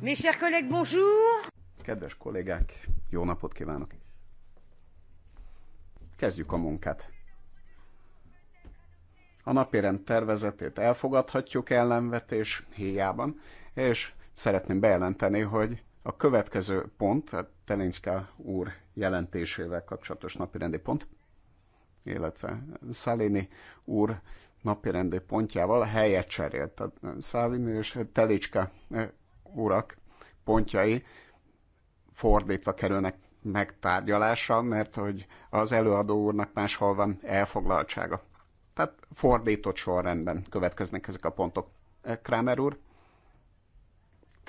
Mes chers collègues, bonjour! Kedves kollégák, jó napot kívánok! Kezdjük a munkát. A napirend tervezetét elfogadhatjuk ellenvetés hiában, és szeretném bejelenteni, hogy a következő pont, a Telinska úr jelentésével kapcsolatos napirendi pont, illetve Szalini úr napirendi pontjával helyet cserélt. Tehát és Telicska urak pontjai fordítva kerülnek megtárgyalásra, mert hogy az előadó úrnak máshol van elfoglaltsága. Tehát fordított sorrendben következnek ezek a pontok. Eh, Kramer úr,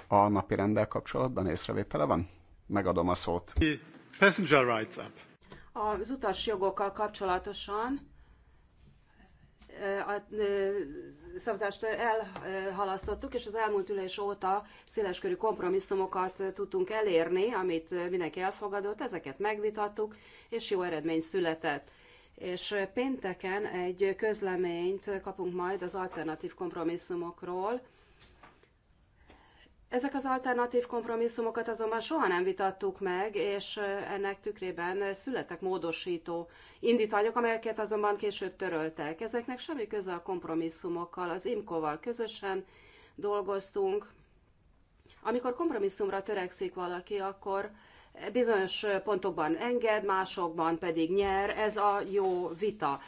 a napi rendel kapcsolatban észrevétele van? Megadom a szót. Az utasjogokkal kapcsolatosan a szavazást elhalasztottuk, és az elmúlt ülés óta széleskörű kompromisszumokat tudtunk elérni, amit mindenki elfogadott, ezeket megvitattuk, és jó eredmény született. És pénteken egy közleményt kapunk majd az alternatív kompromisszumokról, ezek az alternatív kompromisszumokat azonban soha nem vitattuk meg, és ennek tükrében születtek módosító indítványok, amelyeket azonban később töröltek. Ezeknek semmi köze a kompromisszumokkal, az IMKO-val közösen dolgoztunk. Amikor kompromisszumra törekszik valaki, akkor bizonyos pontokban enged, másokban pedig nyer, ez a jó vita.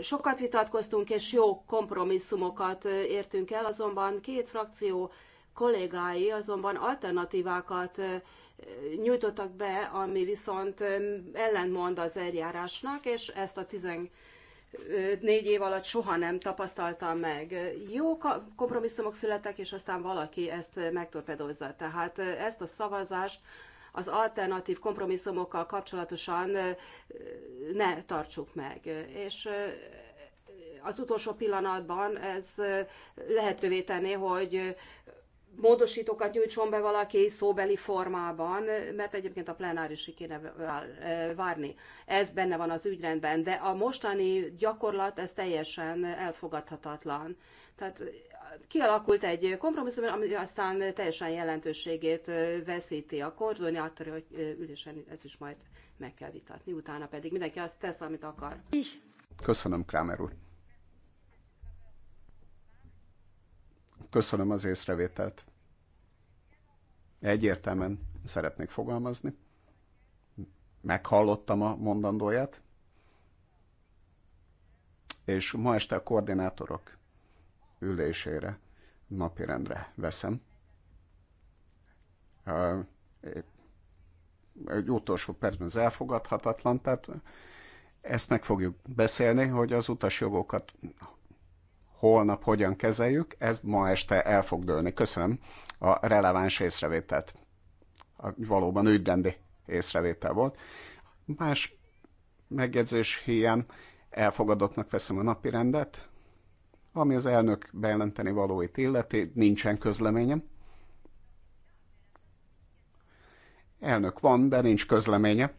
Sokat vitatkoztunk, és jó kompromisszumokat értünk el, azonban két frakció kollégái azonban alternatívákat nyújtottak be, ami viszont ellentmond az eljárásnak, és ezt a 14 év alatt soha nem tapasztaltam meg. Jó kompromisszumok születtek, és aztán valaki ezt megtorpedozza. Tehát ezt a szavazást az alternatív kompromisszumokkal kapcsolatosan ne tartsuk meg. És az utolsó pillanatban ez lehetővé tenné, hogy módosítókat nyújtson be valaki szóbeli formában, mert egyébként a plenárisig kéne várni. Ez benne van az ügyrendben, de a mostani gyakorlat ez teljesen elfogadhatatlan. Tehát kialakult egy kompromisszum, ami aztán teljesen jelentőségét veszíti a koordinátori, hogy ülésen ez is majd meg kell vitatni, utána pedig mindenki azt tesz, amit akar. Köszönöm, Krámer úr. Köszönöm az észrevételt. Egyértelműen szeretnék fogalmazni. Meghallottam a mondandóját. És ma este a koordinátorok ülésére napirendre veszem. Egy utolsó percben ez elfogadhatatlan, tehát ezt meg fogjuk beszélni, hogy az utasjogokat holnap hogyan kezeljük, ez ma este el fog dőlni. Köszönöm a releváns észrevételt. A valóban ügyrendi észrevétel volt. Más megjegyzés hiány elfogadottnak veszem a napi rendet. Ami az elnök bejelenteni valóit illeti, nincsen közleményem. Elnök van, de nincs közleménye.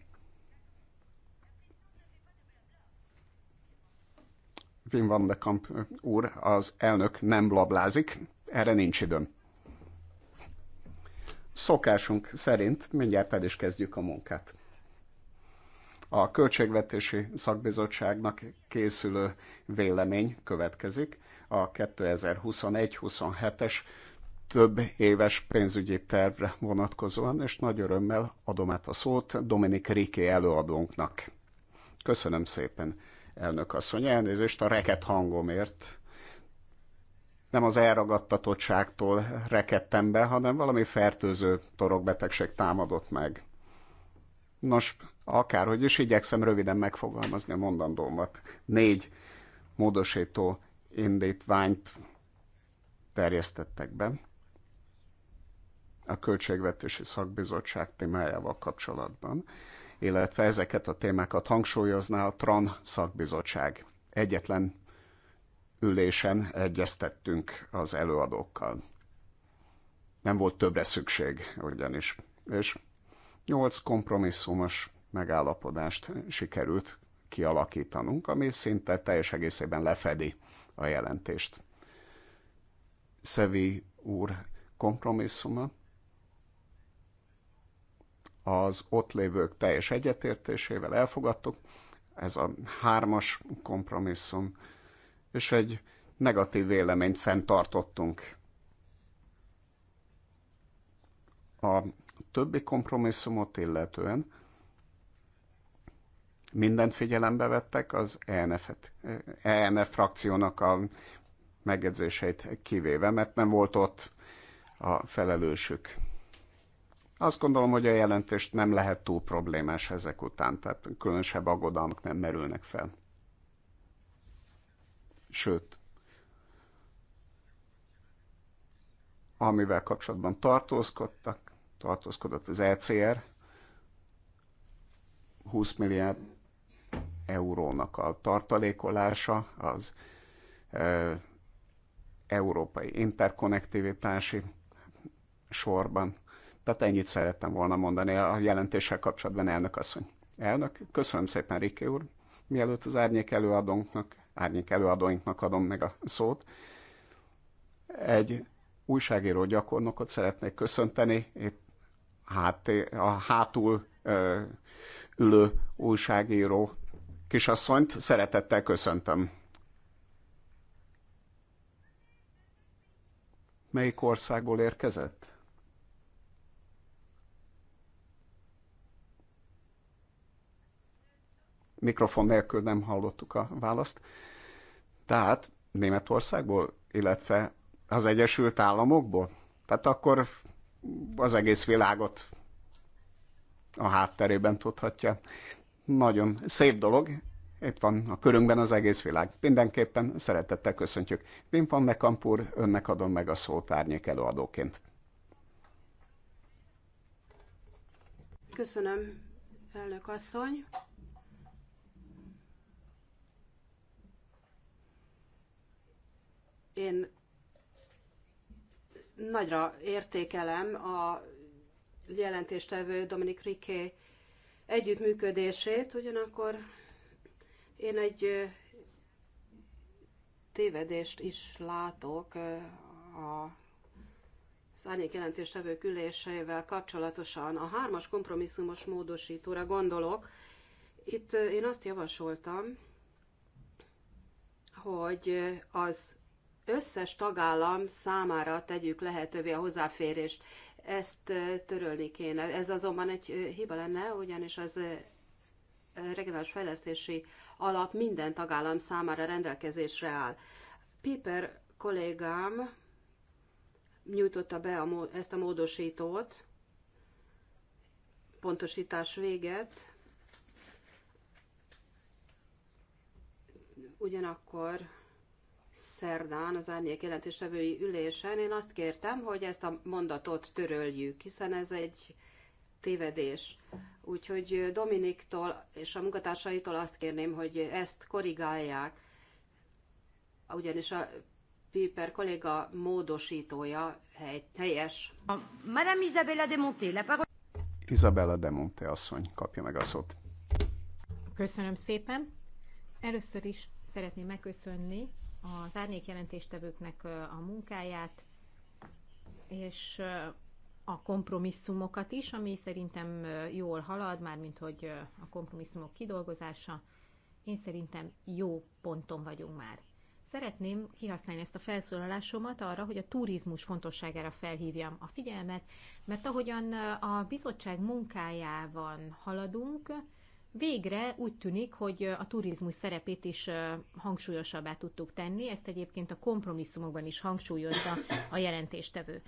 Wim van de Kamp úr, az elnök nem blablázik, erre nincs időm. Szokásunk szerint mindjárt el is kezdjük a munkát. A Költségvetési Szakbizottságnak készülő vélemény következik a 2021-27-es több éves pénzügyi tervre vonatkozóan, és nagy örömmel adom át a szót Dominik Riké előadónknak. Köszönöm szépen! elnök asszony, elnézést a reket hangomért. Nem az elragadtatottságtól rekedtem be, hanem valami fertőző torokbetegség támadott meg. Nos, akárhogy is igyekszem röviden megfogalmazni a mondandómat. Négy módosító indítványt terjesztettek be a Költségvetési Szakbizottság témájával kapcsolatban illetve ezeket a témákat hangsúlyozná a TRAN szakbizottság. Egyetlen ülésen egyeztettünk az előadókkal. Nem volt többre szükség, ugyanis. És nyolc kompromisszumos megállapodást sikerült kialakítanunk, ami szinte teljes egészében lefedi a jelentést. Szevi úr kompromisszuma az ott lévők teljes egyetértésével elfogadtuk, ez a hármas kompromisszum, és egy negatív véleményt fenntartottunk. A többi kompromisszumot illetően mindent figyelembe vettek, az ENF-et, ENF frakciónak a megjegyzéseit kivéve, mert nem volt ott a felelősük. Azt gondolom, hogy a jelentést nem lehet túl problémás ezek után, tehát különösebb aggodalmak nem merülnek fel. Sőt, amivel kapcsolatban tartózkodtak, tartózkodott az ECR, 20 milliárd eurónak a tartalékolása az e, európai interkonnektivitási sorban tehát ennyit szerettem volna mondani a jelentéssel kapcsolatban, elnök asszony. Elnök, köszönöm szépen, Riké úr. Mielőtt az árnyék előadónknak, árnyék előadóinknak adom meg a szót, egy újságíró gyakornokot szeretnék köszönteni, itt hát, a hátul ö, ülő újságíró kisasszonyt szeretettel köszöntöm. Melyik országból érkezett? mikrofon nélkül nem hallottuk a választ. Tehát Németországból, illetve az Egyesült Államokból? Tehát akkor az egész világot a hátterében tudhatja. Nagyon szép dolog, itt van a körünkben az egész világ. Mindenképpen szeretettel köszöntjük. Wim van Mekampur, önnek adom meg a szót árnyék előadóként. Köszönöm, elnök asszony. Én nagyra értékelem a jelentéstevő Dominik Riké együttműködését, ugyanakkor én egy tévedést is látok a szárnyék jelentéstevő ülésével kapcsolatosan. A hármas kompromisszumos módosítóra gondolok. Itt én azt javasoltam, hogy az összes tagállam számára tegyük lehetővé a hozzáférést. Ezt törölni kéne. Ez azonban egy hiba lenne, ugyanis az regionális fejlesztési alap minden tagállam számára rendelkezésre áll. Piper kollégám nyújtotta be a, ezt a módosítót, pontosítás véget, ugyanakkor szerdán az árnyék jelentésevői ülésen én azt kértem, hogy ezt a mondatot töröljük, hiszen ez egy tévedés. Úgyhogy Dominiktól és a munkatársaitól azt kérném, hogy ezt korrigálják, ugyanis a Piper kolléga módosítója hely, helyes. Madame Isabella de Monté, la parole... Isabella de Monté asszony kapja meg a szót. Köszönöm szépen. Először is szeretném megköszönni az árnyékjelentéstevőknek a munkáját, és a kompromisszumokat is, ami szerintem jól halad, mármint hogy a kompromisszumok kidolgozása. Én szerintem jó ponton vagyunk már. Szeretném kihasználni ezt a felszólalásomat arra, hogy a turizmus fontosságára felhívjam a figyelmet, mert ahogyan a bizottság munkájában haladunk, Végre úgy tűnik, hogy a turizmus szerepét is hangsúlyosabbá tudtuk tenni, ezt egyébként a kompromisszumokban is hangsúlyozza a jelentéstevő.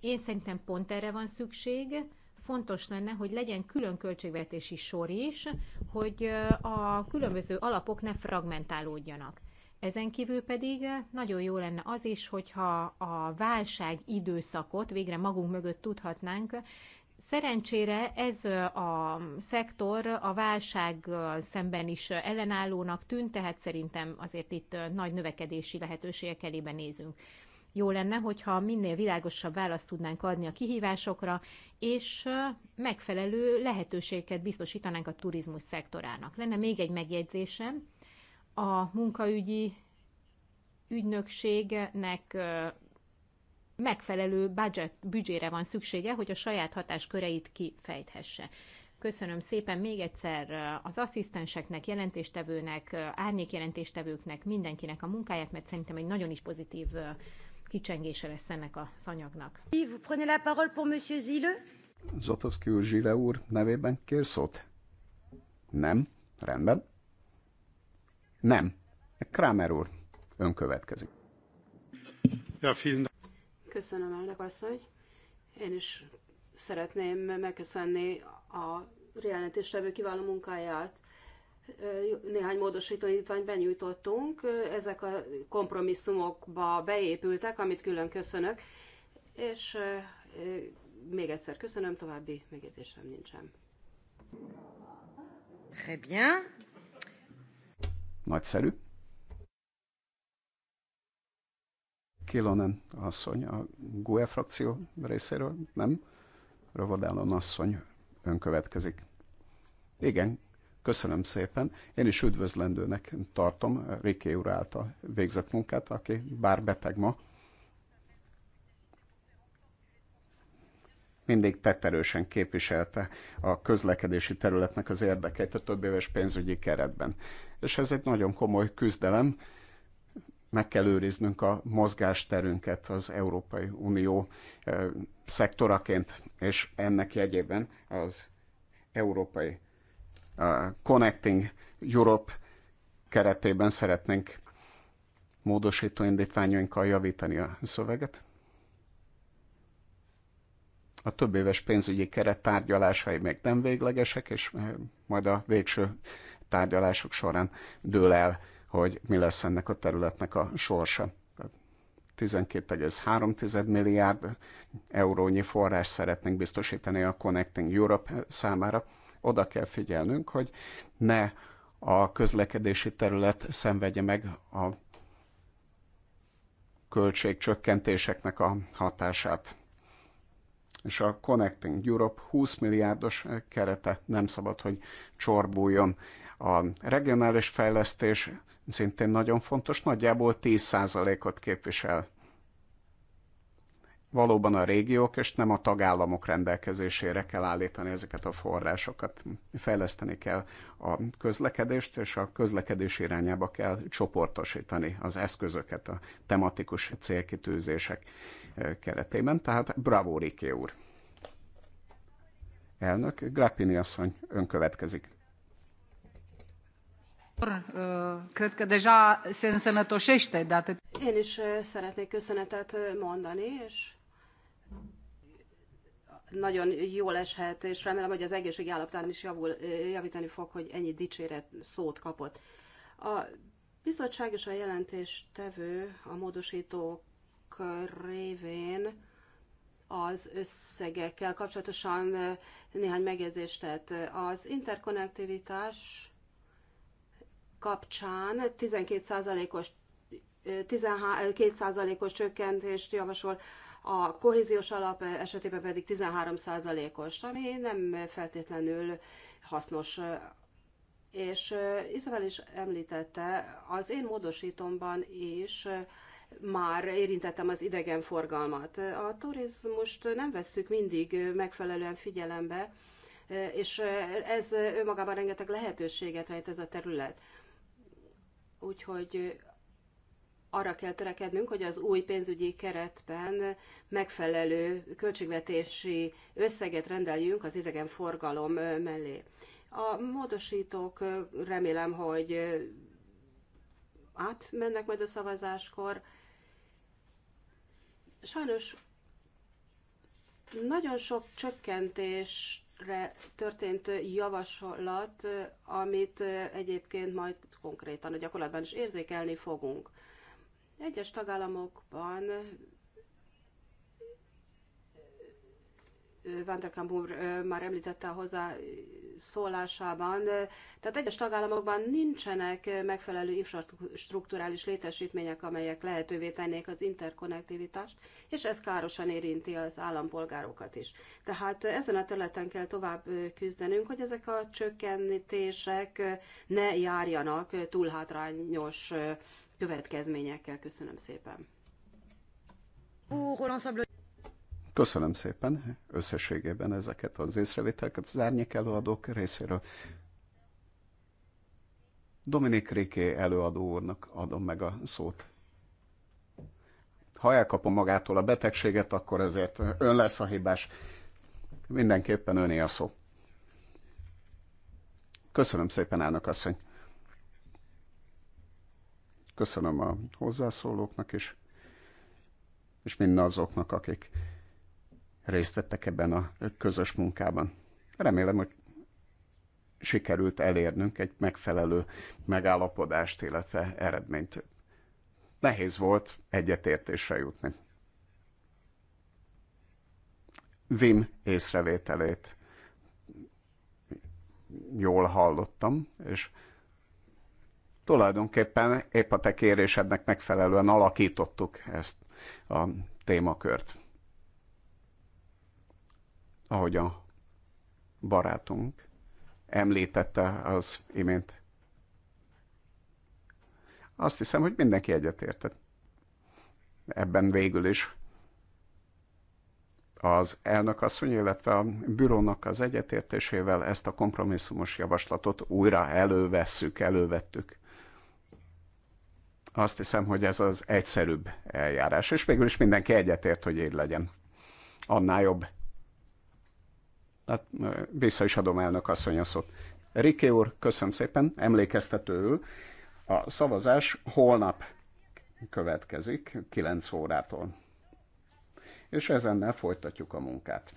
Én szerintem pont erre van szükség, fontos lenne, hogy legyen külön költségvetési sor is, hogy a különböző alapok ne fragmentálódjanak. Ezen kívül pedig nagyon jó lenne az is, hogyha a válság időszakot végre magunk mögött tudhatnánk, Szerencsére ez a szektor a válság szemben is ellenállónak tűnt, tehát szerintem azért itt nagy növekedési lehetőségek elébe nézünk. Jó lenne, hogyha minél világosabb választ tudnánk adni a kihívásokra, és megfelelő lehetőséget biztosítanánk a turizmus szektorának. Lenne még egy megjegyzésem. A munkaügyi ügynökségnek megfelelő budget, büdzsére van szüksége, hogy a saját hatásköreit kifejthesse. Köszönöm szépen még egyszer az asszisztenseknek, jelentéstevőnek, árnyékjelentéstevőknek, mindenkinek a munkáját, mert szerintem egy nagyon is pozitív kicsengése lesz ennek a szanyagnak. Vous prenez la parole pour Monsieur Zille? Zotowski úr, Zsile úr nevében kér szót? Nem? Rendben. Nem. Kramer úr, ön következik. Ja, vielen Köszönöm, elnök asszony. Én is szeretném megköszönni a jelentéstevő kiváló munkáját. Néhány módosító indítványt benyújtottunk, ezek a kompromisszumokba beépültek, amit külön köszönök, és még egyszer köszönöm, további megjegyzésem nincsen. Très bien. Nagyszerű. Kilonen asszony a GUE frakció részéről, nem? Ravadálon asszony önkövetkezik. Igen, köszönöm szépen. Én is üdvözlendőnek tartom Riké úr által végzett munkát, aki bár beteg ma, mindig tetterősen képviselte a közlekedési területnek az érdekeit a több éves pénzügyi keretben. És ez egy nagyon komoly küzdelem, meg kell őriznünk a mozgásterünket az Európai Unió szektoraként, és ennek jegyében az Európai Connecting Europe keretében szeretnénk módosító indítványainkkal javítani a szöveget. A több éves pénzügyi keret tárgyalásai még nem véglegesek, és majd a végső tárgyalások során dől el hogy mi lesz ennek a területnek a sorsa. 12,3 milliárd eurónyi forrás szeretnénk biztosítani a Connecting Europe számára. Oda kell figyelnünk, hogy ne a közlekedési terület szenvedje meg a költségcsökkentéseknek a hatását. És a Connecting Europe 20 milliárdos kerete nem szabad, hogy csorbuljon. A regionális fejlesztés szintén nagyon fontos, nagyjából 10%-ot képvisel. Valóban a régiók és nem a tagállamok rendelkezésére kell állítani ezeket a forrásokat. Fejleszteni kell a közlekedést, és a közlekedés irányába kell csoportosítani az eszközöket a tematikus célkitűzések eh, keretében. Tehát bravo, Riké úr! Elnök, Grappini asszony, ön következik. Uh, cred că deja se însănătoșește de atât. Én is uh, szeretnék köszönetet uh, mondani, és nagyon jól eshet, és remélem, hogy az egészségi állapotán is javul, javítani fog, hogy ennyi dicséret szót kapott. A bizottság és a jelentéstevő a módosítók révén az összegekkel kapcsolatosan néhány megjegyzést tett. Az interkonnektivitás kapcsán 12%-os 12%-os csökkentést javasol, a kohéziós alap esetében pedig 13%-os, ami nem feltétlenül hasznos. És Izabel is említette, az én módosítomban is már érintettem az idegenforgalmat. A turizmust nem vesszük mindig megfelelően figyelembe, és ez önmagában rengeteg lehetőséget rejt ez a terület. Úgyhogy arra kell törekednünk, hogy az új pénzügyi keretben megfelelő költségvetési összeget rendeljünk az idegenforgalom mellé. A módosítók remélem, hogy átmennek majd a szavazáskor. Sajnos nagyon sok csökkentésre történt javaslat, amit egyébként majd konkrétan a gyakorlatban is érzékelni fogunk. Egyes tagállamokban Van der Kampur már említette a hozzá szólásában. Eh, tehát egyes tagállamokban nincsenek eh, megfelelő infrastruktúrális létesítmények, amelyek lehetővé tennék az interkonnektivitást, és ez károsan érinti az állampolgárokat is. Tehát eh, ezen a területen kell tovább küzdenünk, hogy ezek a csökkentések ne járjanak túl hátrányos következményekkel. Köszönöm szépen. Köszönöm szépen összességében ezeket az észrevételket az árnyék előadók részéről. Dominik Riké előadó úrnak adom meg a szót. Ha elkapom magától a betegséget, akkor ezért ön lesz a hibás. Mindenképpen öné a szó. Köszönöm szépen, elnök asszony. Köszönöm a hozzászólóknak is, és mindazoknak, akik részt vettek ebben a közös munkában. Remélem, hogy sikerült elérnünk egy megfelelő megállapodást, illetve eredményt. Nehéz volt egyetértésre jutni. Vim észrevételét jól hallottam, és tulajdonképpen épp a te kérésednek megfelelően alakítottuk ezt a témakört ahogy a barátunk említette az imént. Azt hiszem, hogy mindenki egyetértett. Ebben végül is az elnök asszony, illetve a bürónak az egyetértésével ezt a kompromisszumos javaslatot újra elővesszük, elővettük. Azt hiszem, hogy ez az egyszerűbb eljárás, és végül is mindenki egyetért, hogy így legyen. Annál jobb. Hát, vissza is adom elnök asszony a szót. Riké úr, köszönöm szépen, emlékeztetőül. A szavazás holnap következik, 9 órától. És ezennel folytatjuk a munkát.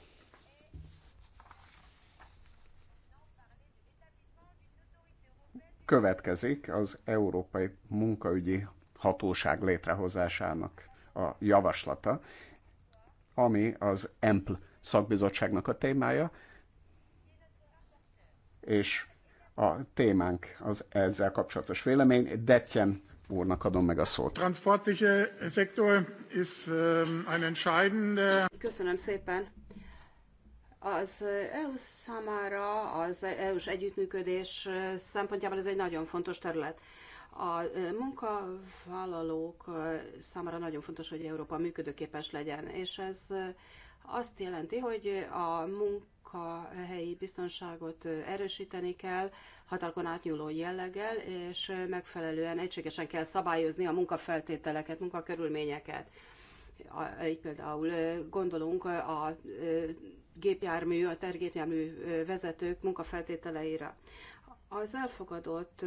Következik az Európai Munkaügyi Hatóság létrehozásának a javaslata, ami az EMPL szakbizottságnak a témája, és a témánk az ezzel kapcsolatos vélemény. Detjen úrnak adom meg a szót. Transportszektor is ähm, entscheidende... Köszönöm szépen. Az EU számára az EU-s együttműködés äh, szempontjából ez egy nagyon fontos terület. A munkavállalók számára nagyon fontos, hogy Európa működőképes legyen, és ez azt jelenti, hogy a munkahelyi biztonságot erősíteni kell, határokon átnyúló jelleggel, és megfelelően egységesen kell szabályozni a munkafeltételeket, munkakörülményeket. Így például gondolunk a gépjármű, a tergépjármű vezetők munkafeltételeire. Az elfogadott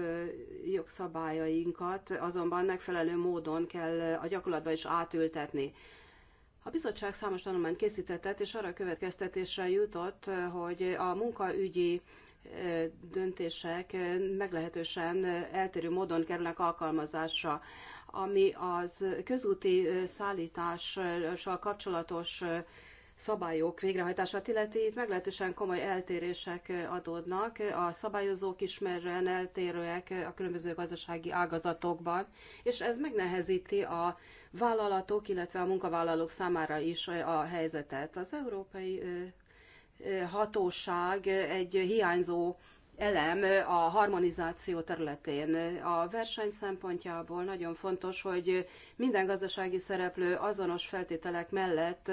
jogszabályainkat azonban megfelelő módon kell a gyakorlatba is átültetni. A bizottság számos tanulmányt készítetett, és arra a következtetésre jutott, hogy a munkaügyi döntések meglehetősen eltérő módon kerülnek alkalmazásra. Ami az közúti szállítással kapcsolatos szabályok végrehajtását illeti, itt meglehetősen komoly eltérések adódnak. A szabályozók ismerően eltérőek a különböző gazdasági ágazatokban, és ez megnehezíti a vállalatok, illetve a munkavállalók számára is a helyzetet. Az európai hatóság egy hiányzó elem a harmonizáció területén. A verseny szempontjából nagyon fontos, hogy minden gazdasági szereplő azonos feltételek mellett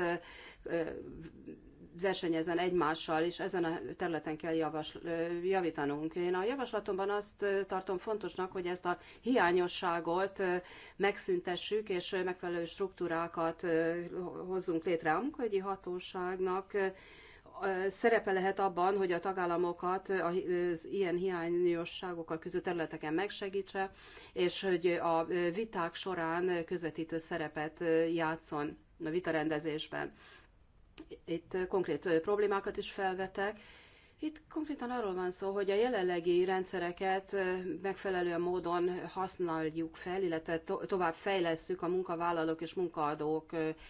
versenyezzen egymással, és ezen a területen kell javas, javítanunk. Én a javaslatomban azt tartom fontosnak, hogy ezt a hiányosságot megszüntessük, és megfelelő struktúrákat hozzunk létre. A munkahogyi hatóságnak szerepe lehet abban, hogy a tagállamokat az ilyen hiányosságokkal küzdő területeken megsegítse, és hogy a viták során közvetítő szerepet játszon a vitarendezésben itt eh, konkrét eh, problémákat is felvetek. Itt konkrétan arról van szó, hogy a jelenlegi rendszereket eh, megfelelően módon használjuk fel, illetve to- tovább fejlesszük a munkavállalók és munkaadók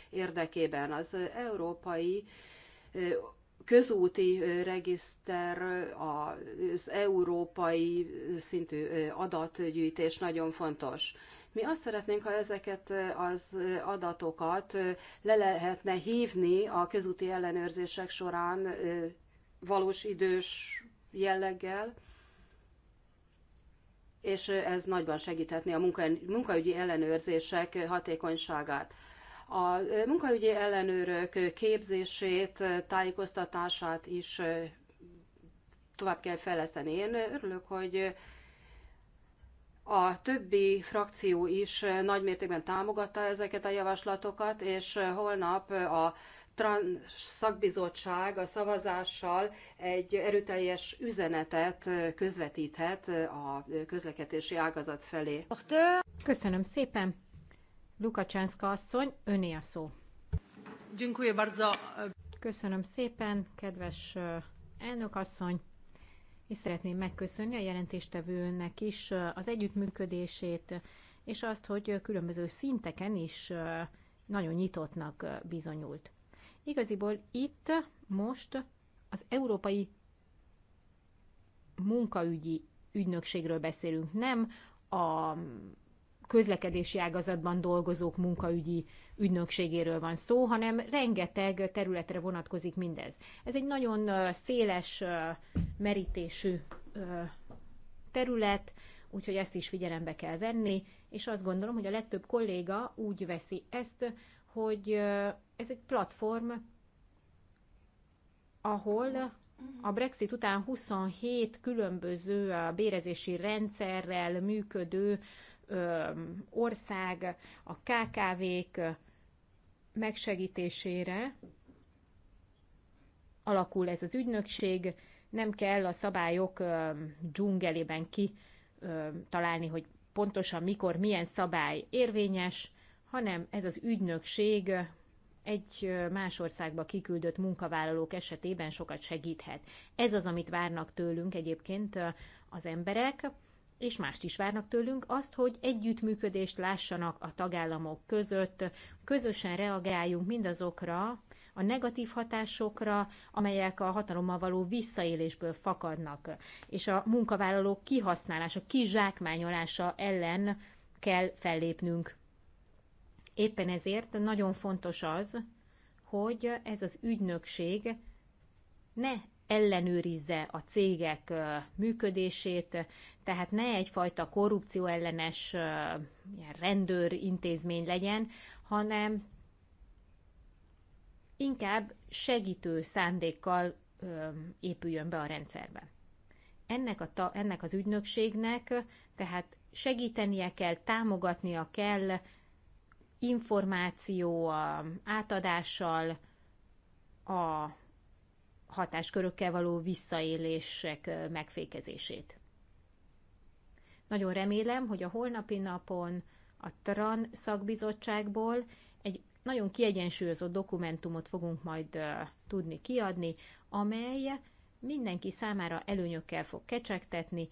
érdekében. Az európai közúti regiszter, az európai szintű adatgyűjtés nagyon fontos. Mi azt szeretnénk, ha ezeket az adatokat le lehetne hívni a közúti ellenőrzések során valós idős jelleggel, és ez nagyban segíthetné a munka, munkaügyi ellenőrzések hatékonyságát. A munkaügyi ellenőrök képzését, tájékoztatását is tovább kell fejleszteni. Én örülök, hogy a többi frakció is eh, nagymértékben támogatta ezeket a javaslatokat, és eh, holnap eh, a Trans szakbizottság a szavazással egy erőteljes üzenetet közvetíthet a közlekedési ágazat felé. Köszönöm szépen. Lukacsánszka asszony, öné a szó. Köszönöm szépen, kedves elnök asszony és szeretném megköszönni a jelentéstevőnek is az együttműködését, és azt, hogy különböző szinteken is nagyon nyitottnak bizonyult. Igaziból itt most az Európai Munkaügyi Ügynökségről beszélünk, nem a közlekedési ágazatban dolgozók munkaügyi ügynökségéről van szó, hanem rengeteg területre vonatkozik mindez. Ez egy nagyon széles merítésű terület, úgyhogy ezt is figyelembe kell venni, és azt gondolom, hogy a legtöbb kolléga úgy veszi ezt, hogy ez egy platform, ahol a Brexit után 27 különböző bérezési rendszerrel működő ország a KKV-k megsegítésére alakul ez az ügynökség, nem kell a szabályok dzsungelében ki találni, hogy pontosan mikor milyen szabály érvényes, hanem ez az ügynökség egy más országba kiküldött munkavállalók esetében sokat segíthet. Ez az, amit várnak tőlünk egyébként az emberek, és mást is várnak tőlünk, azt, hogy együttműködést lássanak a tagállamok között, közösen reagáljunk mindazokra a negatív hatásokra, amelyek a hatalommal való visszaélésből fakadnak, és a munkavállalók kihasználása, kizsákmányolása ellen kell fellépnünk. Éppen ezért nagyon fontos az, hogy ez az ügynökség ne ellenőrizze a cégek működését, tehát ne egyfajta korrupció ellenes intézmény legyen, hanem inkább segítő szándékkal épüljön be a rendszerbe. Ennek, a, ennek az ügynökségnek tehát segítenie kell, támogatnia kell információ átadással, a hatáskörökkel való visszaélések megfékezését. Nagyon remélem, hogy a holnapi napon a TRAN szakbizottságból egy nagyon kiegyensúlyozott dokumentumot fogunk majd tudni kiadni, amely mindenki számára előnyökkel fog kecsegtetni,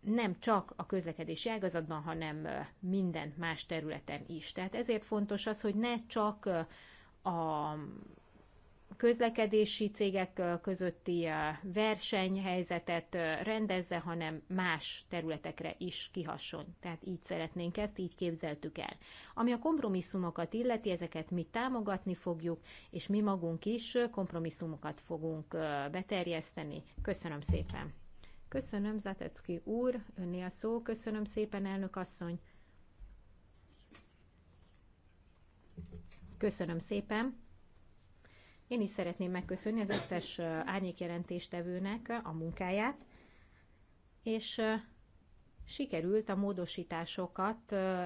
nem csak a közlekedési ágazatban, hanem minden más területen is. Tehát ezért fontos az, hogy ne csak a közlekedési cégek közötti versenyhelyzetet rendezze, hanem más területekre is kihasson. Tehát így szeretnénk ezt, így képzeltük el. Ami a kompromisszumokat illeti, ezeket mi támogatni fogjuk, és mi magunk is kompromisszumokat fogunk beterjeszteni. Köszönöm szépen! Köszönöm, Zatecki úr, önné a szó. Köszönöm szépen, elnök asszony. Köszönöm szépen. Én is szeretném megköszönni az összes árnyékjelentéstevőnek a munkáját, és sikerült a módosításokat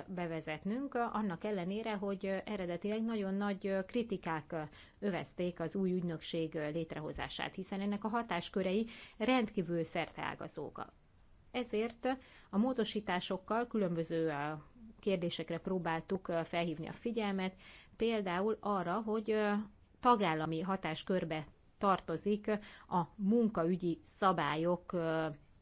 bevezetnünk, annak ellenére, hogy eredetileg nagyon nagy kritikák övezték az új ügynökség létrehozását, hiszen ennek a hatáskörei rendkívül szerteágazók. Ezért a módosításokkal különböző kérdésekre próbáltuk felhívni a figyelmet, például arra, hogy tagállami hatáskörbe tartozik a munkaügyi szabályok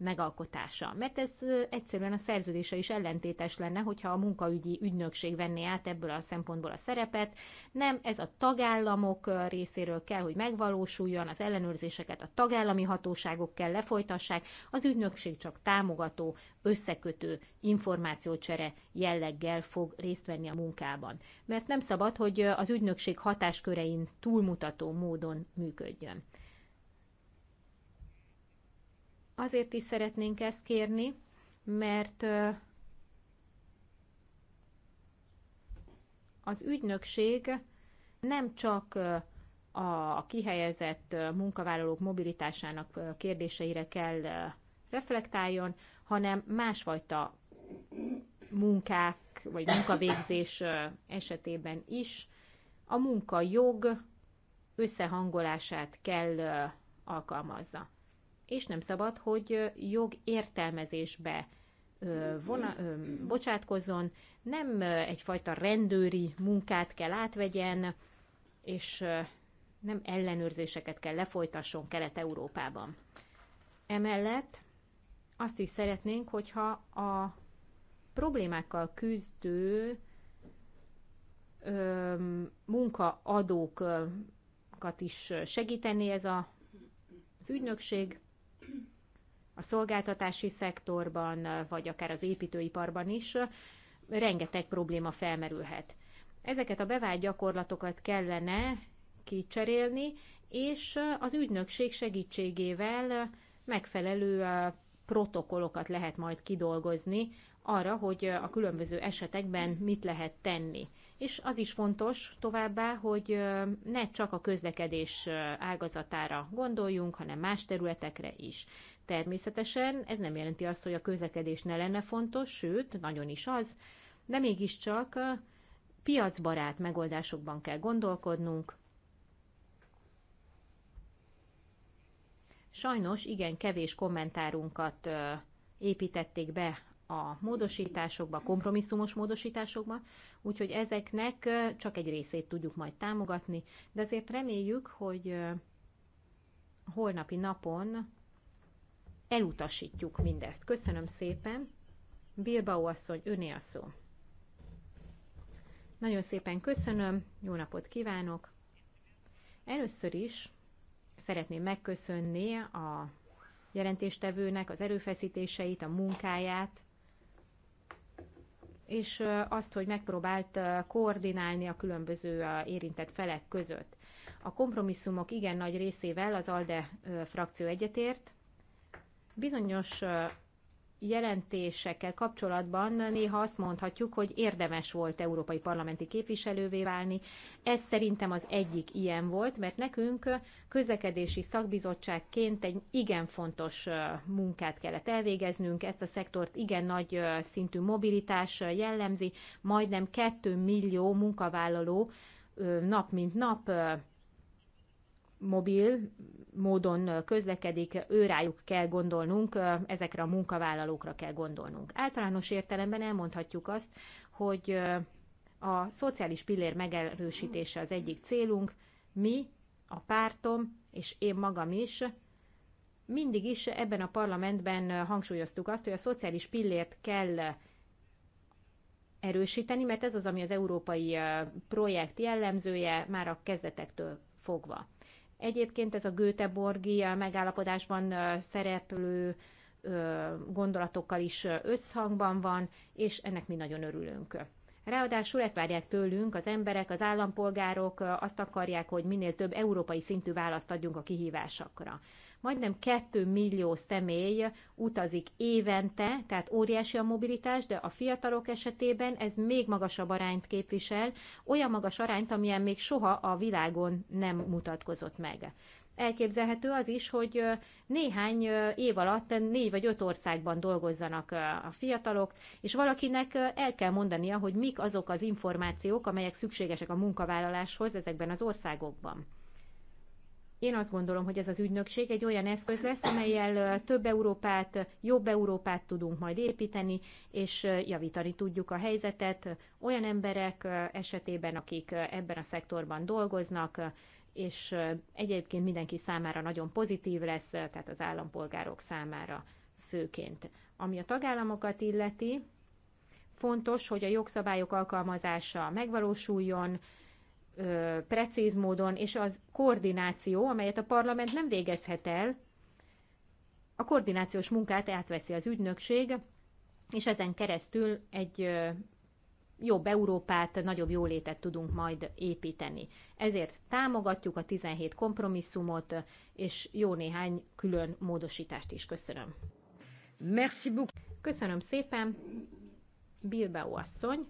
megalkotása. Mert ez egyszerűen a szerződése is ellentétes lenne, hogyha a munkaügyi ügynökség venné át ebből a szempontból a szerepet. Nem, ez a tagállamok részéről kell, hogy megvalósuljon, az ellenőrzéseket a tagállami hatóságok kell lefolytassák, az ügynökség csak támogató, összekötő információcsere jelleggel fog részt venni a munkában. Mert nem szabad, hogy az ügynökség hatáskörein túlmutató módon működjön. Azért is szeretnénk ezt kérni, mert az ügynökség nem csak a kihelyezett munkavállalók mobilitásának kérdéseire kell reflektáljon, hanem másfajta munkák vagy munkavégzés esetében is a munkajog összehangolását kell alkalmazza és nem szabad, hogy jog értelmezésbe vona, bocsátkozzon, nem egyfajta rendőri munkát kell átvegyen, és nem ellenőrzéseket kell lefolytasson Kelet-Európában. Emellett azt is szeretnénk, hogyha a problémákkal küzdő munkaadókat is segíteni ez a, az ügynökség, a szolgáltatási szektorban, vagy akár az építőiparban is rengeteg probléma felmerülhet. Ezeket a bevált gyakorlatokat kellene kicserélni, és az ügynökség segítségével megfelelő protokollokat lehet majd kidolgozni arra, hogy a különböző esetekben mit lehet tenni. És az is fontos továbbá, hogy ne csak a közlekedés ágazatára gondoljunk, hanem más területekre is. Természetesen ez nem jelenti azt, hogy a közlekedés ne lenne fontos, sőt, nagyon is az, de mégiscsak piacbarát megoldásokban kell gondolkodnunk. Sajnos igen kevés kommentárunkat építették be a módosításokba, kompromisszumos módosításokba, úgyhogy ezeknek csak egy részét tudjuk majd támogatni, de azért reméljük, hogy holnapi napon elutasítjuk mindezt. Köszönöm szépen. Bilbao asszony, öné a szó. Nagyon szépen köszönöm, jó napot kívánok. Először is szeretném megköszönni a jelentéstevőnek az erőfeszítéseit, a munkáját, és azt, hogy megpróbált koordinálni a különböző érintett felek között. A kompromisszumok igen nagy részével az ALDE frakció egyetért. Bizonyos jelentésekkel kapcsolatban néha azt mondhatjuk, hogy érdemes volt európai parlamenti képviselővé válni. Ez szerintem az egyik ilyen volt, mert nekünk közlekedési szakbizottságként egy igen fontos munkát kellett elvégeznünk. Ezt a szektort igen nagy szintű mobilitás jellemzi, majdnem 2 millió munkavállaló nap mint nap mobil módon közlekedik, őrájuk kell gondolnunk, ezekre a munkavállalókra kell gondolnunk. Általános értelemben elmondhatjuk azt, hogy a szociális pillér megerősítése az egyik célunk, mi, a pártom és én magam is mindig is ebben a parlamentben hangsúlyoztuk azt, hogy a szociális pillért kell erősíteni, mert ez az, ami az európai projekt jellemzője már a kezdetektől fogva. Egyébként ez a Göteborgi megállapodásban szereplő gondolatokkal is összhangban van, és ennek mi nagyon örülünk. Ráadásul ezt várják tőlünk az emberek, az állampolgárok, azt akarják, hogy minél több európai szintű választ adjunk a kihívásokra. Majdnem 2 millió személy utazik évente, tehát óriási a mobilitás, de a fiatalok esetében ez még magasabb arányt képvisel, olyan magas arányt, amilyen még soha a világon nem mutatkozott meg. Elképzelhető az is, hogy néhány év alatt négy vagy öt országban dolgozzanak a fiatalok, és valakinek el kell mondania, hogy mik azok az információk, amelyek szükségesek a munkavállaláshoz ezekben az országokban. Én azt gondolom, hogy ez az ügynökség egy olyan eszköz lesz, amelyel több Európát, jobb Európát tudunk majd építeni, és javítani tudjuk a helyzetet olyan emberek esetében, akik ebben a szektorban dolgoznak, és egyébként mindenki számára nagyon pozitív lesz, tehát az állampolgárok számára főként. Ami a tagállamokat illeti, fontos, hogy a jogszabályok alkalmazása megvalósuljon, precíz módon, és az koordináció, amelyet a parlament nem végezhet el, a koordinációs munkát átveszi az ügynökség, és ezen keresztül egy jobb Európát, nagyobb jólétet tudunk majd építeni. Ezért támogatjuk a 17 kompromisszumot, és jó néhány külön módosítást is köszönöm. Merci beaucoup. Köszönöm szépen, Bilbao asszony.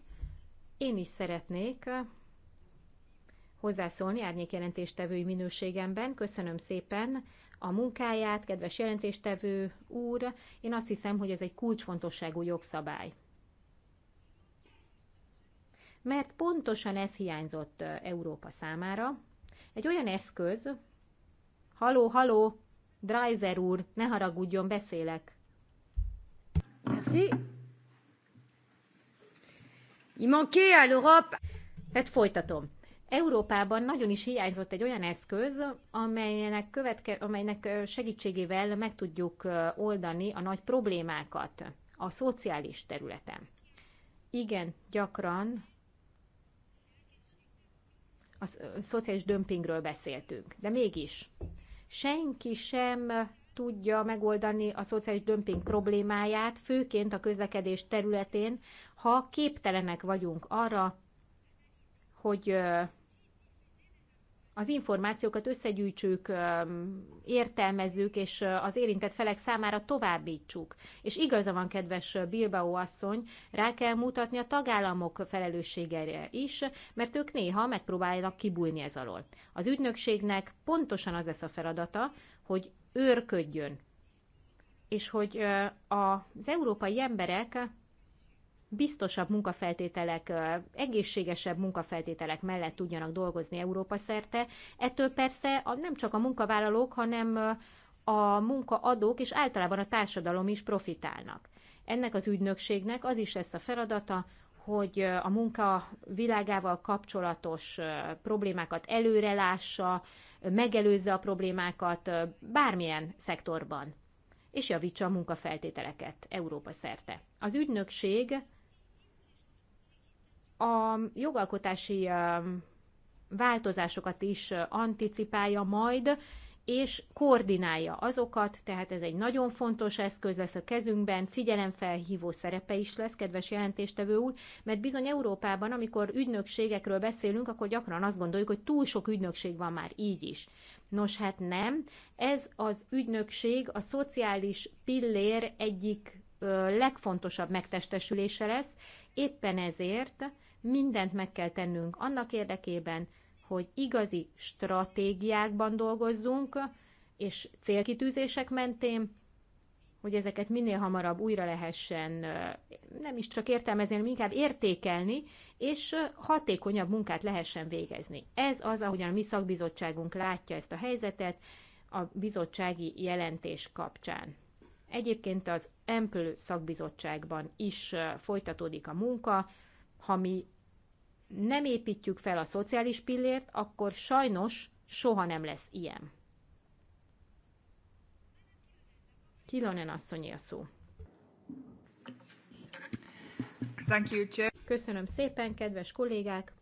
Én is szeretnék hozzászólni árnyékjelentéstevői minőségemben. Köszönöm szépen a munkáját, kedves jelentéstevő úr. Én azt hiszem, hogy ez egy kulcsfontosságú jogszabály. Mert pontosan ez hiányzott Európa számára. Egy olyan eszköz, haló, haló, Dreiser úr, ne haragudjon, beszélek. Merci. Il manquait à l'Europe. Tehát folytatom. Európában nagyon is hiányzott egy olyan eszköz, amelynek, követke, amelynek segítségével meg tudjuk oldani a nagy problémákat a szociális területen. Igen, gyakran a szociális dömpingről beszéltünk, de mégis senki sem tudja megoldani a szociális dömping problémáját, főként a közlekedés területén, ha képtelenek vagyunk arra, hogy az információkat összegyűjtsük, értelmezzük, és az érintett felek számára továbbítsuk. És igaza van, kedves Bilbao asszony, rá kell mutatni a tagállamok felelősségére is, mert ők néha megpróbálnak kibújni ez alól. Az ügynökségnek pontosan az lesz a feladata, hogy őrködjön, és hogy az európai emberek biztosabb munkafeltételek, egészségesebb munkafeltételek mellett tudjanak dolgozni Európa szerte. Ettől persze nem csak a munkavállalók, hanem a munkaadók és általában a társadalom is profitálnak. Ennek az ügynökségnek az is lesz a feladata, hogy a munka világával kapcsolatos problémákat előrelássa, megelőzze a problémákat bármilyen szektorban, és javítsa a munkafeltételeket Európa szerte. Az ügynökség a jogalkotási változásokat is anticipálja majd, és koordinálja azokat, tehát ez egy nagyon fontos eszköz lesz a kezünkben, figyelemfelhívó szerepe is lesz, kedves jelentéstevő úr, mert bizony Európában, amikor ügynökségekről beszélünk, akkor gyakran azt gondoljuk, hogy túl sok ügynökség van már így is. Nos, hát nem. Ez az ügynökség a szociális pillér egyik legfontosabb megtestesülése lesz, éppen ezért mindent meg kell tennünk annak érdekében, hogy igazi stratégiákban dolgozzunk, és célkitűzések mentén, hogy ezeket minél hamarabb újra lehessen nem is csak értelmezni, hanem inkább értékelni, és hatékonyabb munkát lehessen végezni. Ez az, ahogyan a mi szakbizottságunk látja ezt a helyzetet a bizottsági jelentés kapcsán. Egyébként az Empl szakbizottságban is folytatódik a munka, ha mi nem építjük fel a szociális pillért, akkor sajnos soha nem lesz ilyen. Kilonen asszonyé a szó. Thank you, Köszönöm szépen, kedves kollégák!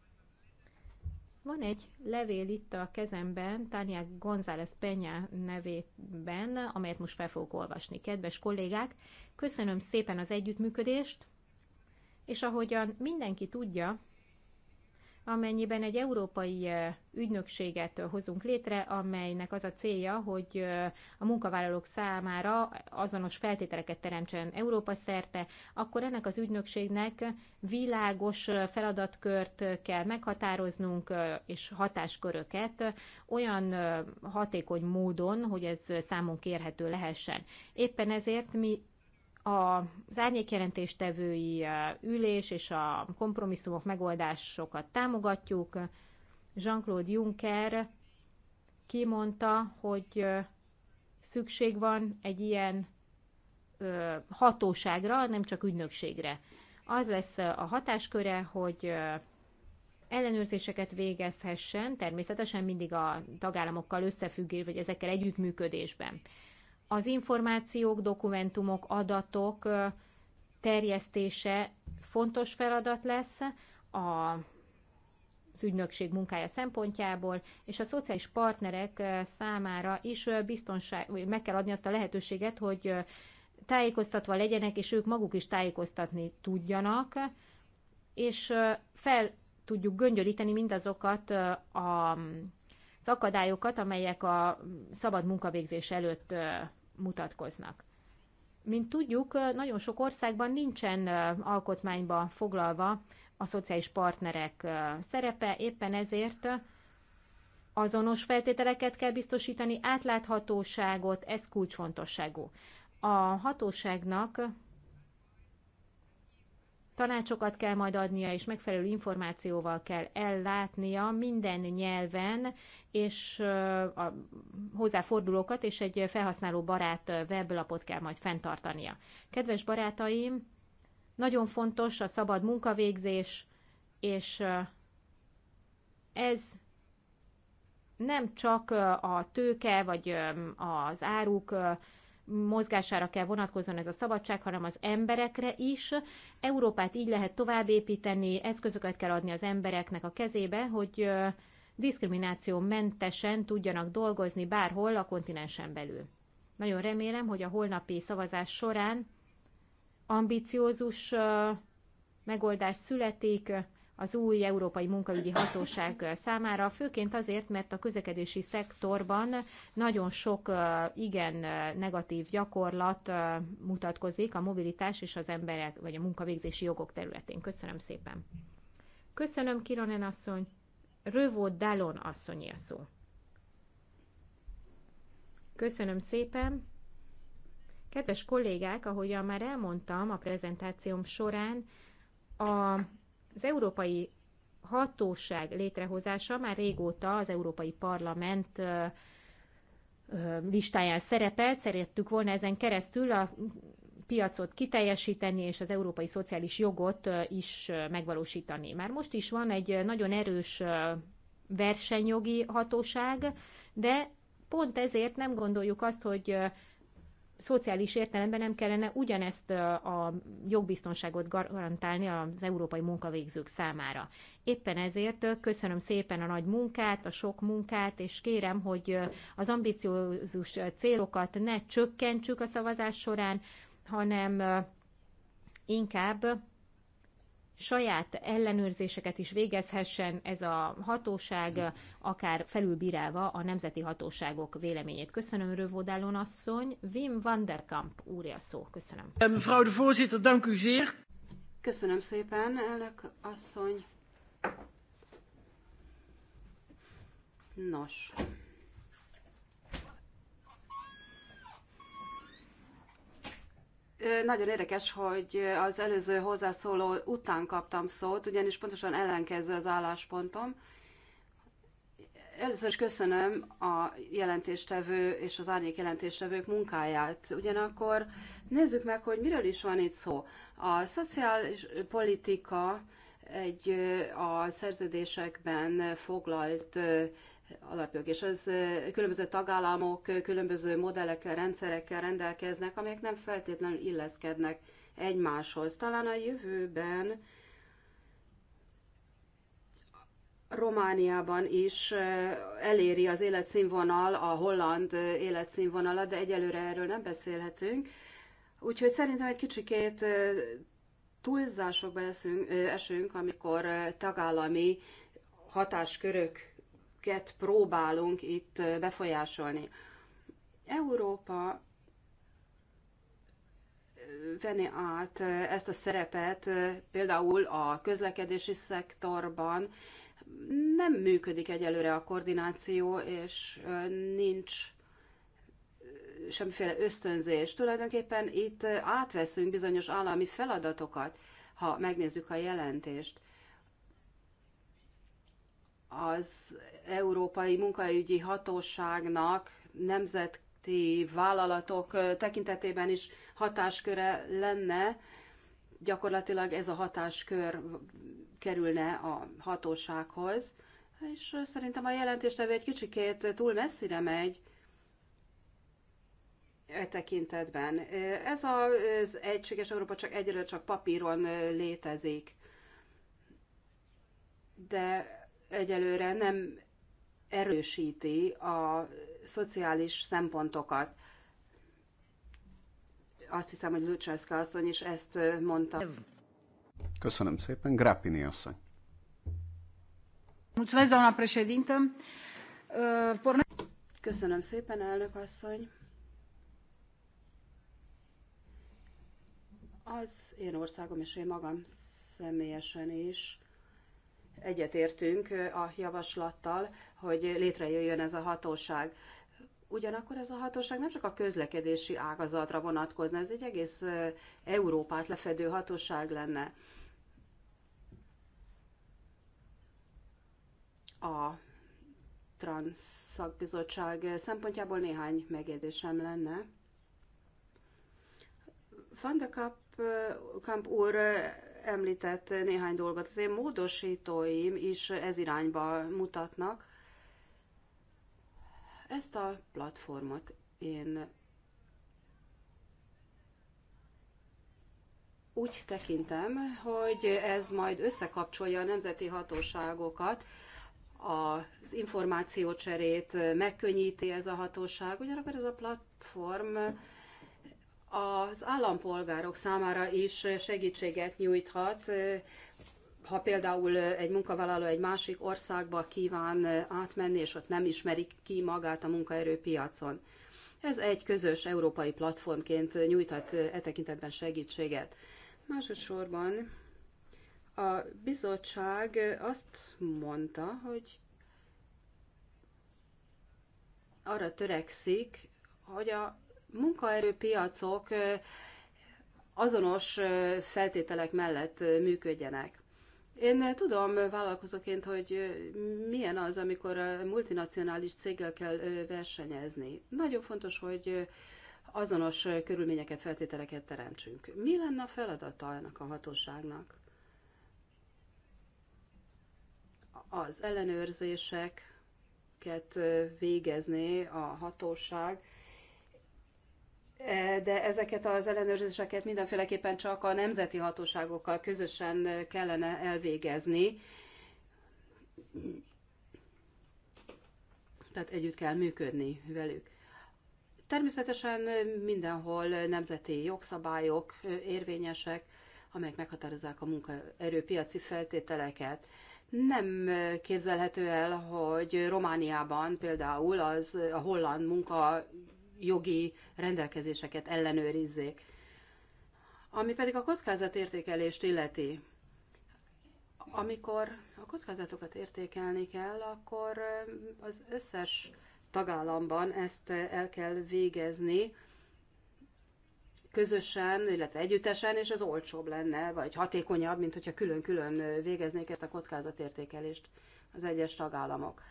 Van egy levél itt a kezemben, Tánia González Penya nevében, amelyet most fel fogok olvasni. Kedves kollégák, köszönöm szépen az együttműködést, és ahogyan mindenki tudja, amennyiben egy európai ügynökséget hozunk létre, amelynek az a célja, hogy a munkavállalók számára azonos feltételeket teremtsen Európa szerte, akkor ennek az ügynökségnek világos feladatkört kell meghatároznunk, és hatásköröket olyan hatékony módon, hogy ez számunk érhető lehessen. Éppen ezért mi az árnyékjelentéstevői ülés és a kompromisszumok megoldásokat támogatjuk. Jean-Claude Juncker kimondta, hogy szükség van egy ilyen hatóságra, nem csak ügynökségre. Az lesz a hatásköre, hogy ellenőrzéseket végezhessen, természetesen mindig a tagállamokkal összefüggés, vagy ezekkel együttműködésben az információk, dokumentumok, adatok terjesztése fontos feladat lesz a az ügynökség munkája szempontjából, és a szociális partnerek számára is biztonság, meg kell adni azt a lehetőséget, hogy tájékoztatva legyenek, és ők maguk is tájékoztatni tudjanak, és fel tudjuk göngyölíteni mindazokat a az akadályokat, amelyek a szabad munkavégzés előtt mutatkoznak. Mint tudjuk, nagyon sok országban nincsen alkotmányba foglalva a szociális partnerek szerepe, éppen ezért azonos feltételeket kell biztosítani, átláthatóságot, ez kulcsfontosságú. A hatóságnak tanácsokat kell majd adnia, és megfelelő információval kell ellátnia minden nyelven, és a hozzáfordulókat, és egy felhasználó barát weblapot kell majd fenntartania. Kedves barátaim, nagyon fontos a szabad munkavégzés, és ez nem csak a tőke vagy az áruk mozgására kell vonatkozzon ez a szabadság, hanem az emberekre is. Európát így lehet továbbépíteni, eszközöket kell adni az embereknek a kezébe, hogy mentesen tudjanak dolgozni bárhol a kontinensen belül. Nagyon remélem, hogy a holnapi szavazás során ambiciózus megoldás születik, az új Európai Munkaügyi Hatóság számára, főként azért, mert a közlekedési szektorban nagyon sok igen negatív gyakorlat mutatkozik a mobilitás és az emberek vagy a munkavégzési jogok területén. Köszönöm szépen. Köszönöm, Kironen asszony. Rövó Dalon asszony a szó. Köszönöm szépen. Kedves kollégák, ahogyan már elmondtam a prezentációm során, a az európai hatóság létrehozása már régóta az Európai Parlament listáján szerepelt, szerettük volna ezen keresztül a piacot kiteljesíteni, és az európai szociális jogot is megvalósítani. Már most is van egy nagyon erős versenyjogi hatóság, de pont ezért nem gondoljuk azt, hogy szociális értelemben nem kellene ugyanezt a jogbiztonságot garantálni az európai munkavégzők számára. Éppen ezért köszönöm szépen a nagy munkát, a sok munkát, és kérem, hogy az ambiciózus célokat ne csökkentsük a szavazás során, hanem inkább saját ellenőrzéseket is végezhessen ez a hatóság, hm. akár felülbírálva a nemzeti hatóságok véleményét. Köszönöm, Rövodálon asszony. Wim van der Kamp úrja szó. Köszönöm. Eh, mevrouw de voorzitter, dank u zeer. Köszönöm szépen, elnök asszony. Nos. Nagyon érdekes, hogy az előző hozzászóló után kaptam szót, ugyanis pontosan ellenkező az álláspontom. Először is köszönöm a jelentéstevő és az árnyék jelentéstevők munkáját. Ugyanakkor nézzük meg, hogy miről is van itt szó. A szociális politika egy a szerződésekben foglalt alapjog. És az különböző tagállamok különböző modellekkel, rendszerekkel rendelkeznek, amelyek nem feltétlenül illeszkednek egymáshoz. Talán a jövőben Romániában is eléri az életszínvonal, a holland életszínvonala, de egyelőre erről nem beszélhetünk. Úgyhogy szerintem egy kicsikét túlzásokba esünk, amikor tagállami hatáskörök amiket próbálunk itt befolyásolni. Európa venni át ezt a szerepet például a közlekedési szektorban. Nem működik egyelőre a koordináció, és nincs semmiféle ösztönzés. Tulajdonképpen itt átveszünk bizonyos állami feladatokat, ha megnézzük a jelentést az Európai Munkaügyi Hatóságnak nemzeti vállalatok tekintetében is hatásköre lenne, gyakorlatilag ez a hatáskör kerülne a hatósághoz, és szerintem a jelentéstevő egy kicsikét túl messzire megy e tekintetben. Ez az egységes Európa csak egyről csak papíron létezik, de egyelőre nem erősíti a szociális szempontokat. Azt hiszem, hogy Lucsánszka asszony is ezt mondta. Köszönöm szépen. Grappini asszony. Köszönöm szépen, elnök asszony. Az én országom és én magam személyesen is egyetértünk a javaslattal, hogy létrejöjjön ez a hatóság. Ugyanakkor ez a hatóság nem csak a közlekedési ágazatra vonatkozna, ez egy egész Európát lefedő hatóság lenne. A Transzakbizottság szempontjából néhány megjegyzésem lenne. Van de Kamp, úr említett néhány dolgot. Az én módosítóim is ez irányba mutatnak. Ezt a platformot én úgy tekintem, hogy ez majd összekapcsolja a nemzeti hatóságokat, az információcserét megkönnyíti ez a hatóság, ugyanakkor ez a platform az állampolgárok számára is segítséget nyújthat, ha például egy munkavállaló egy másik országba kíván átmenni, és ott nem ismerik ki magát a munkaerőpiacon. Ez egy közös európai platformként nyújthat e tekintetben segítséget. Másodszorban a bizottság azt mondta, hogy arra törekszik, hogy a munkaerőpiacok azonos feltételek mellett működjenek. Én tudom vállalkozóként, hogy milyen az, amikor a multinacionális céggel kell versenyezni. Nagyon fontos, hogy azonos körülményeket, feltételeket teremtsünk. Mi lenne a feladata ennek a hatóságnak? Az ellenőrzéseket végezni a hatóság, E, de ezeket az ellenőrzéseket mindenféleképpen csak a nemzeti hatóságokkal közösen kellene elvégezni. Tehát együtt kell működni velük. Természetesen mindenhol nemzeti jogszabályok érvényesek, amelyek meghatározzák a munkaerőpiaci feltételeket. Nem képzelhető el, hogy Romániában például az, a holland munka jogi rendelkezéseket ellenőrizzék. Ami pedig a kockázatértékelést illeti, amikor a kockázatokat értékelni kell, akkor az összes tagállamban ezt el kell végezni közösen, illetve együttesen, és ez olcsóbb lenne, vagy hatékonyabb, mint hogyha külön-külön végeznék ezt a kockázatértékelést az egyes tagállamok.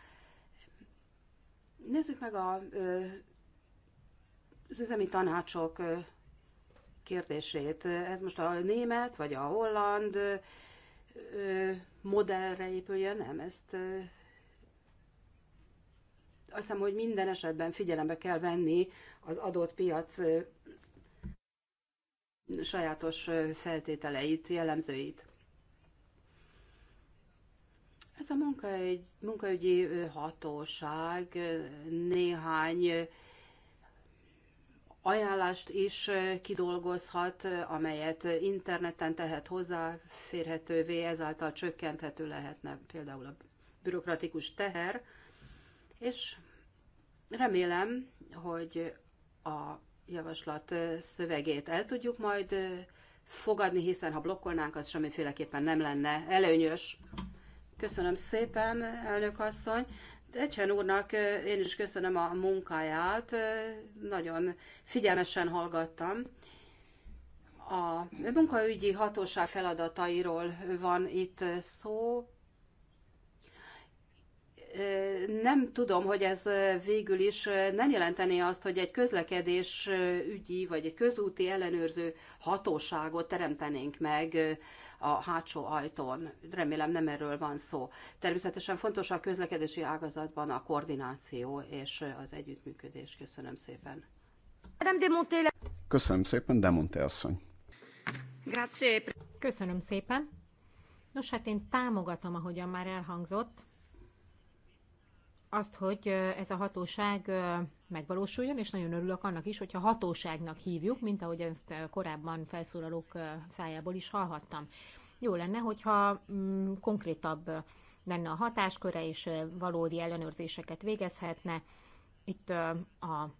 Nézzük meg a az üzemi tanácsok kérdését. Ez most a német vagy a holland modellre épüljön, nem? Ezt azt hiszem, hogy minden esetben figyelembe kell venni az adott piac sajátos feltételeit, jellemzőit. Ez a munkaügy, munkaügyi hatóság néhány ajánlást is kidolgozhat, amelyet interneten tehet hozzáférhetővé, ezáltal csökkenthető lehetne például a bürokratikus teher, és remélem, hogy a javaslat szövegét el tudjuk majd fogadni, hiszen ha blokkolnánk, az semmiféleképpen nem lenne előnyös. Köszönöm szépen, elnök asszony. Egyhen úrnak én is köszönöm a munkáját, nagyon figyelmesen hallgattam. A munkaügyi hatóság feladatairól van itt szó. Nem tudom, hogy ez végül is nem jelenteni azt, hogy egy közlekedés ügyi vagy egy közúti ellenőrző hatóságot teremtenénk meg a hátsó ajtón. Remélem nem erről van szó. Természetesen fontos a közlekedési ágazatban a koordináció és az együttműködés. Köszönöm szépen. Köszönöm szépen, Demonte asszony. Köszönöm szépen. Nos, hát én támogatom, ahogyan már elhangzott, azt, hogy ez a hatóság megvalósuljon, és nagyon örülök annak is, hogyha hatóságnak hívjuk, mint ahogy ezt korábban felszólalók szájából is hallhattam. Jó lenne, hogyha mm, konkrétabb lenne a hatásköre, és valódi ellenőrzéseket végezhetne. Itt a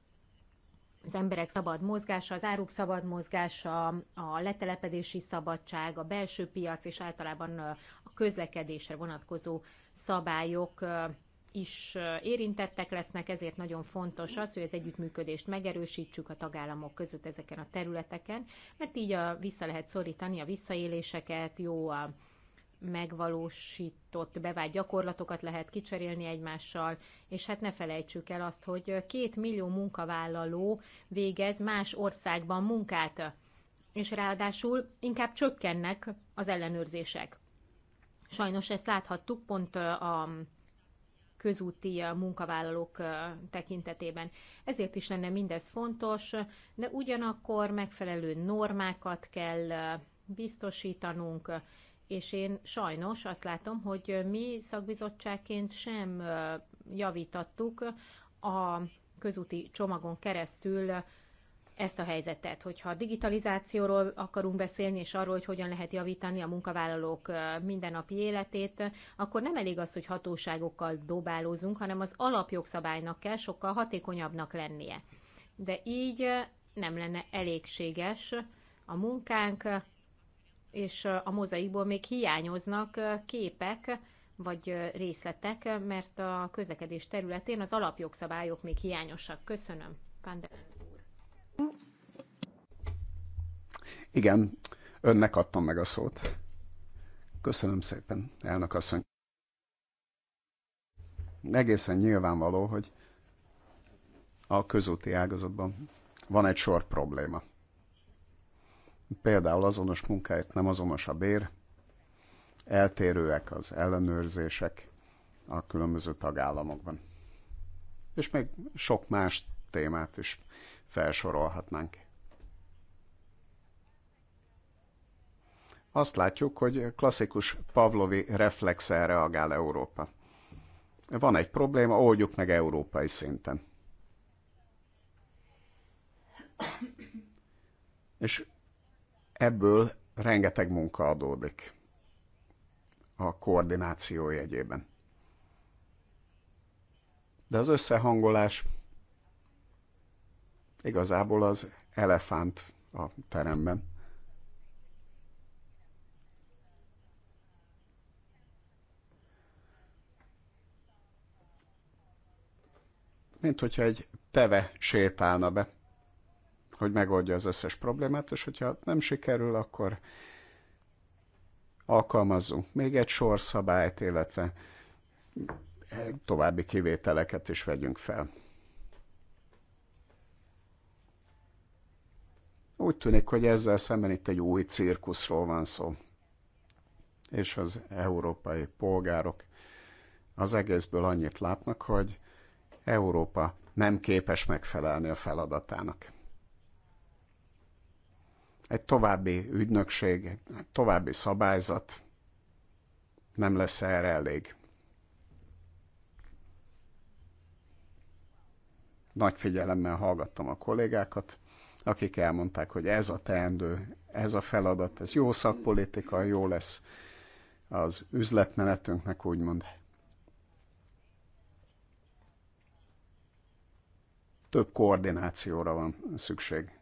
az emberek szabad mozgása, az áruk szabad mozgása, a letelepedési szabadság, a belső piac és általában a közlekedésre vonatkozó szabályok is érintettek lesznek, ezért nagyon fontos az, hogy az együttműködést megerősítsük a tagállamok között ezeken a területeken, mert így a, vissza lehet szorítani a visszaéléseket, jó a megvalósított bevált gyakorlatokat lehet kicserélni egymással, és hát ne felejtsük el azt, hogy két millió munkavállaló végez más országban munkát, és ráadásul inkább csökkennek az ellenőrzések. Sajnos ezt láthattuk pont a közúti munkavállalók tekintetében. Ezért is lenne mindez fontos, de ugyanakkor megfelelő normákat kell biztosítanunk, és én sajnos azt látom, hogy mi szakbizottságként sem javítattuk a közúti csomagon keresztül ezt a helyzetet, hogyha digitalizációról akarunk beszélni, és arról, hogy hogyan lehet javítani a munkavállalók mindennapi életét, akkor nem elég az, hogy hatóságokkal dobálózunk, hanem az alapjogszabálynak kell sokkal hatékonyabbnak lennie. De így nem lenne elégséges a munkánk, és a mozaikból még hiányoznak képek, vagy részletek, mert a közlekedés területén az alapjogszabályok még hiányosak. Köszönöm. Igen, önnek adtam meg a szót. Köszönöm szépen, elnök asszony. Egészen nyilvánvaló, hogy a közúti ágazatban van egy sor probléma. Például azonos munkáért nem azonos a bér, eltérőek az ellenőrzések a különböző tagállamokban. És még sok más témát is felsorolhatnánk. azt látjuk, hogy klasszikus pavlovi reflexel reagál Európa. Van egy probléma, oldjuk meg európai szinten. És ebből rengeteg munka adódik a koordináció jegyében. De az összehangolás igazából az elefánt a teremben mint hogyha egy teve sétálna be, hogy megoldja az összes problémát, és hogyha nem sikerül, akkor alkalmazzunk még egy sor szabályt illetve további kivételeket is vegyünk fel. Úgy tűnik, hogy ezzel szemben itt egy új cirkuszról van szó. És az európai polgárok az egészből annyit látnak, hogy Európa nem képes megfelelni a feladatának. Egy további ügynökség, egy további szabályzat nem lesz erre elég. Nagy figyelemmel hallgattam a kollégákat, akik elmondták, hogy ez a teendő, ez a feladat, ez jó szakpolitika, jó lesz az üzletmenetünknek, úgymond több koordinációra van szükség.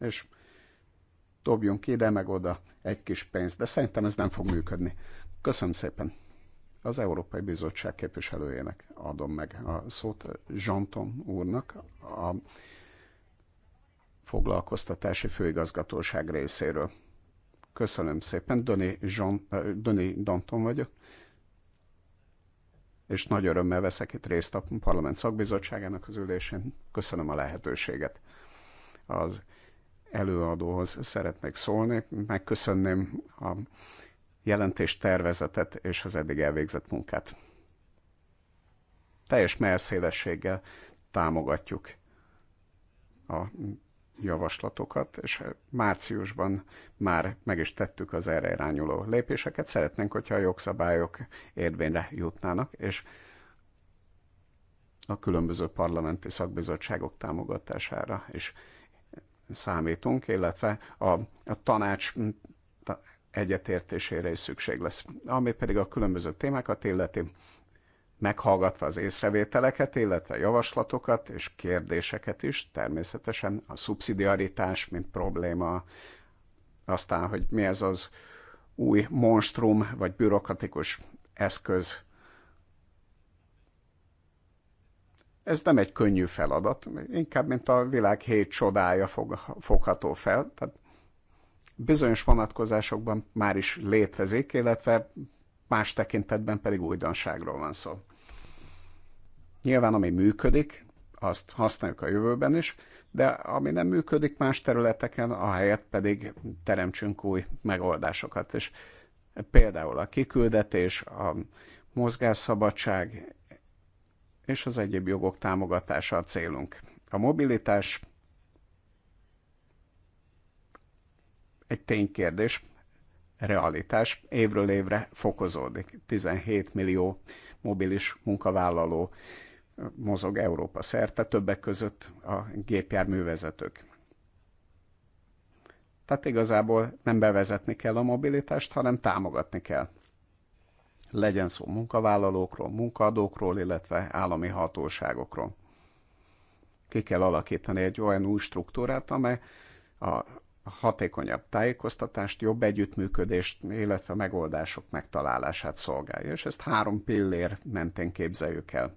És dobjunk ide meg oda egy kis pénzt, de szerintem ez nem fog működni. Köszönöm szépen. Az Európai Bizottság képviselőjének adom meg a szót Zsanton úrnak, a foglalkoztatási főigazgatóság részéről. Köszönöm szépen, Döni, Jean, eh, Döni Danton vagyok, és nagy örömmel veszek itt részt a Parlament Szakbizottságának az ülésén. Köszönöm a lehetőséget. Az előadóhoz szeretnék szólni, megköszönném a jelentés tervezetet és az eddig elvégzett munkát. Teljes merszélességgel támogatjuk a javaslatokat, és hát márciusban már meg is tettük az erre irányuló lépéseket. Szeretnénk, hogyha a jogszabályok érvényre jutnának, és a különböző parlamenti szakbizottságok támogatására is számítunk, illetve a, a tanács egyetértésére is szükség lesz. Ami pedig a különböző témákat illeti, meghallgatva az észrevételeket, illetve javaslatokat és kérdéseket is, természetesen a szubszidiaritás, mint probléma, aztán, hogy mi ez az új monstrum, vagy bürokratikus eszköz. Ez nem egy könnyű feladat, inkább, mint a világ hét csodája fog, fogható fel, tehát bizonyos vonatkozásokban már is létezik, illetve más tekintetben pedig újdonságról van szó. Nyilván, ami működik, azt használjuk a jövőben is, de ami nem működik más területeken, a helyet pedig teremtsünk új megoldásokat. És például a kiküldetés, a mozgásszabadság és az egyéb jogok támogatása a célunk. A mobilitás egy ténykérdés, realitás évről évre fokozódik. 17 millió mobilis munkavállaló mozog Európa szerte, többek között a gépjárművezetők. Tehát igazából nem bevezetni kell a mobilitást, hanem támogatni kell. Legyen szó munkavállalókról, munkaadókról, illetve állami hatóságokról. Ki kell alakítani egy olyan új struktúrát, amely a hatékonyabb tájékoztatást, jobb együttműködést, illetve megoldások megtalálását szolgálja, és ezt három pillér mentén képzeljük el.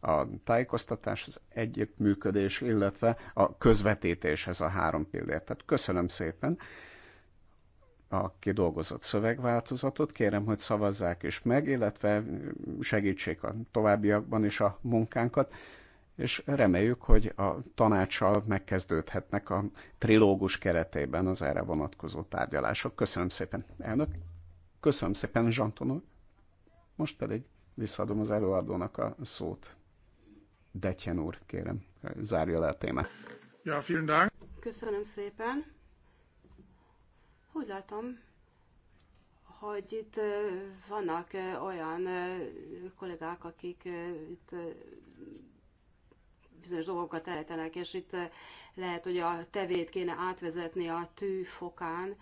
A tájékoztatás, az együttműködés, illetve a közvetítés, ez a három pillér. Tehát köszönöm szépen a kidolgozott szövegváltozatot, kérem, hogy szavazzák is meg, illetve segítsék a továbbiakban is a munkánkat és reméljük, hogy a tanácssal megkezdődhetnek a trilógus keretében az erre vonatkozó tárgyalások. Köszönöm szépen, elnök. Köszönöm szépen, Zsantonó. Most pedig visszaadom az előadónak a szót. Detjen úr, kérem, zárja le a témát. Ja, vielen Dank. Köszönöm szépen. Úgy látom, hogy itt eh, vannak eh, olyan eh, kollégák, akik itt bizonyos dolgokat tehetenek, és itt eh, lehet, hogy a tevét kéne átvezetni a tű fokán.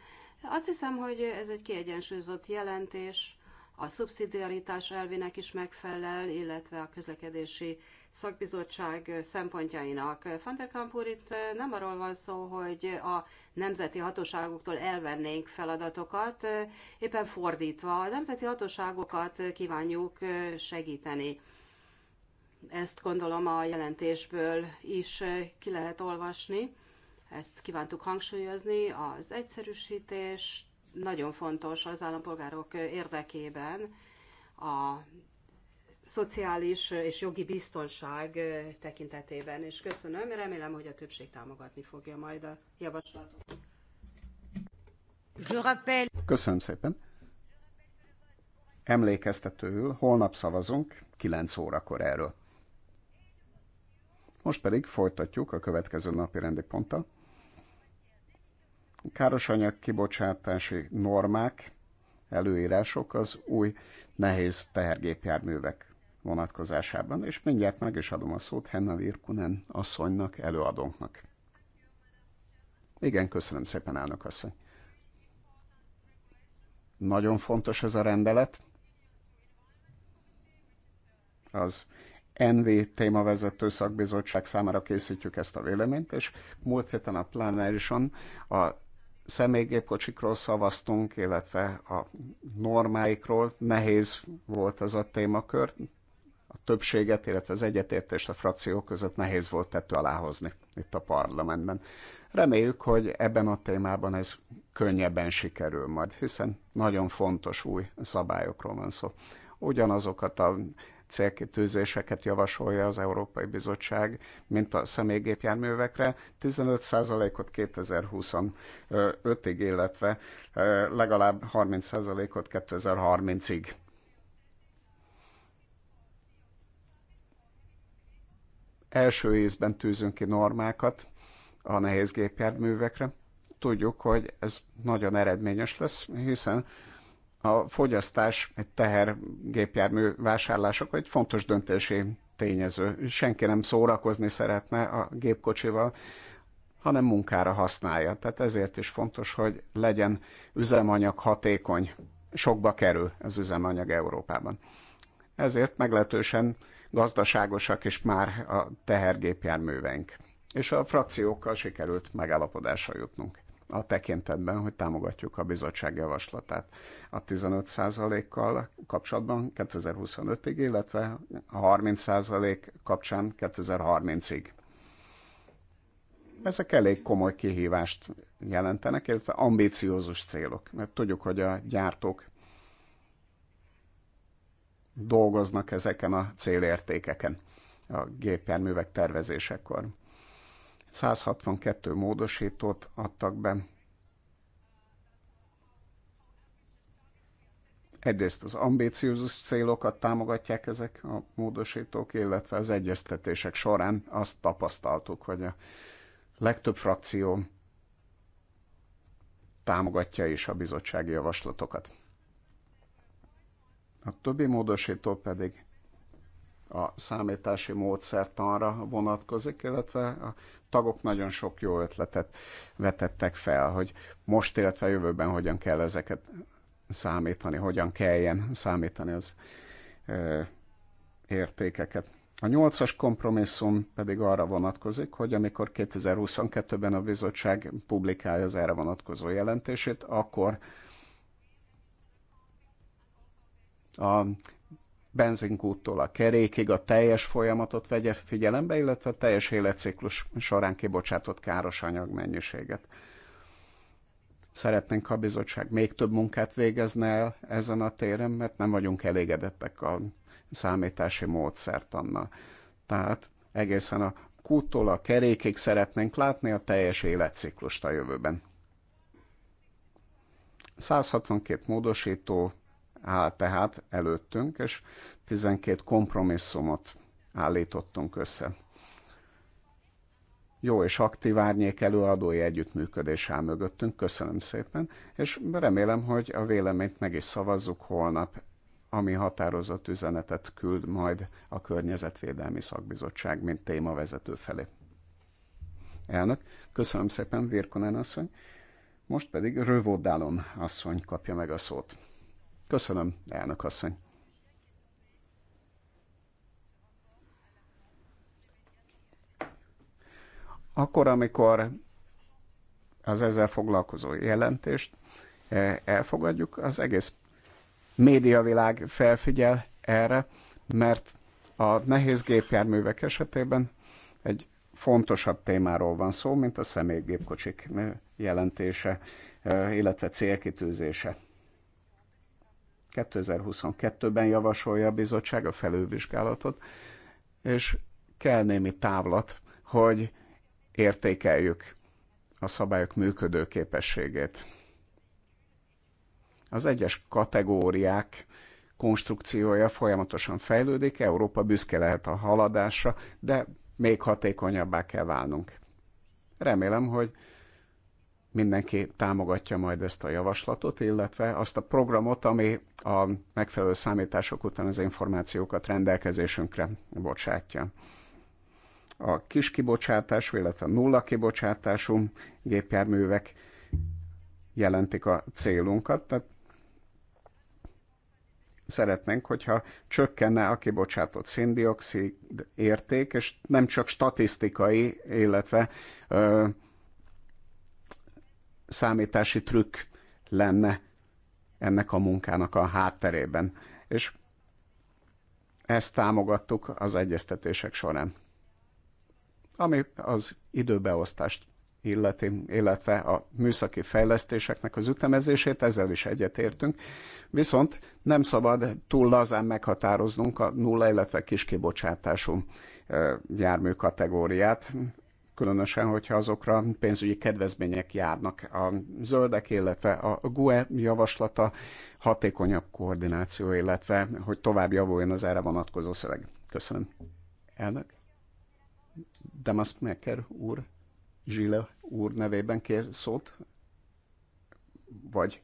Azt hiszem, hogy ez egy kiegyensúlyozott jelentés, a szubszidiaritás elvének is megfelel, illetve a közlekedési szakbizottság szempontjainak. Van der Kamp úr, itt eh, nem arról van szó, hogy a nemzeti hatóságoktól elvennénk feladatokat, eh, éppen fordítva, a nemzeti hatóságokat kívánjuk segíteni. Ezt gondolom a jelentésből is eh, ki lehet olvasni. Ezt kívántuk hangsúlyozni. Az egyszerűsítés nagyon fontos az állampolgárok eh, érdekében. A szociális eh, és jogi biztonság tekintetében, és köszönöm, remélem, hogy a többség támogatni fogja majd a javaslatot. Köszönöm szépen. Emlékeztetőül holnap szavazunk 9 órakor erről. Most pedig folytatjuk a következő napi rendi ponttal. Károsanyag kibocsátási normák, előírások az új nehéz tehergépjárművek vonatkozásában, és mindjárt meg is adom a szót Henna Virkunen asszonynak, előadónknak. Igen, köszönöm szépen, elnök asszony. Nagyon fontos ez a rendelet. Az NV témavezető szakbizottság számára készítjük ezt a véleményt, és múlt héten a plenárison a személygépkocsikról szavaztunk, illetve a normáikról. Nehéz volt ez a témakör, a többséget, illetve az egyetértést a frakciók között nehéz volt tető aláhozni itt a parlamentben. Reméljük, hogy ebben a témában ez könnyebben sikerül majd, hiszen nagyon fontos új szabályokról van szó. Ugyanazokat a célkitűzéseket javasolja az Európai Bizottság, mint a személygépjárművekre, 15%-ot 2025-ig, illetve legalább 30%-ot 2030-ig. Első észben tűzünk ki normákat a nehéz gépjárművekre. Tudjuk, hogy ez nagyon eredményes lesz, hiszen a fogyasztás egy tehergépjármű vásárlások egy fontos döntési tényező. Senki nem szórakozni szeretne a gépkocsival, hanem munkára használja. Tehát ezért is fontos, hogy legyen üzemanyag hatékony. Sokba kerül az üzemanyag Európában. Ezért meglehetősen gazdaságosak is már a tehergépjárműveink. És a frakciókkal sikerült megállapodásra jutnunk a tekintetben, hogy támogatjuk a bizottság javaslatát a 15%-kal kapcsolatban 2025-ig, illetve a 30% kapcsán 2030-ig. Ezek elég komoly kihívást jelentenek, illetve ambíciózus célok, mert tudjuk, hogy a gyártók dolgoznak ezeken a célértékeken a gépjárművek tervezésekor 162 módosítót adtak be. Egyrészt az ambíciózus célokat támogatják ezek a módosítók, illetve az egyeztetések során azt tapasztaltuk, hogy a legtöbb frakció támogatja is a bizottsági javaslatokat. A többi módosító pedig a számítási módszertanra vonatkozik, illetve a tagok nagyon sok jó ötletet vetettek fel, hogy most, illetve jövőben hogyan kell ezeket számítani, hogyan kelljen számítani az ö, értékeket. A nyolcas kompromisszum pedig arra vonatkozik, hogy amikor 2022-ben a bizottság publikálja az erre vonatkozó jelentését, akkor a benzinkúttól a kerékig a teljes folyamatot vegye figyelembe, illetve a teljes életciklus során kibocsátott káros anyag mennyiséget. Szeretnénk, ha a bizottság még több munkát végezne el ezen a téren, mert nem vagyunk elégedettek a számítási módszertannal. Tehát egészen a kúttól a kerékig szeretnénk látni a teljes életciklust a jövőben. 162 módosító áll tehát előttünk, és 12 kompromisszumot állítottunk össze. Jó és aktív árnyék előadói együttműködés áll mögöttünk, köszönöm szépen, és remélem, hogy a véleményt meg is szavazzuk holnap, ami határozott üzenetet küld majd a Környezetvédelmi Szakbizottság, mint témavezető felé. Elnök, köszönöm szépen, Virkonen asszony. Most pedig Rövodálom asszony kapja meg a szót. Köszönöm, elnök asszony. Akkor, amikor az ezzel foglalkozó jelentést eh, elfogadjuk, az egész médiavilág felfigyel erre, mert a nehéz gépjárművek esetében egy fontosabb témáról van szó, mint a személygépkocsik jelentése, eh, illetve célkitűzése. 2022-ben javasolja a bizottság a felülvizsgálatot, és kell némi távlat, hogy értékeljük a szabályok működőképességét. Az egyes kategóriák konstrukciója folyamatosan fejlődik, Európa büszke lehet a haladásra, de még hatékonyabbá kell válnunk. Remélem, hogy mindenki támogatja majd ezt a javaslatot, illetve azt a programot, ami a megfelelő számítások után az információkat rendelkezésünkre bocsátja. A kis kibocsátású, illetve nulla kibocsátású gépjárművek jelentik a célunkat, tehát szeretnénk, hogyha csökkenne a kibocsátott széndiokszid érték, és nem csak statisztikai, illetve ö, számítási trükk lenne ennek a munkának a hátterében. És ezt támogattuk az egyeztetések során. Ami az időbeosztást illeti, illetve a műszaki fejlesztéseknek az ütemezését, ezzel is egyetértünk. Viszont nem szabad túl lazán meghatároznunk a nulla, illetve kiskibocsátású jármű kategóriát különösen, hogyha azokra pénzügyi kedvezmények járnak. A zöldek, illetve a GUE javaslata hatékonyabb koordináció, illetve hogy tovább javuljon az erre vonatkozó szöveg. Köszönöm. Elnök? Damasz Mekker úr, Zsile úr nevében kér szót? Vagy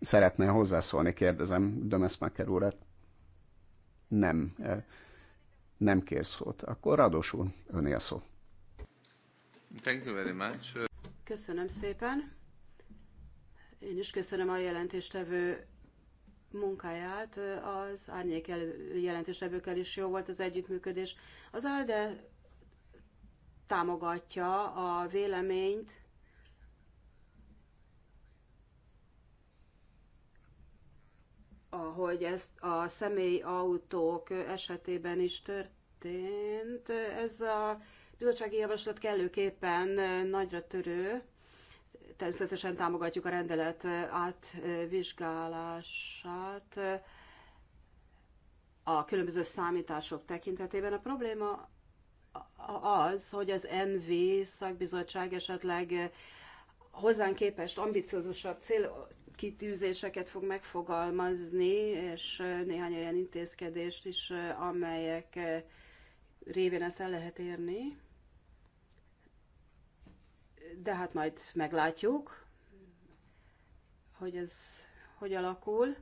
szeretné hozzászólni, kérdezem Damasz Mekker úrat. Nem, eh, nem kér szót. Akkor Rados úr, öné a szót. Thank you very much. Köszönöm szépen. Én is köszönöm a jelentéstevő munkáját. Az árnyék jelentéstevőkkel is jó volt az együttműködés. Az ALDE támogatja a véleményt, ahogy ezt a személyautók esetében is történt. Ez a bizottsági javaslat kellőképpen nagyra törő, természetesen támogatjuk a rendelet átvizsgálását a különböző számítások tekintetében. A probléma az, hogy az NV szakbizottság esetleg hozzánk képest ambiciózusabb célkitűzéseket fog megfogalmazni, és néhány olyan intézkedést is, amelyek révén ezt el lehet érni de hát majd meglátjuk, hogy ez hogy alakul.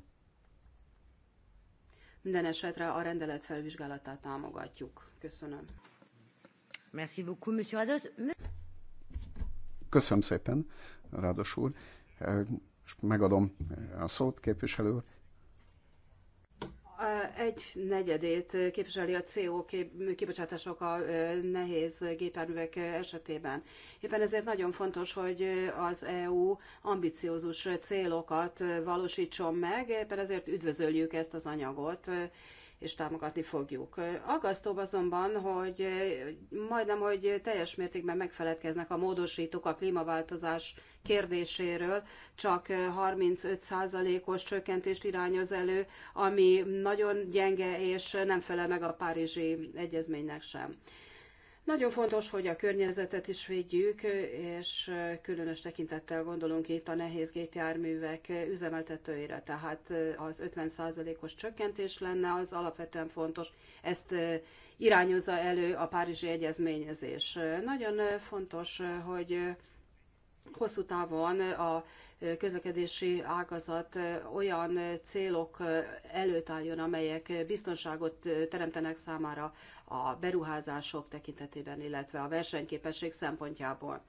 Minden esetre a rendelet felvizsgálatát támogatjuk. Köszönöm. Merci beaucoup, monsieur Rados. Köszönöm szépen, Rádos úr. És megadom a szót, képviselő úr egy negyedét képviseli a CO kibocsátások a nehéz gépjárművek esetében. Éppen ezért nagyon fontos, hogy az EU ambiciózus célokat valósítson meg, éppen ezért üdvözöljük ezt az anyagot és támogatni fogjuk. Aggasztóbb azonban, hogy majdnem, hogy teljes mértékben megfeledkeznek a módosítók a klímaváltozás kérdéséről, csak 35%-os csökkentést irányoz elő, ami nagyon nagyon gyenge, és nem felel meg a Párizsi Egyezménynek sem. Nagyon fontos, hogy a környezetet is védjük, és különös tekintettel gondolunk itt a nehéz gépjárművek üzemeltetőire, tehát az 50%-os csökkentés lenne, az alapvetően fontos, ezt irányozza elő a Párizsi Egyezményezés. Nagyon fontos, hogy hosszú távon a közlekedési ágazat olyan célok előtt álljon, amelyek biztonságot teremtenek számára a beruházások tekintetében, illetve a versenyképesség szempontjából.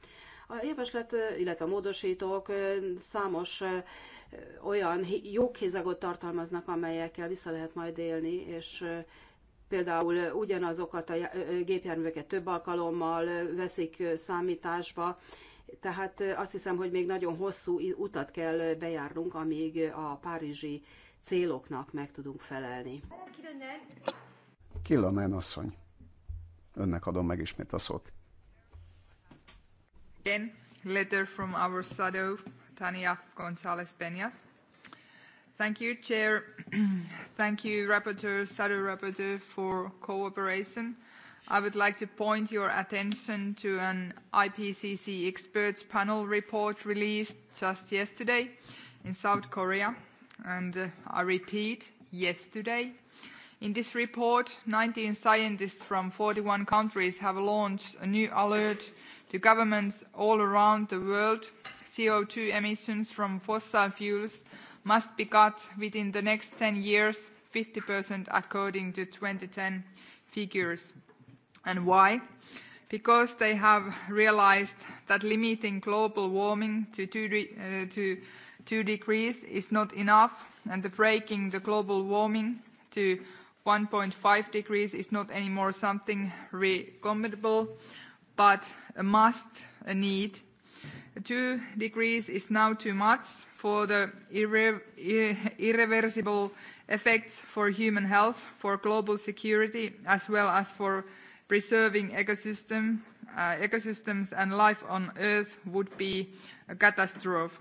A javaslat, illetve a módosítók számos olyan joghézagot tartalmaznak, amelyekkel vissza lehet majd élni, és például ugyanazokat a gépjárműveket több alkalommal veszik számításba, tehát azt hiszem, hogy még nagyon hosszú utat kell bejárnunk, amíg a párizsi céloknak meg tudunk felelni. Kilonen asszony, önnek adom meg ismét a szót. Again, letter from our shadow, Tania González Peñas. Thank you, Chair. Thank you, Rapporteur, Shadow Rapporteur, for cooperation. I would like to point your attention to an IPCC experts panel report released just yesterday in South Korea. And uh, I repeat, yesterday. In this report, 19 scientists from 41 countries have launched a new alert to governments all around the world. CO2 emissions from fossil fuels must be cut within the next 10 years, 50% according to 2010 figures And why? Because they have realized that limiting global warming to two, de uh, to two degrees is not enough, and the breaking the global warming to 1.5 degrees is not anymore something recommendable, but a must, a need. Two degrees is now too much for the irre irreversible effects for human health, for global security, as well as for preserving ecosystem, uh, ecosystems and life on Earth would be a catastrophe.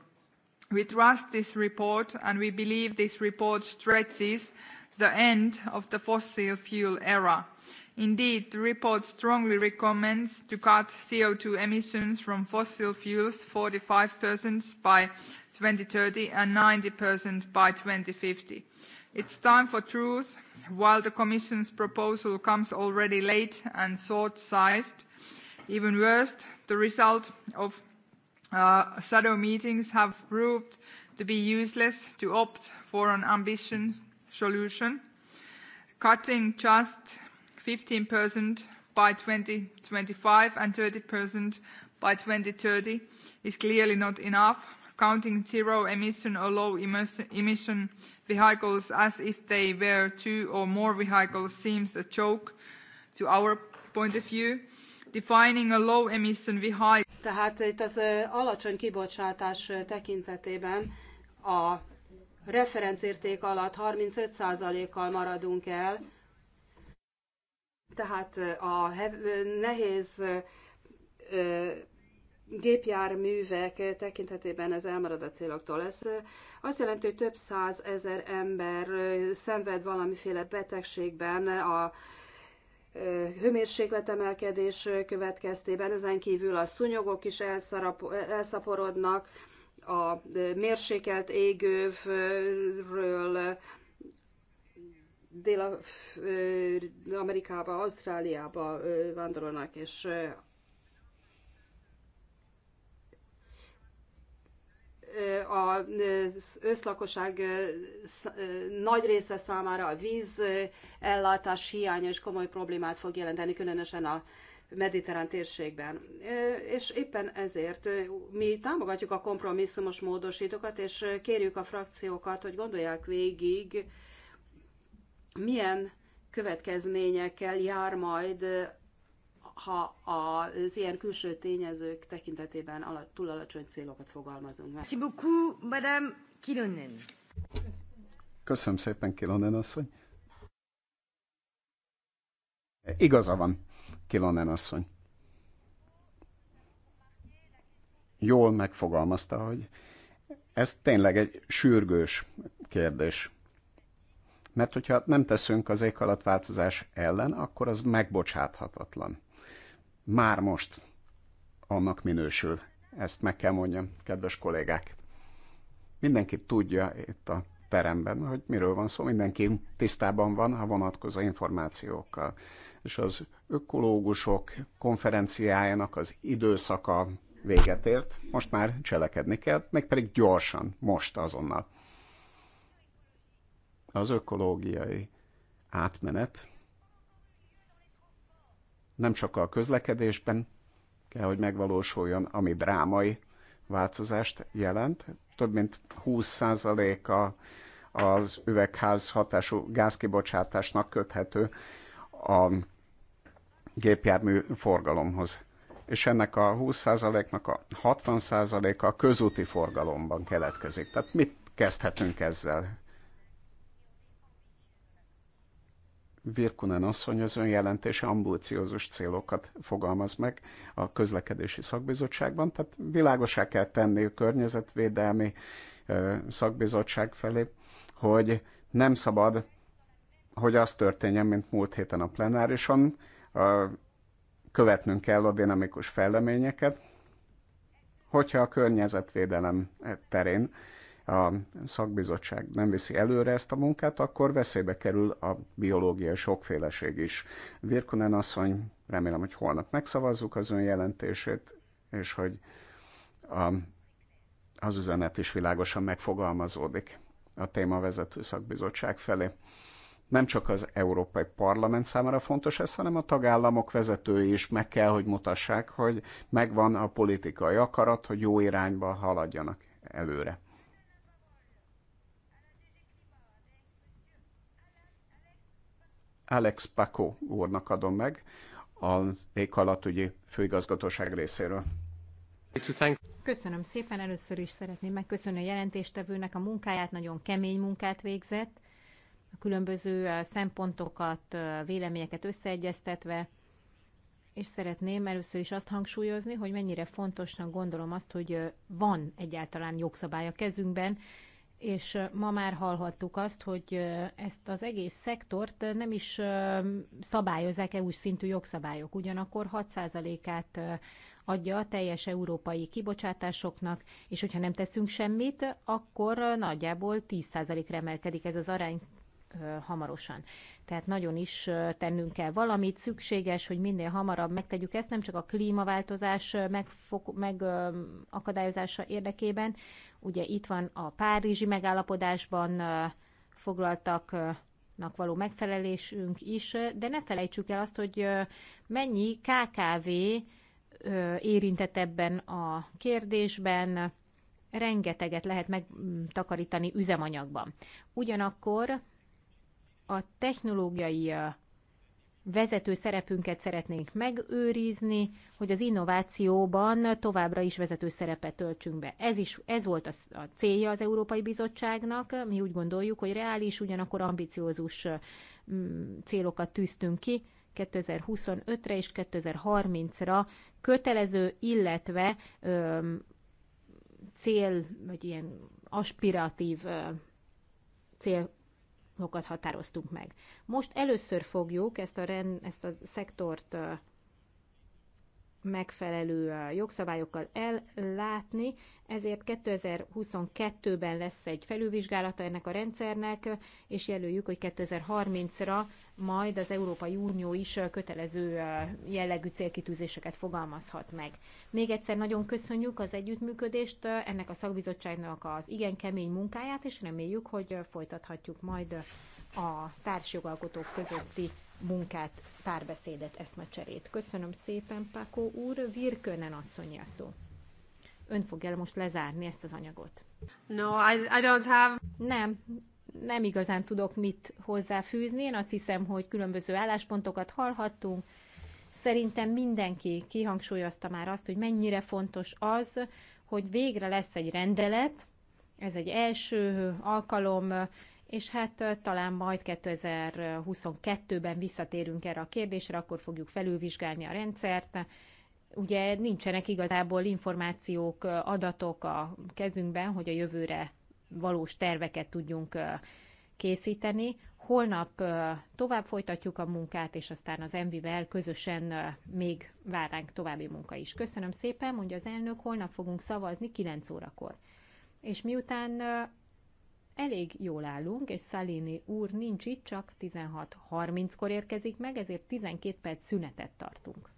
We trust this report and we believe this report stretches the end of the fossil fuel era. Indeed, the report strongly recommends to cut CO2 emissions from fossil fuels 45% by 2030 and 90% by 2050. It's time for truth. While the Commission's proposal comes already late and short-sized, even worse, the result of uh, shadow meetings have proved to be useless to opt for an ambition solution, cutting just 15% by 2025 and 30% by 2030 is clearly not enough, counting zero emission or low emission vehicles as if they were two or more vehicles seems a joke to our point of view. Defining a low emission vehicle. Tehát itt az alacsony kibocsátás tekintetében a referencérték alatt 35%-kal maradunk el, tehát a nehéz gépjárművek tekintetében ez elmarad a céloktól. Ez azt jelenti, hogy több száz ezer ember szenved valamiféle betegségben a hőmérsékletemelkedés következtében, ezen kívül a szúnyogok is elszarap, elszaporodnak, a mérsékelt égővről Dél-Amerikába, Ausztráliába vándorolnak, és az összlakosság nagy része számára a víz ellátás hiánya is komoly problémát fog jelenteni, különösen a mediterrán térségben. És éppen ezért mi támogatjuk a kompromisszumos módosítókat, és kérjük a frakciókat, hogy gondolják végig, milyen következményekkel jár majd ha az ilyen külső tényezők tekintetében ala, túl alacsony célokat fogalmazunk meg. köszönöm, madame Kilonen. Köszönöm szépen, Kilonen asszony. Igaza van, Kilonen asszony. Jól megfogalmazta, hogy ez tényleg egy sürgős kérdés. Mert hogyha nem teszünk az változás ellen, akkor az megbocsáthatatlan már most annak minősül. Ezt meg kell mondjam, kedves kollégák. Mindenki tudja itt a teremben, hogy miről van szó, mindenki tisztában van a vonatkozó információkkal. És az ökológusok konferenciájának az időszaka véget ért, most már cselekedni kell, meg pedig gyorsan, most azonnal. Az ökológiai átmenet nem csak a közlekedésben kell, hogy megvalósuljon, ami drámai változást jelent. Több mint 20%-a az üvegház hatású gázkibocsátásnak köthető a gépjármű forgalomhoz. És ennek a 20%-nak a 60%-a közúti forgalomban keletkezik. Tehát mit kezdhetünk ezzel? Virkunen asszony az önjelentése ambulciózus célokat fogalmaz meg a közlekedési szakbizottságban, tehát világosá kell tenni a környezetvédelmi szakbizottság felé, hogy nem szabad, hogy az történjen, mint múlt héten a plenárison, követnünk kell a dinamikus fejleményeket, hogyha a környezetvédelem terén a szakbizottság nem viszi előre ezt a munkát, akkor veszélybe kerül a biológiai sokféleség is. Virkunen asszony, remélem, hogy holnap megszavazzuk az ön jelentését, és hogy a, az üzenet is világosan megfogalmazódik a témavezető szakbizottság felé. Nem csak az Európai Parlament számára fontos ez, hanem a tagállamok vezetői is meg kell, hogy mutassák, hogy megvan a politikai akarat, hogy jó irányba haladjanak előre. Alex Paco úrnak adom meg, az Éghajlatügyi Főigazgatóság részéről. Köszönöm szépen, először is szeretném megköszönni a jelentéstevőnek a munkáját, nagyon kemény munkát végzett, a különböző szempontokat, véleményeket összeegyeztetve, és szeretném először is azt hangsúlyozni, hogy mennyire fontosnak gondolom azt, hogy van egyáltalán jogszabály a kezünkben, és ma már hallhattuk azt, hogy ezt az egész szektort nem is szabályozzák EU-s szintű jogszabályok, ugyanakkor 6%-át adja a teljes európai kibocsátásoknak, és hogyha nem teszünk semmit, akkor nagyjából 10%-ra emelkedik ez az arány hamarosan. Tehát nagyon is tennünk kell valamit, szükséges, hogy minél hamarabb megtegyük ezt, nem csak a klímaváltozás megfok- megakadályozása érdekében, Ugye itt van a Párizsi megállapodásban foglaltaknak való megfelelésünk is, de ne felejtsük el azt, hogy mennyi KKV érintett ebben a kérdésben, rengeteget lehet megtakarítani üzemanyagban. Ugyanakkor a technológiai vezető szerepünket szeretnénk megőrizni, hogy az innovációban továbbra is vezető szerepet töltsünk be. Ez, is, ez volt a, a célja az Európai Bizottságnak. Mi úgy gondoljuk, hogy reális, ugyanakkor ambiciózus mm, célokat tűztünk ki 2025-re és 2030-ra kötelező, illetve cél, vagy ilyen aspiratív cél határoztunk meg. Most először fogjuk ezt a, ren, ezt a szektort megfelelő jogszabályokkal ellátni, ezért 2022-ben lesz egy felülvizsgálata ennek a rendszernek, és jelöljük, hogy 2030-ra majd az Európai Unió is kötelező jellegű célkitűzéseket fogalmazhat meg. Még egyszer nagyon köszönjük az együttműködést, ennek a szakbizottságnak az igen kemény munkáját, és reméljük, hogy folytathatjuk majd a társjogalkotók közötti munkát, párbeszédet, eszmecserét. Köszönöm szépen, Pakó úr. Virkönen asszony a szó. Ön fogja el most lezárni ezt az anyagot. No, I, I don't have... Nem, nem igazán tudok mit hozzáfűzni. Én azt hiszem, hogy különböző álláspontokat hallhattunk. Szerintem mindenki kihangsúlyozta már azt, hogy mennyire fontos az, hogy végre lesz egy rendelet, ez egy első alkalom, és hát talán majd 2022-ben visszatérünk erre a kérdésre, akkor fogjuk felülvizsgálni a rendszert. Ugye nincsenek igazából információk, adatok a kezünkben, hogy a jövőre valós terveket tudjunk készíteni. Holnap tovább folytatjuk a munkát, és aztán az MV-vel közösen még vár ránk további munka is. Köszönöm szépen, mondja az elnök, holnap fogunk szavazni 9 órakor. És miután elég jól állunk, és Szaléni úr nincs itt, csak 16.30-kor érkezik meg, ezért 12 perc szünetet tartunk.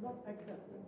not accepted.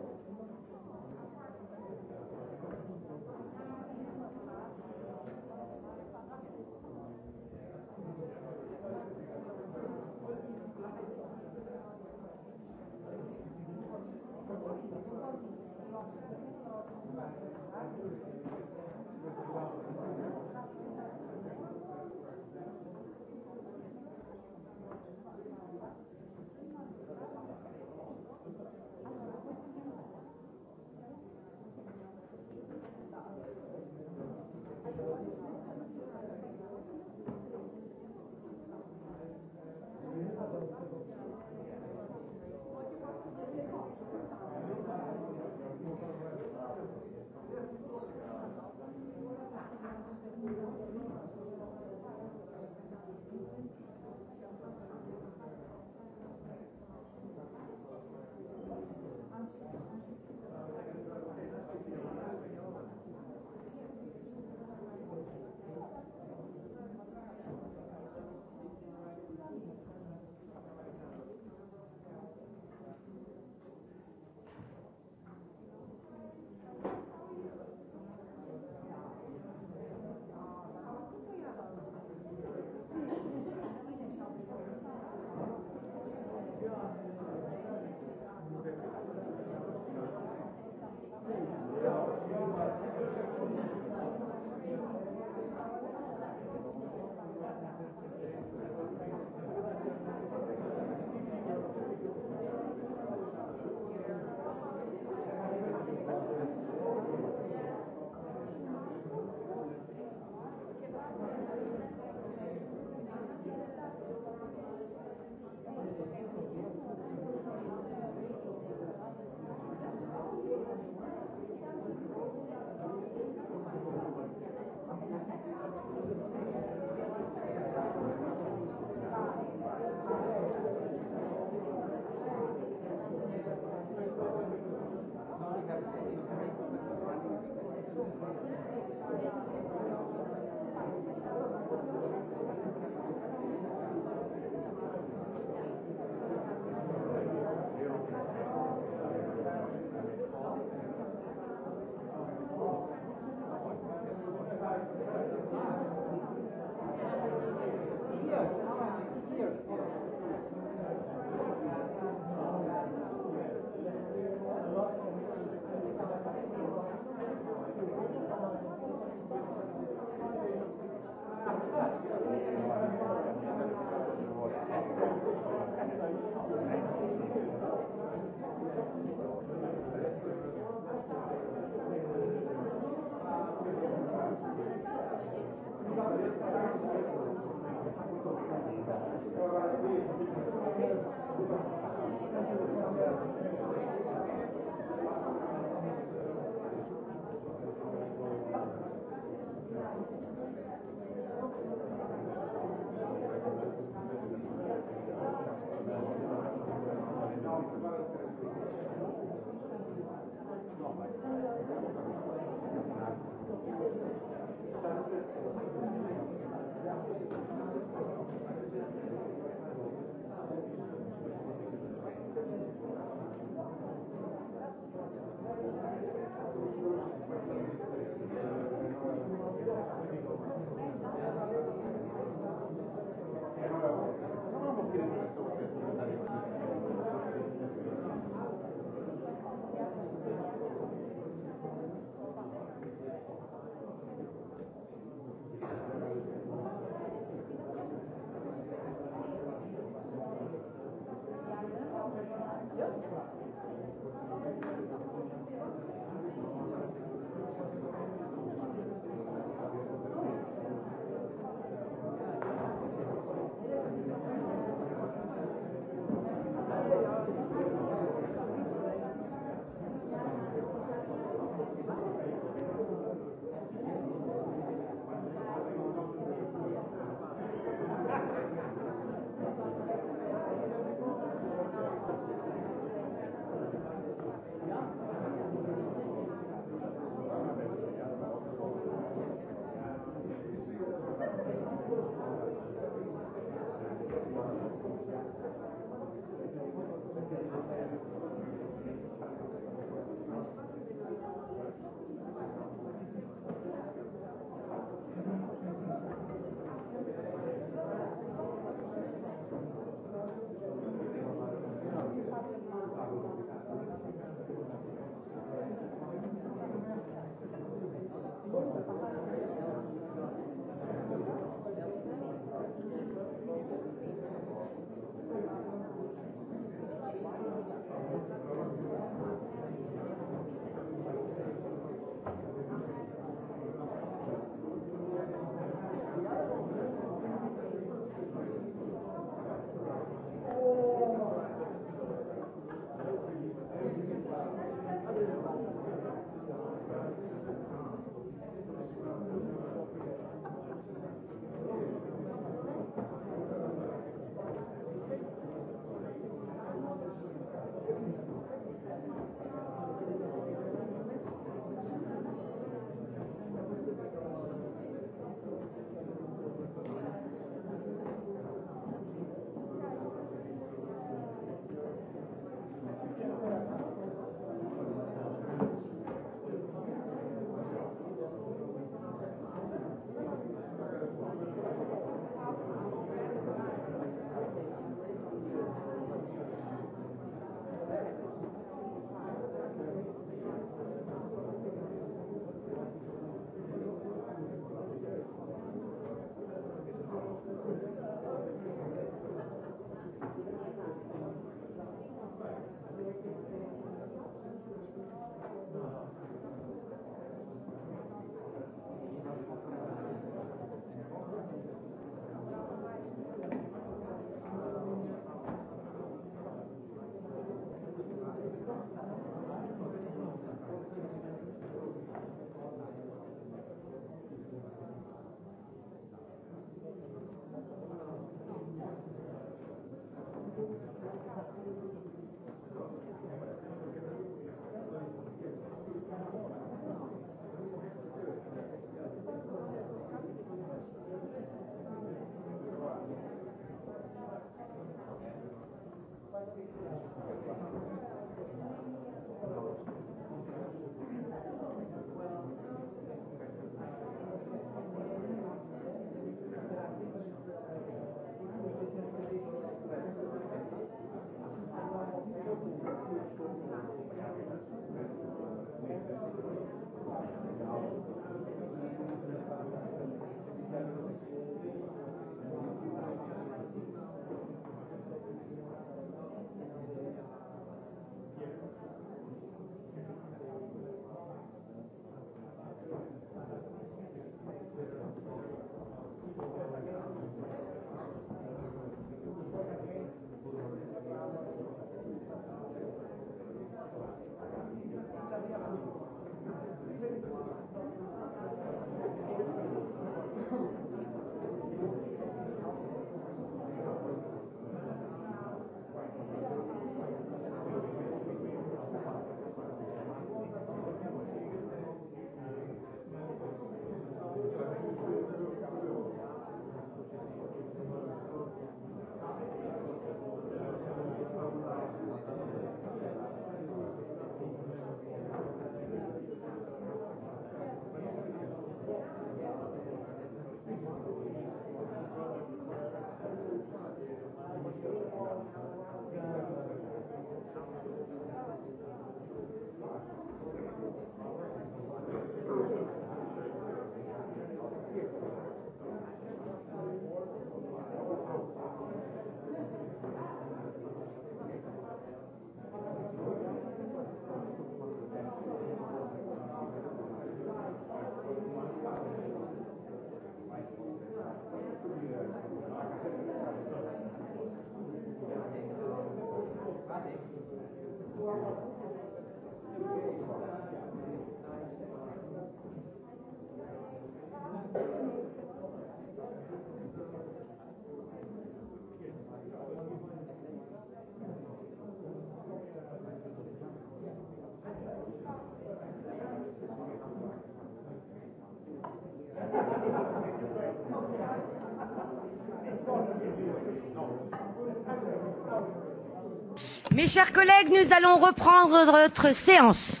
Mes chers collègues, nous allons reprendre notre séance.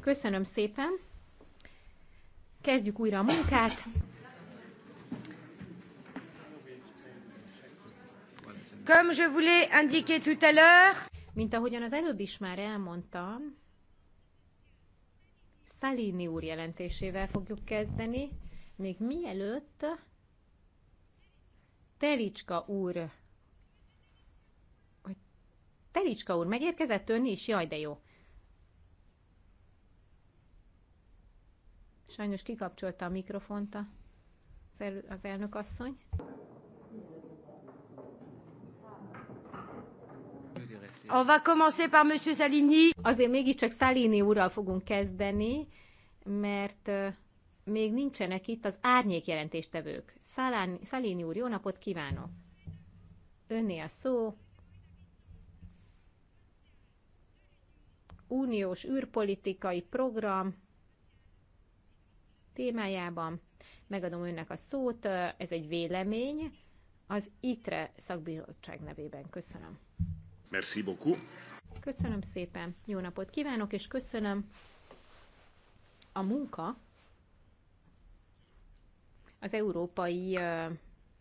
Köszönöm szépen. Kezdjük újra a munkát. Comme je vous l'ai indiqué tout à l'heure, mint ahogyan az előbb is már elmondtam, Szalini úr jelentésével fogjuk kezdeni, még mielőtt Telicska úr Telicska úr, megérkezett ön is? Jaj, de jó. Sajnos kikapcsolta a mikrofont az elnök asszony. On va commencer par Monsieur Salini. Azért mégiscsak Salini úrral fogunk kezdeni, mert még nincsenek itt az árnyék jelentéstevők. Salini úr, jó napot kívánok! Önné a szó, uniós űrpolitikai program témájában. Megadom önnek a szót, ez egy vélemény az ITRE szakbizottság nevében. Köszönöm. Merci beaucoup. Köszönöm szépen, jó napot kívánok, és köszönöm a munka az európai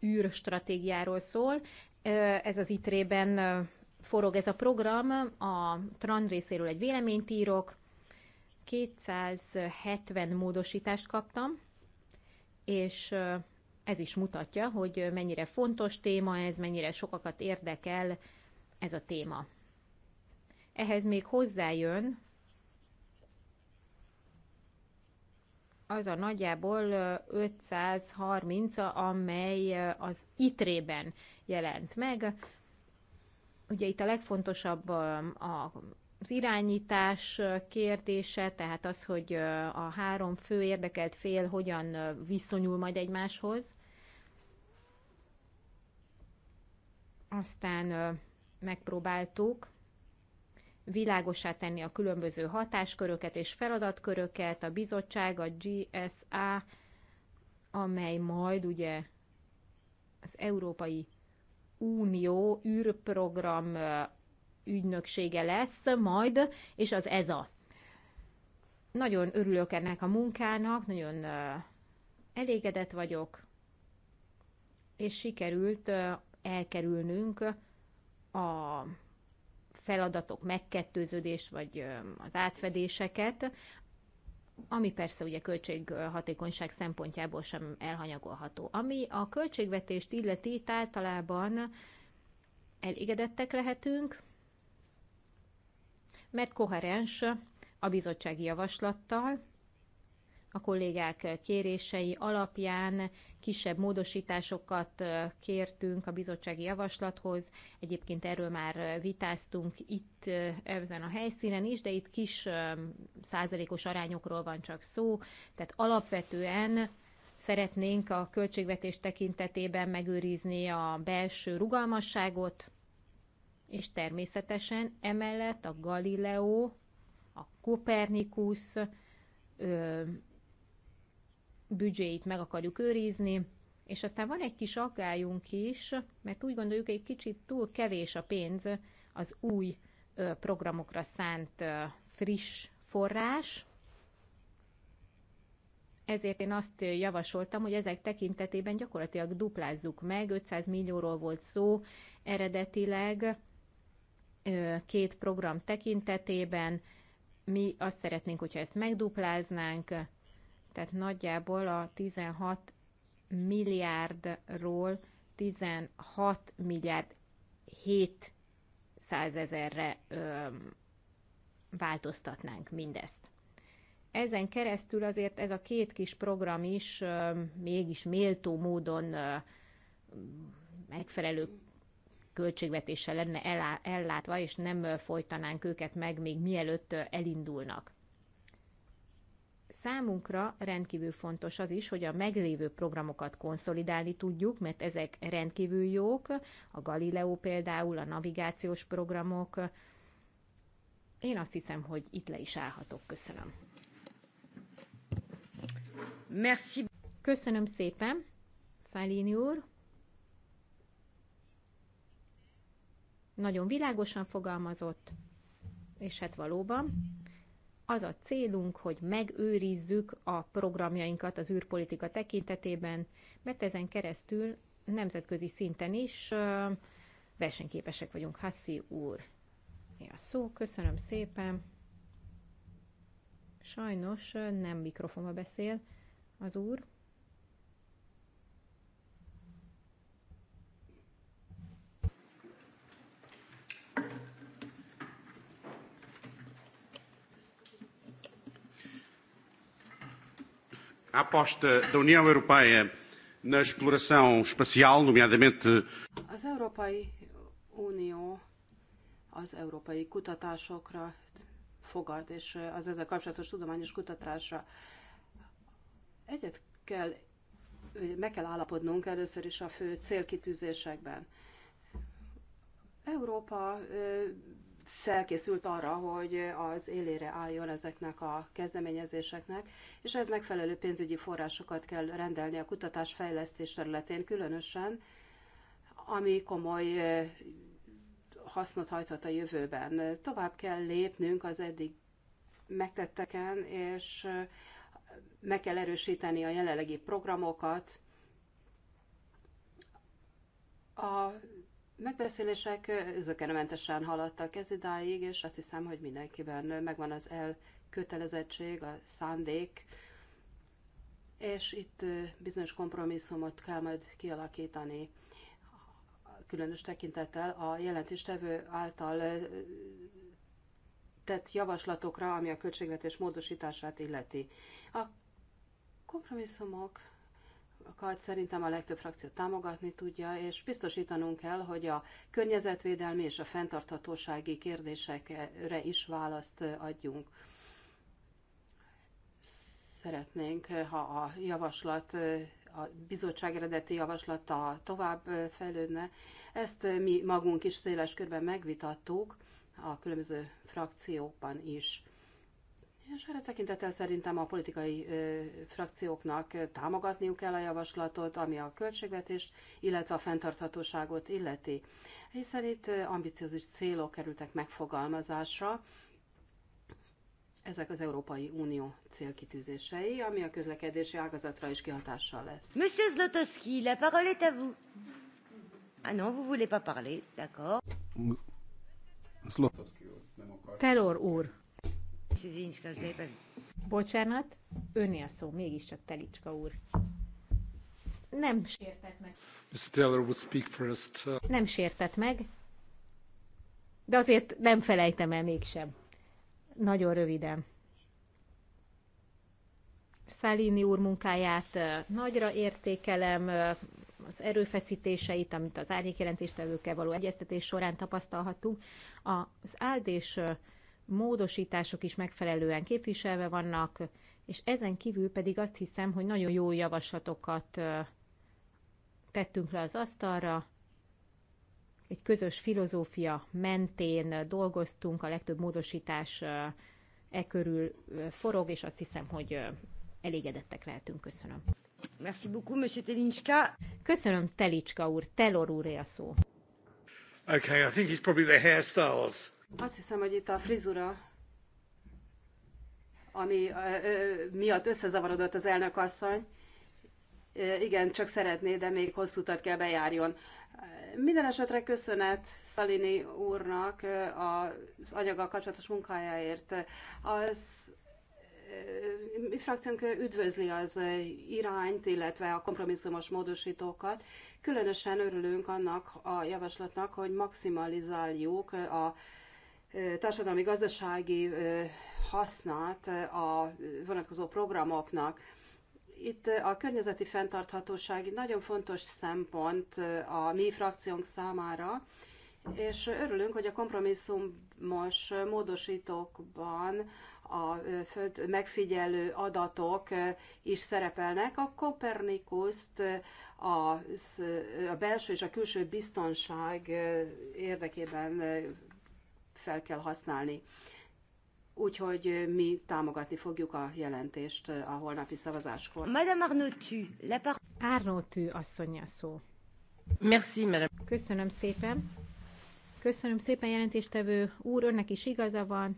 űrstratégiáról szól. Ez az ITRE-ben forog ez a program, a TRAN részéről egy véleményt írok, 270 módosítást kaptam, és ez is mutatja, hogy mennyire fontos téma ez, mennyire sokakat érdekel ez a téma. Ehhez még hozzájön az a nagyjából 530, amely az ITRE-ben jelent meg. Ugye itt a legfontosabb a az irányítás kérdése, tehát az, hogy a három fő érdekelt fél hogyan viszonyul majd egymáshoz. Aztán megpróbáltuk világosá tenni a különböző hatásköröket és feladatköröket, a bizottság, a GSA, amely majd ugye az európai Unió űrprogram ügynöksége lesz majd, és az ez a. Nagyon örülök ennek a munkának, nagyon elégedett vagyok, és sikerült elkerülnünk a feladatok megkettőződés vagy az átfedéseket, ami persze ugye költséghatékonyság szempontjából sem elhanyagolható. Ami a költségvetést illeti, itt általában elégedettek lehetünk, mert koherens a bizottsági javaslattal, a kollégák kérései alapján kisebb módosításokat kértünk a bizottsági javaslathoz. Egyébként erről már vitáztunk itt ezen a helyszínen is, de itt kis százalékos arányokról van csak szó, tehát alapvetően szeretnénk a költségvetés tekintetében megőrizni a belső rugalmasságot, és természetesen emellett a Galileo, a Kopernikus büdzséit meg akarjuk őrizni, és aztán van egy kis aggályunk is, mert úgy gondoljuk, egy kicsit túl kevés a pénz az új programokra szánt friss forrás, ezért én azt javasoltam, hogy ezek tekintetében gyakorlatilag duplázzuk meg, 500 millióról volt szó eredetileg két program tekintetében, mi azt szeretnénk, hogyha ezt megdupláznánk, tehát nagyjából a 16 milliárdról 16 milliárd 700 ezerre változtatnánk mindezt. Ezen keresztül azért ez a két kis program is ö, mégis méltó módon ö, megfelelő költségvetéssel lenne ellátva, és nem folytanánk őket meg még mielőtt elindulnak. Számunkra rendkívül fontos az is, hogy a meglévő programokat konszolidálni tudjuk, mert ezek rendkívül jók, a Galileo például, a navigációs programok. Én azt hiszem, hogy itt le is állhatok. Köszönöm. Merci. Köszönöm szépen, Szálini úr. Nagyon világosan fogalmazott, és hát valóban az a célunk, hogy megőrizzük a programjainkat az űrpolitika tekintetében, mert ezen keresztül nemzetközi szinten is versenyképesek vagyunk. Hassi úr, a szó, köszönöm szépen. Sajnos nem mikrofonba beszél az úr. a aposta da União Europeia na exploração espacial, nomeadamente. Az Európai Unió az európai kutatásokra fogad, és az ezzel kapcsolatos tudományos kutatásra egyet kell, meg kell állapodnunk először is a fő célkitűzésekben. Európa felkészült arra, hogy az élére álljon ezeknek a kezdeményezéseknek, és ez megfelelő pénzügyi forrásokat kell rendelni a kutatásfejlesztés területén, különösen, ami komoly hasznot hajthat a jövőben. Tovább kell lépnünk az eddig megtetteken, és meg kell erősíteni a jelenlegi programokat. A megbeszélések zökenőmentesen haladtak ez idáig, és azt hiszem, hogy mindenkiben megvan az elkötelezettség, a szándék, és itt bizonyos kompromisszumot kell majd kialakítani, különös tekintettel a jelentéstevő által tett javaslatokra, ami a költségvetés módosítását illeti. A kompromisszumok szerintem a legtöbb frakció támogatni tudja, és biztosítanunk kell, hogy a környezetvédelmi és a fenntarthatósági kérdésekre is választ adjunk. Szeretnénk, ha a javaslat, a bizottság eredeti javaslata tovább fejlődne. Ezt mi magunk is széles körben megvitattuk, a különböző frakciókban is. És erre tekintettel szerintem a politikai ö, frakcióknak támogatniuk kell a javaslatot, ami a költségvetést, illetve a fenntarthatóságot illeti. Hiszen itt ambiciózus célok kerültek megfogalmazásra, ezek az Európai Unió célkitűzései, ami a közlekedési ágazatra is kihatással lesz. Monsieur Zlotowski, la parole est à vous. Ah non, vous voulez pas parler, d'accord. Zlotowski úr, nem akar. Terror úr. Bocsánat, önné a szó, mégiscsak Telicska úr. Nem sértett meg. Mr. Taylor would speak first. Uh, nem sértett meg, de azért nem felejtem el mégsem. Nagyon röviden. Szálini úr munkáját uh, nagyra értékelem, uh, az erőfeszítéseit, amit az árnyékjelentéstevőkkel való egyeztetés során tapasztalhatunk. Az áldés módosítások is megfelelően képviselve vannak, és ezen kívül pedig azt hiszem, hogy nagyon jó javaslatokat tettünk le az asztalra, egy közös filozófia mentén dolgoztunk, a legtöbb módosítás e körül forog, és azt hiszem, hogy elégedettek lehetünk. Köszönöm. Merci beaucoup, Monsieur Telinska. Köszönöm, Telicska úr, Telor úr a szó. Okay, I think it's probably the hairstyles. Azt hiszem, hogy itt a frizura, ami miatt összezavarodott az elnök asszony, igen, csak szeretné, de még hosszú utat kell bejárjon. Minden esetre köszönet Szalini úrnak az anyaggal kapcsolatos munkájáért. Az mi frakciónk üdvözli az irányt, illetve a kompromisszumos módosítókat. Különösen örülünk annak a javaslatnak, hogy maximalizáljuk a társadalmi-gazdasági hasznát a vonatkozó programoknak. Itt a környezeti fenntarthatóság nagyon fontos szempont a mi frakciónk számára, és örülünk, hogy a kompromisszumos módosítókban a föld megfigyelő adatok is szerepelnek. A Kopernikuszt a, a belső és a külső biztonság érdekében fel kell használni. Úgyhogy mi támogatni fogjuk a jelentést a holnapi szavazáskor. Madame Arnautu, le par... Arnautu asszonya szó. Merci, madame. Köszönöm szépen. Köszönöm szépen, jelentéstevő úr, önnek is igaza van.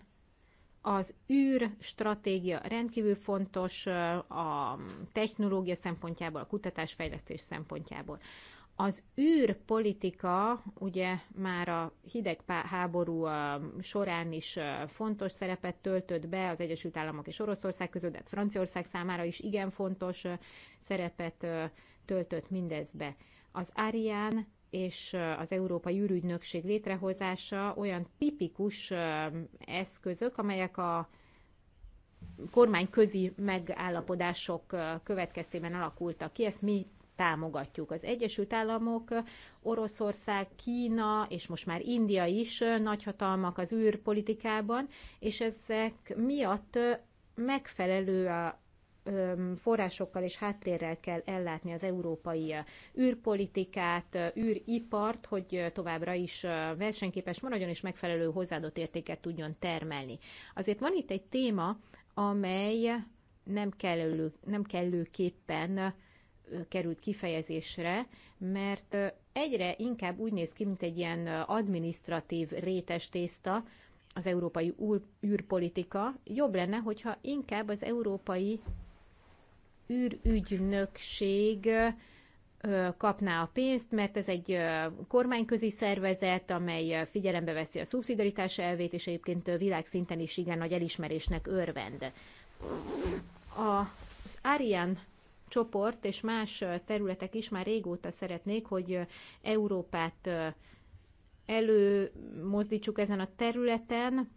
Az űr stratégia rendkívül fontos a technológia szempontjából, a kutatásfejlesztés szempontjából. Az űrpolitika ugye már a hidegháború során is fontos szerepet töltött be az Egyesült Államok és Oroszország között, de hát Franciaország számára is igen fontos szerepet töltött mindezbe. Az Arián és az Európai űrügynökség létrehozása olyan tipikus eszközök, amelyek a kormányközi megállapodások következtében alakultak ki. Ezt mi támogatjuk. Az Egyesült Államok, Oroszország, Kína és most már India is nagyhatalmak az űrpolitikában, és ezek miatt megfelelő a forrásokkal és háttérrel kell ellátni az európai űrpolitikát, űripart, hogy továbbra is versenyképes maradjon és megfelelő hozzáadott értéket tudjon termelni. Azért van itt egy téma, amely nem, kellő, nem kellőképpen került kifejezésre, mert egyre inkább úgy néz ki, mint egy ilyen administratív rétes tészta az európai űrpolitika. Jobb lenne, hogyha inkább az európai űrügynökség kapná a pénzt, mert ez egy kormányközi szervezet, amely figyelembe veszi a szubszidaritás elvét, és egyébként világszinten is igen nagy elismerésnek örvend. Az Ariane csoport és más területek is már régóta szeretnék, hogy Európát előmozdítsuk ezen a területen.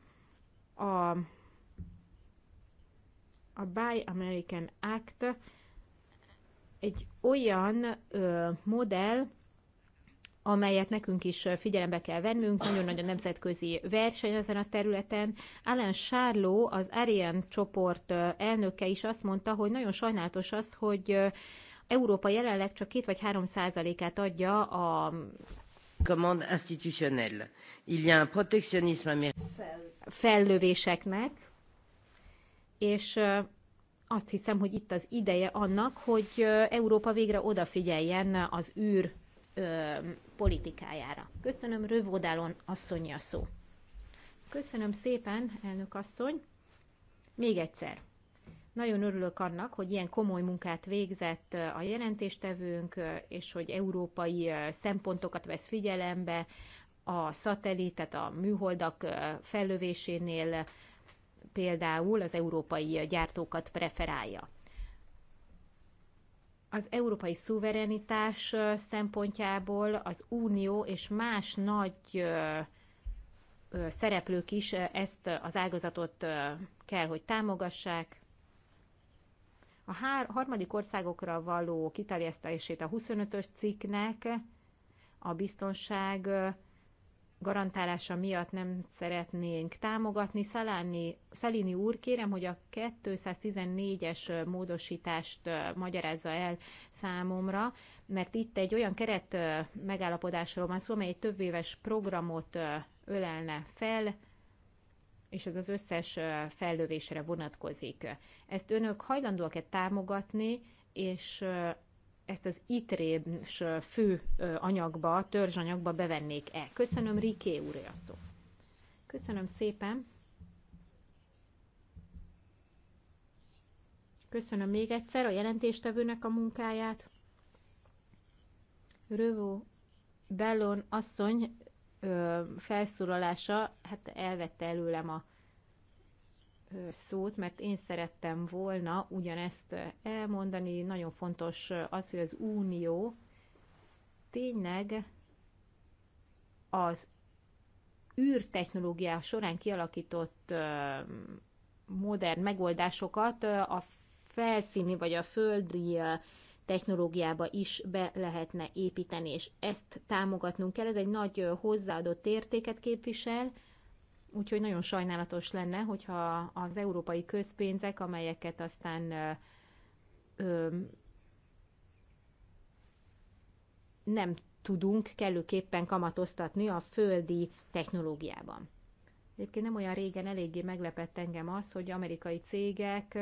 A, a Buy American Act egy olyan ö, modell, amelyet nekünk is figyelembe kell vennünk, nagyon nagy a nemzetközi verseny ezen a területen. Alan Sárló, az Ariane csoport elnöke is azt mondta, hogy nagyon sajnálatos az, hogy Európa jelenleg csak 2 vagy 3 százalékát adja a commande institutionnelle. Il y a un protectionnisme Fellövéseknek, és azt hiszem, hogy itt az ideje annak, hogy Európa végre odafigyeljen az űr ö, politikájára. Köszönöm, Rövodálon asszony a szó. Köszönöm szépen, elnök asszony. Még egyszer. Nagyon örülök annak, hogy ilyen komoly munkát végzett a jelentéstevőnk, és hogy európai szempontokat vesz figyelembe a szatellit, tehát a műholdak fellövésénél például az európai gyártókat preferálja az európai szuverenitás szempontjából az Unió és más nagy szereplők is ezt az ágazatot kell, hogy támogassák. A harmadik országokra való kiterjesztését a 25-ös cikknek a biztonság garantálása miatt nem szeretnénk támogatni. salini Szalini úr, kérem, hogy a 214-es módosítást magyarázza el számomra, mert itt egy olyan keret megállapodásról van szó, amely egy több éves programot ölelne fel, és ez az összes fellövésre vonatkozik. Ezt önök hajlandóak-e támogatni, és ezt az itrés fő anyagba, törzsanyagba bevennék-e. Köszönöm, Riké úr, a szó. Köszönöm szépen. Köszönöm még egyszer a jelentéstevőnek a munkáját. Rövó Bellon asszony felszólalása hát elvette előlem a szót, mert én szerettem volna ugyanezt elmondani. Nagyon fontos az, hogy az Unió tényleg az űrtechnológiá során kialakított modern megoldásokat a felszíni vagy a földi technológiába is be lehetne építeni, és ezt támogatnunk kell. Ez egy nagy hozzáadott értéket képvisel, Úgyhogy nagyon sajnálatos lenne, hogyha az európai közpénzek, amelyeket aztán ö, nem tudunk kellőképpen kamatoztatni a földi technológiában. Egyébként nem olyan régen eléggé meglepett engem az, hogy amerikai cégek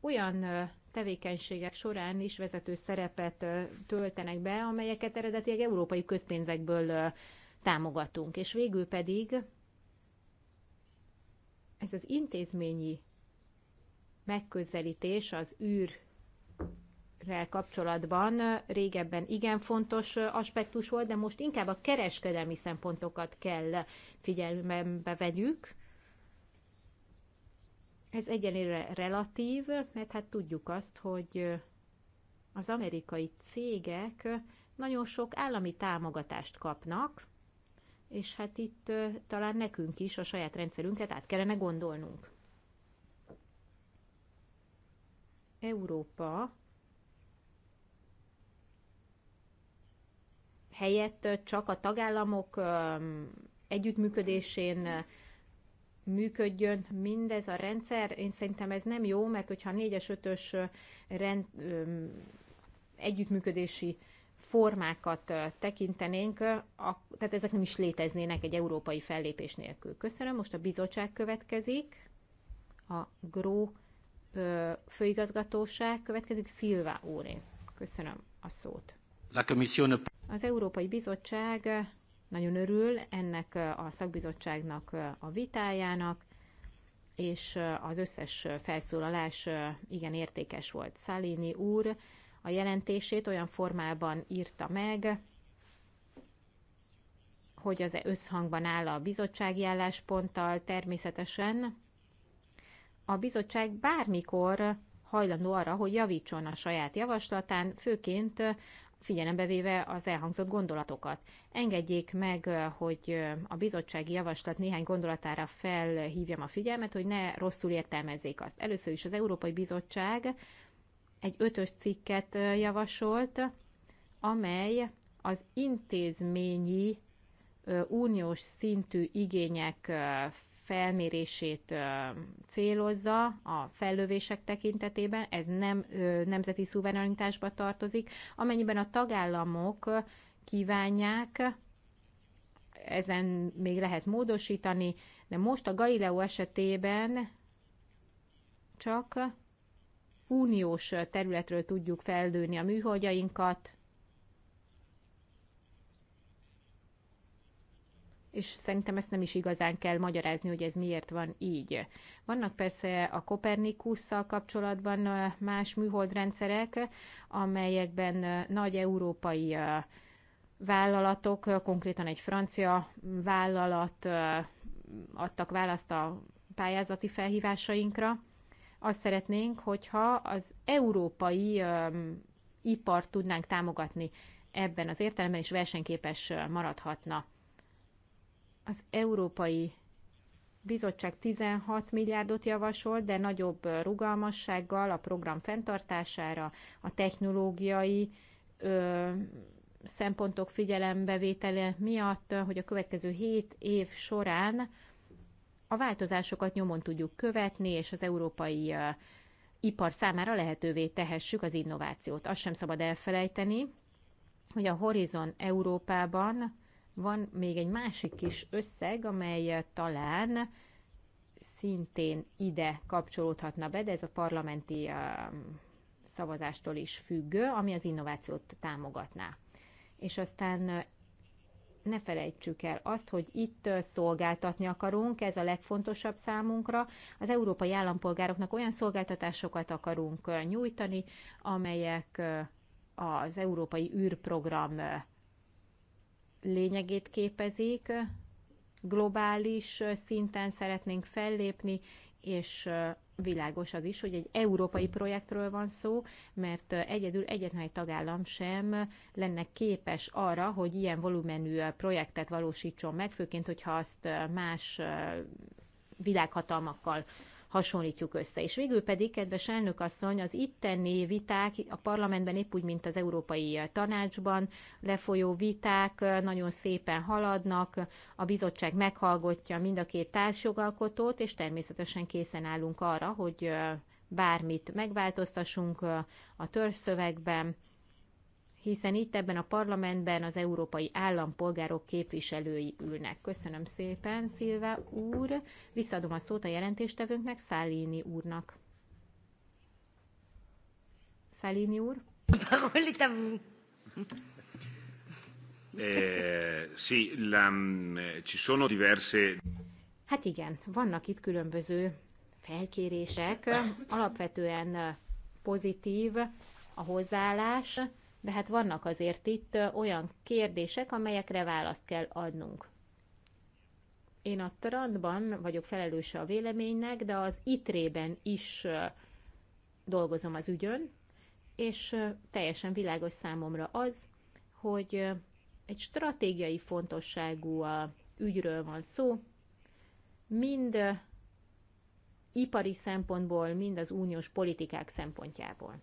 olyan tevékenységek során is vezető szerepet töltenek be, amelyeket eredetileg európai közpénzekből támogatunk. És végül pedig ez az intézményi megközelítés az űrrel kapcsolatban régebben igen fontos aspektus volt, de most inkább a kereskedelmi szempontokat kell figyelembe vegyük. Ez egyenlőre relatív, mert hát tudjuk azt, hogy az amerikai cégek nagyon sok állami támogatást kapnak, és hát itt talán nekünk is a saját rendszerünket át kellene gondolnunk. Európa helyett csak a tagállamok együttműködésén működjön mindez a rendszer. Én szerintem ez nem jó, mert hogyha a 4-es, 5-ös rend, együttműködési formákat tekintenénk, tehát ezek nem is léteznének egy európai fellépés nélkül. Köszönöm, most a bizottság következik, a GRO főigazgatóság következik, Szilvá úré. Köszönöm a szót. Az Európai Bizottság nagyon örül ennek a szakbizottságnak a vitájának, és az összes felszólalás igen értékes volt. Szalini úr a jelentését olyan formában írta meg, hogy az összhangban áll a bizottsági állásponttal természetesen. A bizottság bármikor hajlandó arra, hogy javítson a saját javaslatán, főként figyelembe véve az elhangzott gondolatokat. Engedjék meg, hogy a bizottsági javaslat néhány gondolatára felhívjam a figyelmet, hogy ne rosszul értelmezzék azt. Először is az Európai Bizottság egy ötös cikket javasolt, amely az intézményi uniós szintű igények felmérését célozza a fellövések tekintetében, ez nem nemzeti szuverenitásba tartozik, amennyiben a tagállamok kívánják, ezen még lehet módosítani, de most a Galileo esetében csak uniós területről tudjuk feldőni a műholdjainkat, és szerintem ezt nem is igazán kell magyarázni, hogy ez miért van így. Vannak persze a Kopernikusszal kapcsolatban más műholdrendszerek, amelyekben nagy európai vállalatok, konkrétan egy francia vállalat adtak választ a pályázati felhívásainkra, azt szeretnénk, hogyha az európai ipart tudnánk támogatni ebben az értelemben, és versenyképes maradhatna. Az európai bizottság 16 milliárdot javasol, de nagyobb rugalmassággal a program fenntartására, a technológiai ö, szempontok figyelembevétele miatt, hogy a következő 7 év során a változásokat nyomon tudjuk követni, és az európai ipar számára lehetővé tehessük az innovációt. Azt sem szabad elfelejteni, hogy a Horizon Európában van még egy másik kis összeg, amely talán szintén ide kapcsolódhatna be, de ez a parlamenti szavazástól is függő, ami az innovációt támogatná. És aztán ne felejtsük el azt, hogy itt szolgáltatni akarunk, ez a legfontosabb számunkra. Az európai állampolgároknak olyan szolgáltatásokat akarunk nyújtani, amelyek az európai űrprogram lényegét képezik, globális szinten szeretnénk fellépni, és világos az is, hogy egy európai hmm. projektről van szó, mert egyedül egyetlen egy tagállam sem lenne képes arra, hogy ilyen volumenű projektet valósítson meg, főként, hogyha azt más világhatalmakkal hasonlítjuk össze. És végül pedig, kedves elnök asszony, az itteni viták a parlamentben épp úgy, mint az Európai Tanácsban lefolyó viták nagyon szépen haladnak, a bizottság meghallgatja mind a két társjogalkotót, és természetesen készen állunk arra, hogy bármit megváltoztassunk a törzszövegben, hiszen itt ebben a parlamentben az európai állampolgárok képviselői ülnek. Köszönöm szépen, Szilva úr. Visszadom a szót a jelentéstevőnknek, Szálini úrnak. Szálini úr? Eh, eh, hát igen, vannak itt különböző felkérések, alapvetően eh, pozitív a hozzáállás, de hát vannak azért itt olyan kérdések, amelyekre választ kell adnunk. Én a Trantban vagyok felelőse a véleménynek, de az ITRE-ben is dolgozom az ügyön, és teljesen világos számomra az, hogy egy stratégiai fontosságú ügyről van szó, mind ipari szempontból, mind az uniós politikák szempontjából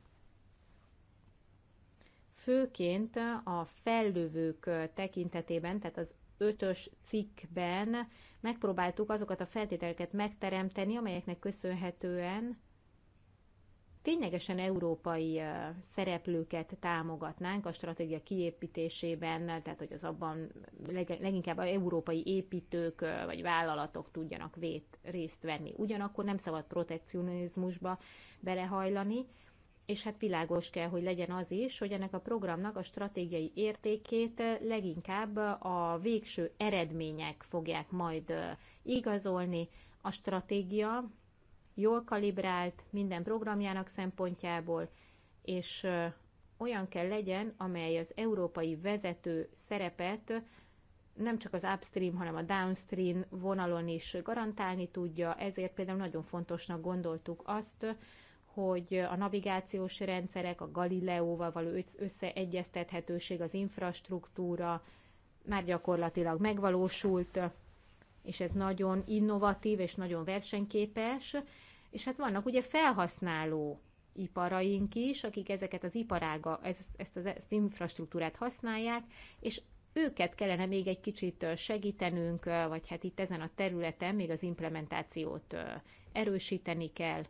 főként a fellövők tekintetében, tehát az ötös cikkben megpróbáltuk azokat a feltételeket megteremteni, amelyeknek köszönhetően ténylegesen európai szereplőket támogatnánk a stratégia kiépítésében, tehát hogy az abban leginkább európai építők vagy vállalatok tudjanak vét, részt venni. Ugyanakkor nem szabad protekcionizmusba belehajlani, és hát világos kell, hogy legyen az is, hogy ennek a programnak a stratégiai értékét eh, leginkább a végső eredmények fogják majd eh, igazolni. A stratégia jól kalibrált minden programjának szempontjából, és eh, olyan kell legyen, amely az európai vezető szerepet nem csak az upstream, hanem a downstream vonalon is garantálni tudja, ezért például nagyon fontosnak gondoltuk azt, hogy a navigációs rendszerek, a Galileóval való összeegyeztethetőség, az infrastruktúra már gyakorlatilag megvalósult, és ez nagyon innovatív és nagyon versenyképes, és hát vannak ugye felhasználó iparaink is, akik ezeket az iparága, ezt, ezt az ezt infrastruktúrát használják, és őket kellene még egy kicsit segítenünk, vagy hát itt ezen a területen még az implementációt erősíteni kell,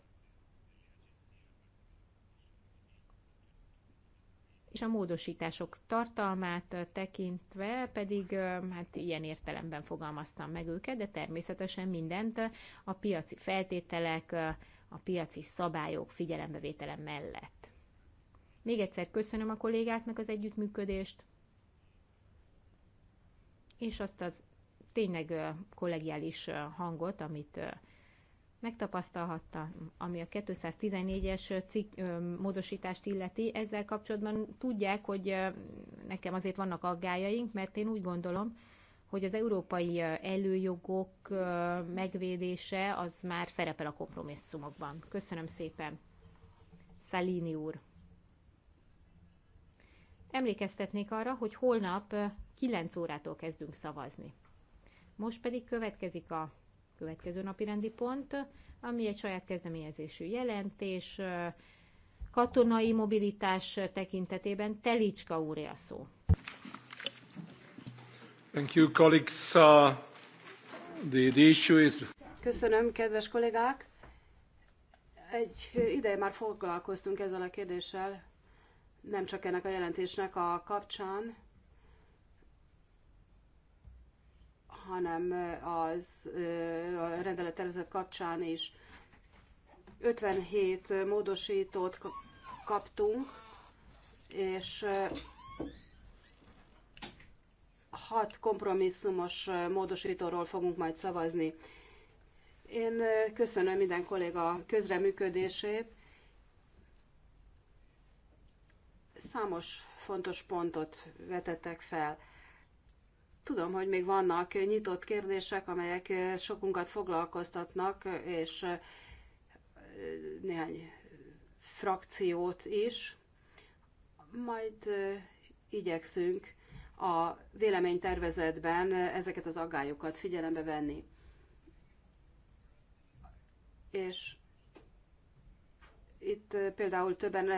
és a módosítások tartalmát tekintve pedig hát ilyen értelemben fogalmaztam meg őket, de természetesen mindent a piaci feltételek, a piaci szabályok figyelembevétele mellett. Még egyszer köszönöm a kollégáknak az együttműködést, és azt az tényleg kollegiális hangot, amit megtapasztalhatta, ami a 214-es cikk módosítást illeti, ezzel kapcsolatban tudják, hogy nekem azért vannak aggájaink, mert én úgy gondolom, hogy az európai előjogok megvédése az már szerepel a kompromisszumokban. Köszönöm szépen, Szalini úr. Emlékeztetnék arra, hogy holnap 9 órától kezdünk szavazni. Most pedig következik a következő napi rendi pont, ami egy saját kezdeményezésű jelentés, katonai mobilitás tekintetében Telicska úré a szó. Thank you, colleagues. Uh, the, the issue is... Köszönöm, kedves kollégák! Egy ideje már foglalkoztunk ezzel a kérdéssel, nem csak ennek a jelentésnek a kapcsán, hanem az a rendelettervezet kapcsán is. 57 módosítót kaptunk, és hat kompromisszumos módosítóról fogunk majd szavazni. Én köszönöm minden kolléga közreműködését. Számos fontos pontot vetettek fel. Tudom, hogy még vannak nyitott kérdések, amelyek sokunkat foglalkoztatnak, és néhány frakciót is. Majd igyekszünk a véleménytervezetben ezeket az aggályokat figyelembe venni. És itt például többen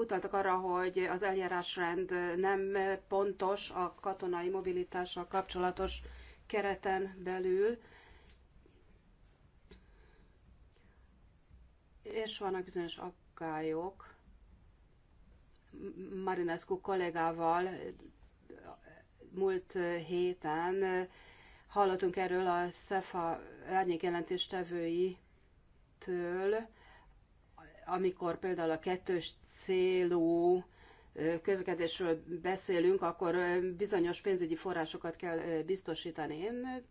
utaltak arra, hogy az eljárásrend nem pontos a katonai mobilitással kapcsolatos kereten belül, és vannak bizonyos aggályok. Marinescu kollégával múlt héten hallottunk erről a SZEFA árnyék jelentéstevőitől, amikor például a kettős célú közlekedésről beszélünk, akkor bizonyos pénzügyi forrásokat kell biztosítani. Én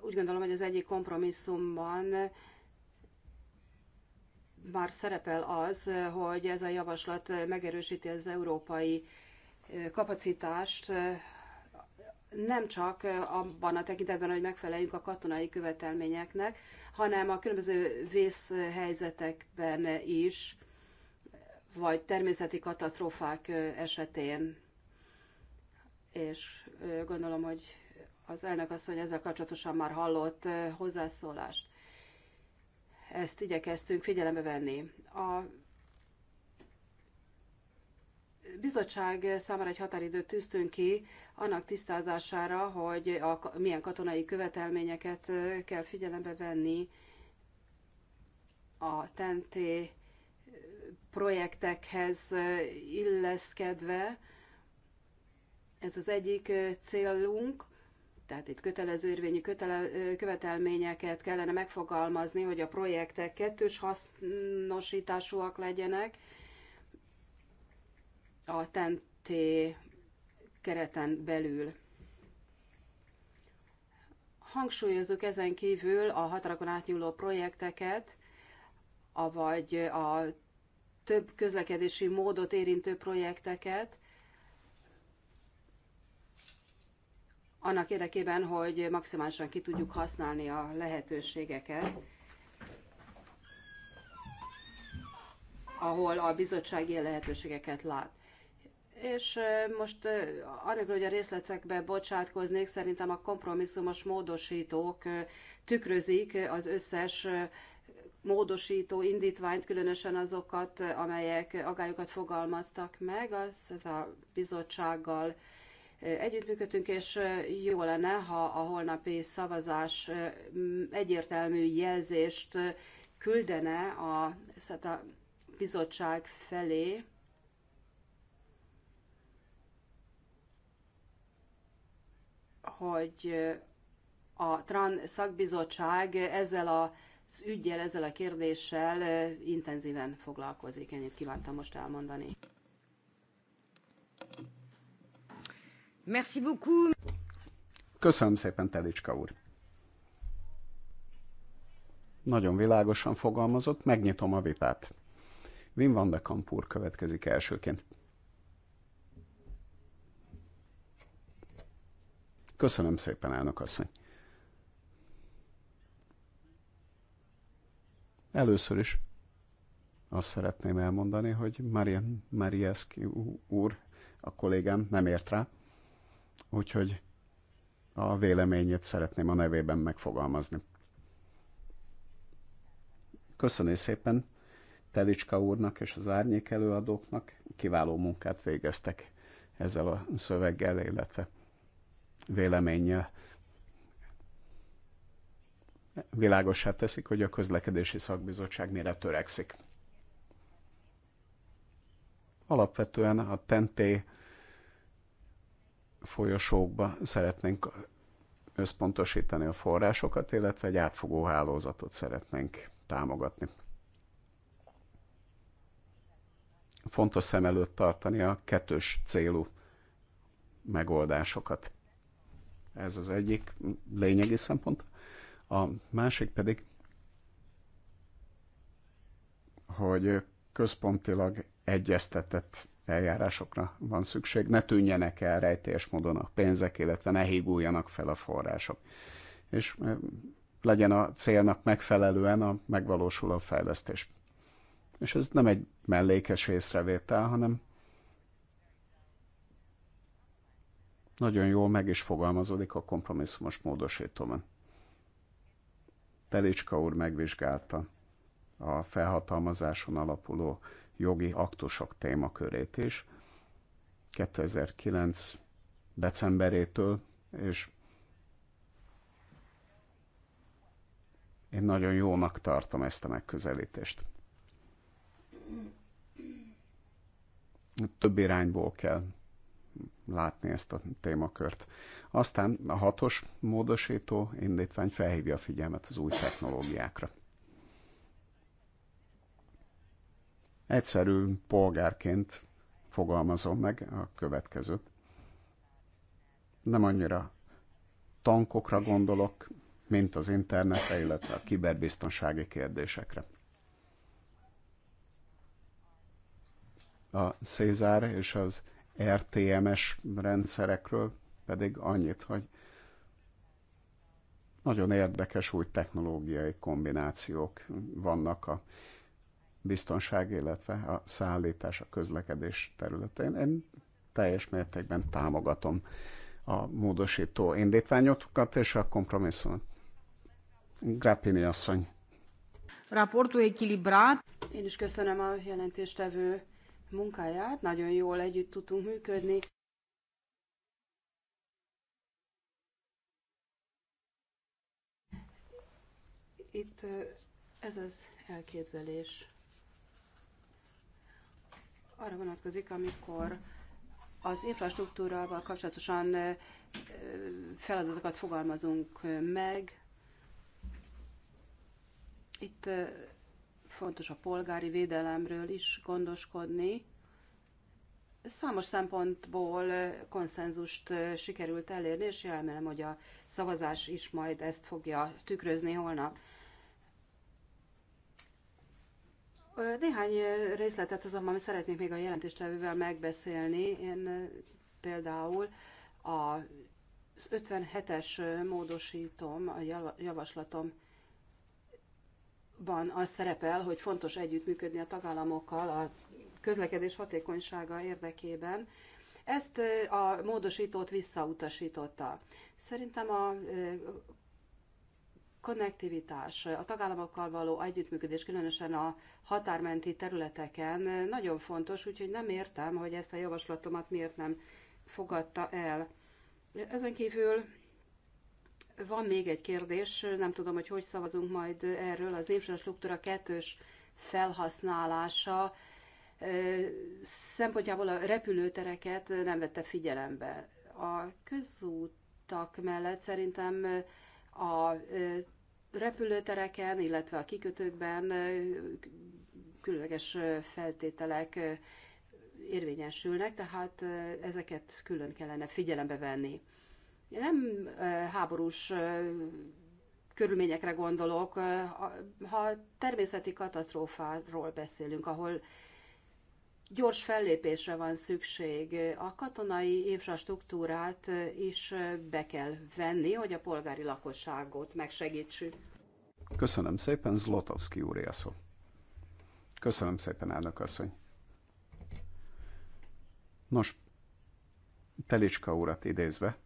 úgy gondolom, hogy az egyik kompromisszumban már szerepel az, hogy ez a javaslat megerősíti az európai kapacitást, nem csak abban a tekintetben, hogy megfeleljünk a katonai követelményeknek, hanem a különböző vészhelyzetekben is, vagy természeti katasztrófák esetén. És gondolom, hogy az elnök asszony ezzel kapcsolatosan már hallott hozzászólást. Ezt igyekeztünk figyelembe venni. A bizottság számára egy határidőt tűztünk ki annak tisztázására, hogy a, milyen katonai követelményeket kell figyelembe venni a TNT projektekhez illeszkedve. Ez az egyik célunk, tehát itt kötelező érvényű kötele, követelményeket kellene megfogalmazni, hogy a projektek kettős hasznosításúak legyenek, a TNT kereten belül. Hangsúlyozunk ezen kívül a határokon átnyúló projekteket, avagy a több közlekedési módot érintő projekteket, annak érdekében, hogy maximálisan ki tudjuk használni a lehetőségeket, ahol a bizottság lehetőségeket lát. És most anélkül, hogy a részletekbe bocsátkoznék, szerintem a kompromisszumos módosítók tükrözik az összes módosító indítványt, különösen azokat, amelyek agályokat fogalmaztak meg, az a bizottsággal együttműködtünk, és jó lenne, ha a holnapi szavazás egyértelmű jelzést küldene a, a bizottság felé, hogy a TRAN szakbizottság ezzel az ügyjel, ezzel a kérdéssel intenzíven foglalkozik. Ennyit kívántam most elmondani. Merci beaucoup. Köszönöm szépen, Telicska úr. Nagyon világosan fogalmazott, megnyitom a vitát. Wim van de Kampur következik elsőként. Köszönöm szépen, elnök asszony. Először is azt szeretném elmondani, hogy Marian Marieszki úr, a kollégám nem ért rá, úgyhogy a véleményét szeretném a nevében megfogalmazni. Köszönöm szépen Telicska úrnak és az árnyék előadóknak, kiváló munkát végeztek ezzel a szöveggel, illetve véleménye világossá teszik, hogy a közlekedési szakbizottság mire törekszik. Alapvetően a tenté folyosókba szeretnénk összpontosítani a forrásokat, illetve egy átfogó hálózatot szeretnénk támogatni. Fontos szem előtt tartani a kettős célú megoldásokat. Ez az egyik lényegi szempont. A másik pedig, hogy központilag egyeztetett eljárásokra van szükség, ne tűnjenek el rejtélyes módon a pénzek, illetve ne higuljanak fel a források. És legyen a célnak megfelelően a megvalósuló fejlesztés. És ez nem egy mellékes észrevétel, hanem Nagyon jól meg is fogalmazódik a kompromisszumos módosítóban. Pelicska úr megvizsgálta a felhatalmazáson alapuló jogi aktusok témakörét is 2009 decemberétől, és én nagyon jónak tartom ezt a megközelítést. Több irányból kell látni ezt a témakört. Aztán a hatos módosító indítvány felhívja a figyelmet az új technológiákra. Egyszerű polgárként fogalmazom meg a következőt. Nem annyira tankokra gondolok, mint az internetre, illetve a kiberbiztonsági kérdésekre. A Cézár és az RTMS rendszerekről pedig annyit, hogy nagyon érdekes új technológiai kombinációk vannak a biztonság, illetve a szállítás, a közlekedés területén. Én teljes mértékben támogatom a módosító indítványokat és a kompromisszumot. Grappini asszony. Raportú équilibrát. Én is köszönöm a jelentéstevő munkáját, nagyon jól együtt tudtunk működni. Itt ez az elképzelés arra vonatkozik, amikor az infrastruktúrával kapcsolatosan feladatokat fogalmazunk meg. Itt fontos a polgári védelemről is gondoskodni. Számos szempontból konszenzust sikerült elérni, és remélem, hogy a szavazás is majd ezt fogja tükrözni holnap. Néhány részletet azonban szeretnék még a jelentéstevővel megbeszélni. Én például az 57-es módosítom, a javaslatom ban az szerepel, hogy fontos együttműködni a tagállamokkal a közlekedés hatékonysága érdekében. Ezt a módosítót visszautasította. Szerintem a konnektivitás, a tagállamokkal való együttműködés, különösen a határmenti területeken nagyon fontos, úgyhogy nem értem, hogy ezt a javaslatomat miért nem fogadta el. Ezen kívül van még egy kérdés, nem tudom, hogy hogy szavazunk majd erről, az infrastruktúra kettős felhasználása szempontjából a repülőtereket nem vette figyelembe. A közútak mellett szerintem a repülőtereken, illetve a kikötőkben különleges feltételek érvényesülnek, tehát ezeket külön kellene figyelembe venni nem háborús körülményekre gondolok, ha természeti katasztrófáról beszélünk, ahol gyors fellépésre van szükség, a katonai infrastruktúrát is be kell venni, hogy a polgári lakosságot megsegítsük. Köszönöm szépen, Zlotowski úr szó. Köszönöm szépen, elnök asszony. Nos, Telicska urat idézve,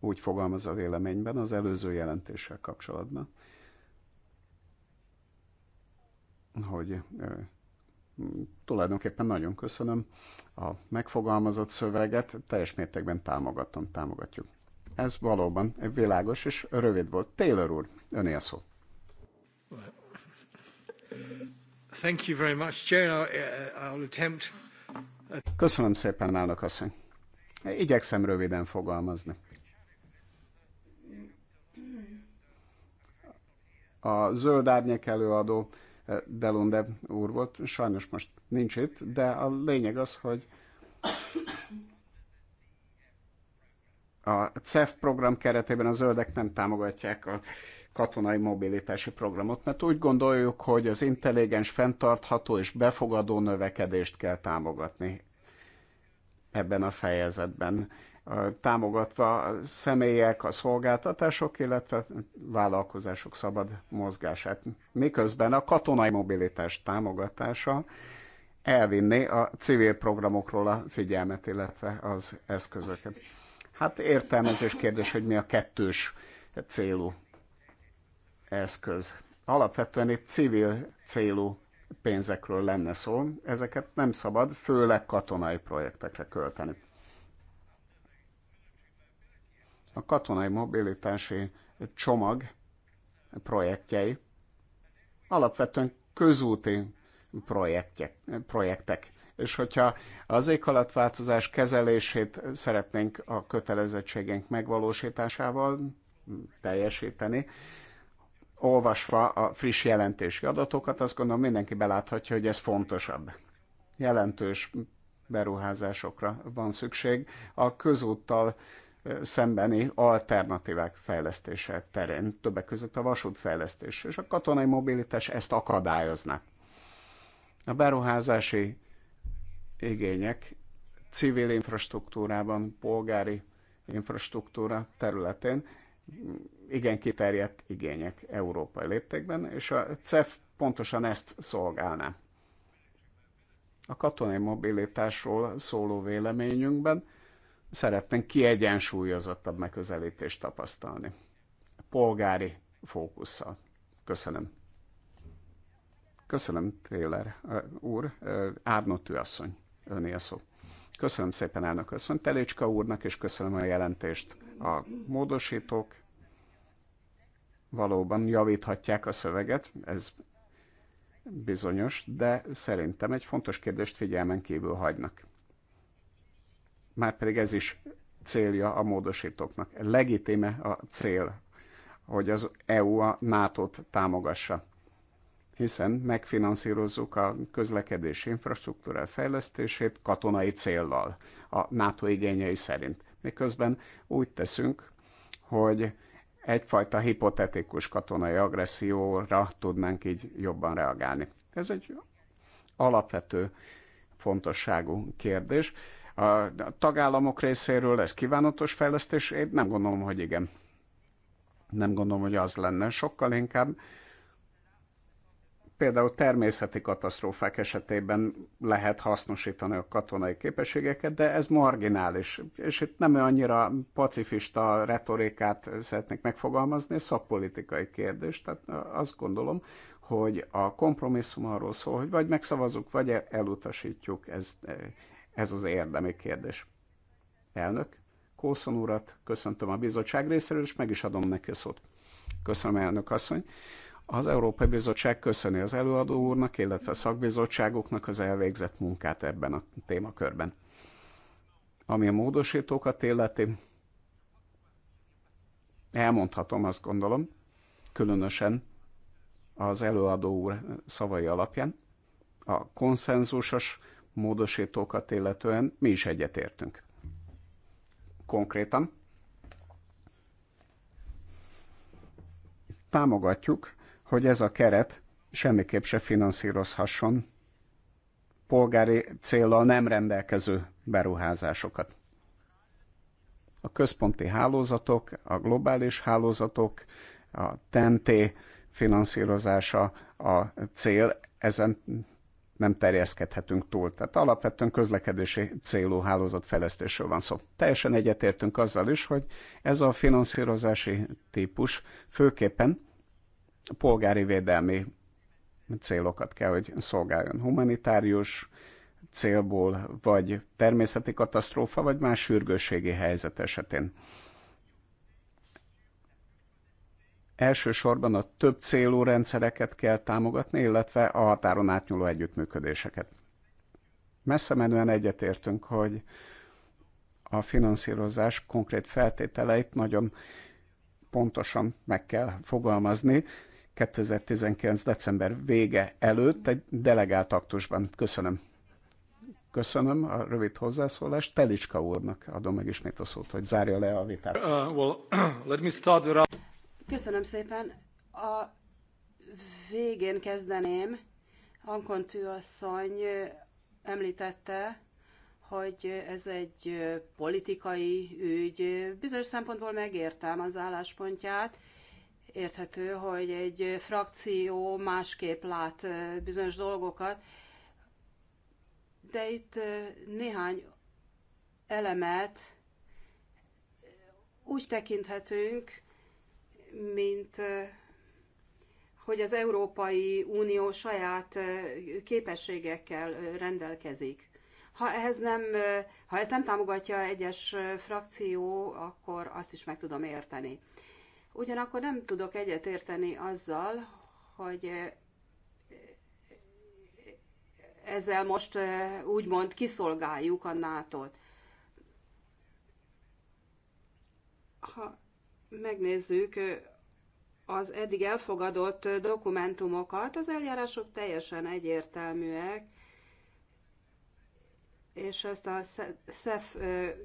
úgy fogalmaz a véleményben az előző jelentéssel kapcsolatban, hogy tulajdonképpen nagyon köszönöm a megfogalmazott szöveget, teljes mértékben támogatom, támogatjuk. Ez valóban világos és rövid volt. Taylor úr, öné a szó. Thank you very much, I'll, uh, I'll attempt... Köszönöm szépen, Nálnak asszony. Igyekszem röviden fogalmazni. A zöld árnyék előadó eh, Delunde úr volt, sajnos most nincs itt, de a lényeg az, hogy a CEF program keretében a zöldek nem támogatják a katonai mobilitási programot, mert úgy gondoljuk, hogy az intelligens, fenntartható és befogadó növekedést kell támogatni ebben a fejezetben támogatva a személyek, a szolgáltatások, illetve vállalkozások szabad mozgását. Miközben a katonai mobilitás támogatása elvinni a civil programokról a figyelmet, illetve az eszközöket. Hát értelmezés kérdés, hogy mi a kettős célú eszköz. Alapvetően itt civil célú pénzekről lenne szó, ezeket nem szabad főleg katonai projektekre költeni. A katonai mobilitási csomag projektjei alapvetően közúti projektek, projektek. És hogyha az éghalatváltozás kezelését szeretnénk a kötelezettségünk megvalósításával teljesíteni, olvasva a friss jelentési adatokat, azt gondolom mindenki beláthatja, hogy ez fontosabb. Jelentős beruházásokra van szükség. A közúttal szembeni alternatívák fejlesztése terén, többek között a vasútfejlesztés, és a katonai mobilitás ezt akadályozna. A beruházási igények civil infrastruktúrában, polgári infrastruktúra területén igen kiterjedt igények európai léptékben, és a CEF pontosan ezt szolgálná. A katonai mobilitásról szóló véleményünkben szeretnénk kiegyensúlyozottabb megközelítést tapasztalni. Polgári fókusszal. Köszönöm. Köszönöm, Taylor úr. Árnott asszony, öné a szó. Köszönöm szépen elnök asszony Telécska úrnak, és köszönöm a jelentést. A módosítók valóban javíthatják a szöveget, ez bizonyos, de szerintem egy fontos kérdést figyelmen kívül hagynak márpedig ez is célja a módosítóknak. Legitime a cél, hogy az EU a NATO-t támogassa hiszen megfinanszírozzuk a közlekedés infrastruktúra fejlesztését katonai céllal, a NATO igényei szerint. Miközben úgy teszünk, hogy egyfajta hipotetikus katonai agresszióra tudnánk így jobban reagálni. Ez egy alapvető fontosságú kérdés, a tagállamok részéről ez kívánatos fejlesztés? Én nem gondolom, hogy igen. Nem gondolom, hogy az lenne. Sokkal inkább például természeti katasztrófák esetében lehet hasznosítani a katonai képességeket, de ez marginális. És itt nem annyira pacifista retorikát szeretnék megfogalmazni, szakpolitikai kérdés. Tehát azt gondolom, hogy a kompromisszum arról szól, hogy vagy megszavazunk, vagy elutasítjuk. Ez ez az érdemi kérdés. Elnök, Kószon urat köszöntöm a bizottság részéről, és meg is adom neki a szót. Köszönöm, elnök asszony. Az Európai Bizottság köszöni az előadó úrnak, illetve a szakbizottságoknak az elvégzett munkát ebben a témakörben. Ami a módosítókat illeti, elmondhatom, azt gondolom, különösen az előadó úr szavai alapján, a konszenzusos módosítókat illetően mi is egyetértünk. Konkrétan támogatjuk, hogy ez a keret semmiképp se finanszírozhasson polgári célral nem rendelkező beruházásokat. A központi hálózatok, a globális hálózatok, a TNT finanszírozása a cél, ezen nem terjeszkedhetünk túl. Tehát alapvetően közlekedési célú hálózatfejlesztésről van szó. Teljesen egyetértünk azzal is, hogy ez a finanszírozási típus főképpen polgári védelmi célokat kell, hogy szolgáljon. Humanitárius célból, vagy természeti katasztrófa, vagy más sürgősségi helyzet esetén Elsősorban a több célú rendszereket kell támogatni, illetve a határon átnyúló együttműködéseket. Messze menően egyetértünk, hogy a finanszírozás konkrét feltételeit nagyon pontosan meg kell fogalmazni. 2019. december vége előtt egy delegált aktusban. Köszönöm. Köszönöm a rövid hozzászólást. Telicska úrnak adom meg ismét a szót, hogy zárja le a vitát. Uh, well, let me start with... Köszönöm szépen. A végén kezdeném. Ankontű asszony említette, hogy ez egy politikai ügy. Bizonyos szempontból megértem az álláspontját. Érthető, hogy egy frakció másképp lát bizonyos dolgokat, de itt néhány elemet úgy tekinthetünk, mint hogy az Európai Unió saját képességekkel rendelkezik. Ha, ehhez nem, ha ezt nem támogatja egyes frakció, akkor azt is meg tudom érteni. Ugyanakkor nem tudok egyet érteni azzal, hogy ezzel most úgymond kiszolgáljuk a NATO-t. Ha megnézzük az eddig elfogadott dokumentumokat, az eljárások teljesen egyértelműek, és ezt a SZEF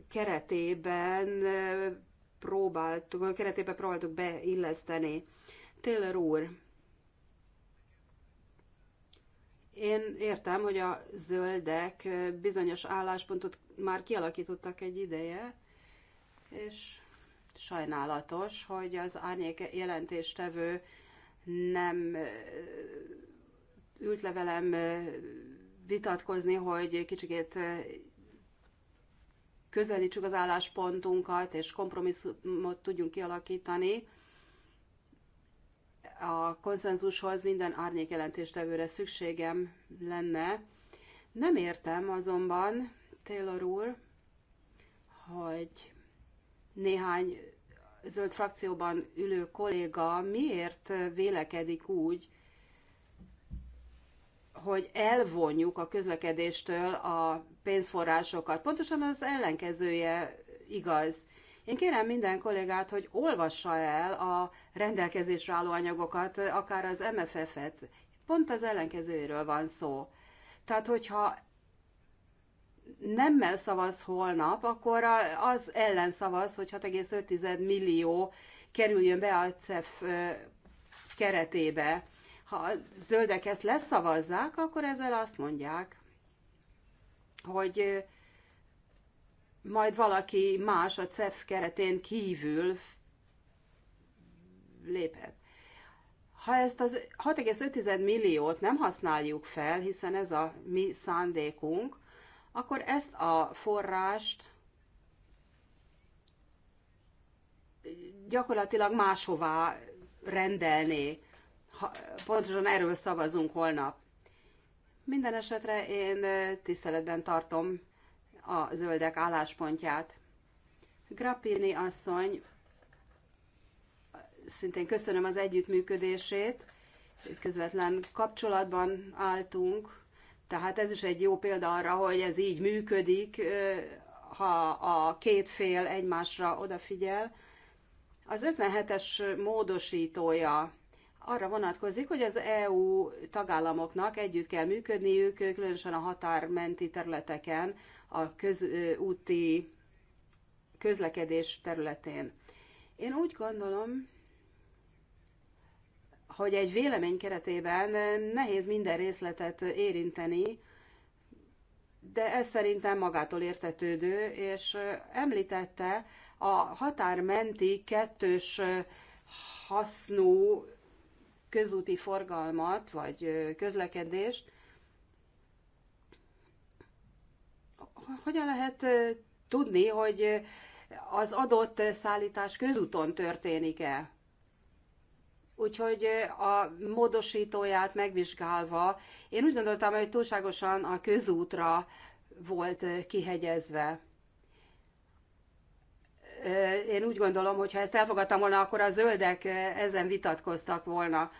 keretében próbáltuk, keretében próbáltuk beilleszteni. Taylor úr, én értem, hogy a zöldek bizonyos álláspontot már kialakítottak egy ideje, és sajnálatos, hogy az árnyék jelentéstevő nem ült le velem vitatkozni, hogy kicsikét közelítsük az álláspontunkat, és kompromisszumot tudjunk kialakítani. A konszenzushoz minden jelentéstevőre szükségem lenne. Nem értem azonban, Taylor úr, hogy néhány zöld frakcióban ülő kolléga miért vélekedik úgy, hogy elvonjuk a közlekedéstől a pénzforrásokat. Pontosan az ellenkezője igaz. Én kérem minden kollégát, hogy olvassa el a rendelkezésre álló anyagokat, akár az MFF-et. Pont az ellenkezőjéről van szó. Tehát, hogyha nemmel szavaz holnap, akkor az ellen szavaz, hogy 6,5 millió kerüljön be a CEF keretébe. Ha a zöldek ezt leszavazzák, akkor ezzel azt mondják, hogy majd valaki más a CEF keretén kívül léphet. Ha ezt az 6,5 milliót nem használjuk fel, hiszen ez a mi szándékunk, akkor ezt a forrást gyakorlatilag máshová rendelni. Ha, pontosan erről szavazunk holnap. Minden esetre én tiszteletben tartom a zöldek álláspontját. Grappini asszony, szintén köszönöm az együttműködését, közvetlen kapcsolatban álltunk, tehát ez is egy jó példa arra, hogy ez így működik, ha a két fél egymásra odafigyel. Az 57-es módosítója arra vonatkozik, hogy az EU tagállamoknak együtt kell működniük, különösen a határmenti területeken, a közúti közlekedés területén. Én úgy gondolom, hogy egy vélemény keretében nehéz minden részletet érinteni, de ez szerintem magától értetődő, és említette a határmenti kettős hasznú közúti forgalmat, vagy közlekedést. Hogyan lehet tudni, hogy az adott szállítás közúton történik-e? Úgyhogy eh, a módosítóját megvizsgálva, én úgy gondoltam, hogy túlságosan a közútra volt eh, kihegyezve. Eh, én úgy gondolom, hogy ha ezt elfogadtam volna, akkor a zöldek ezen vitatkoztak volna.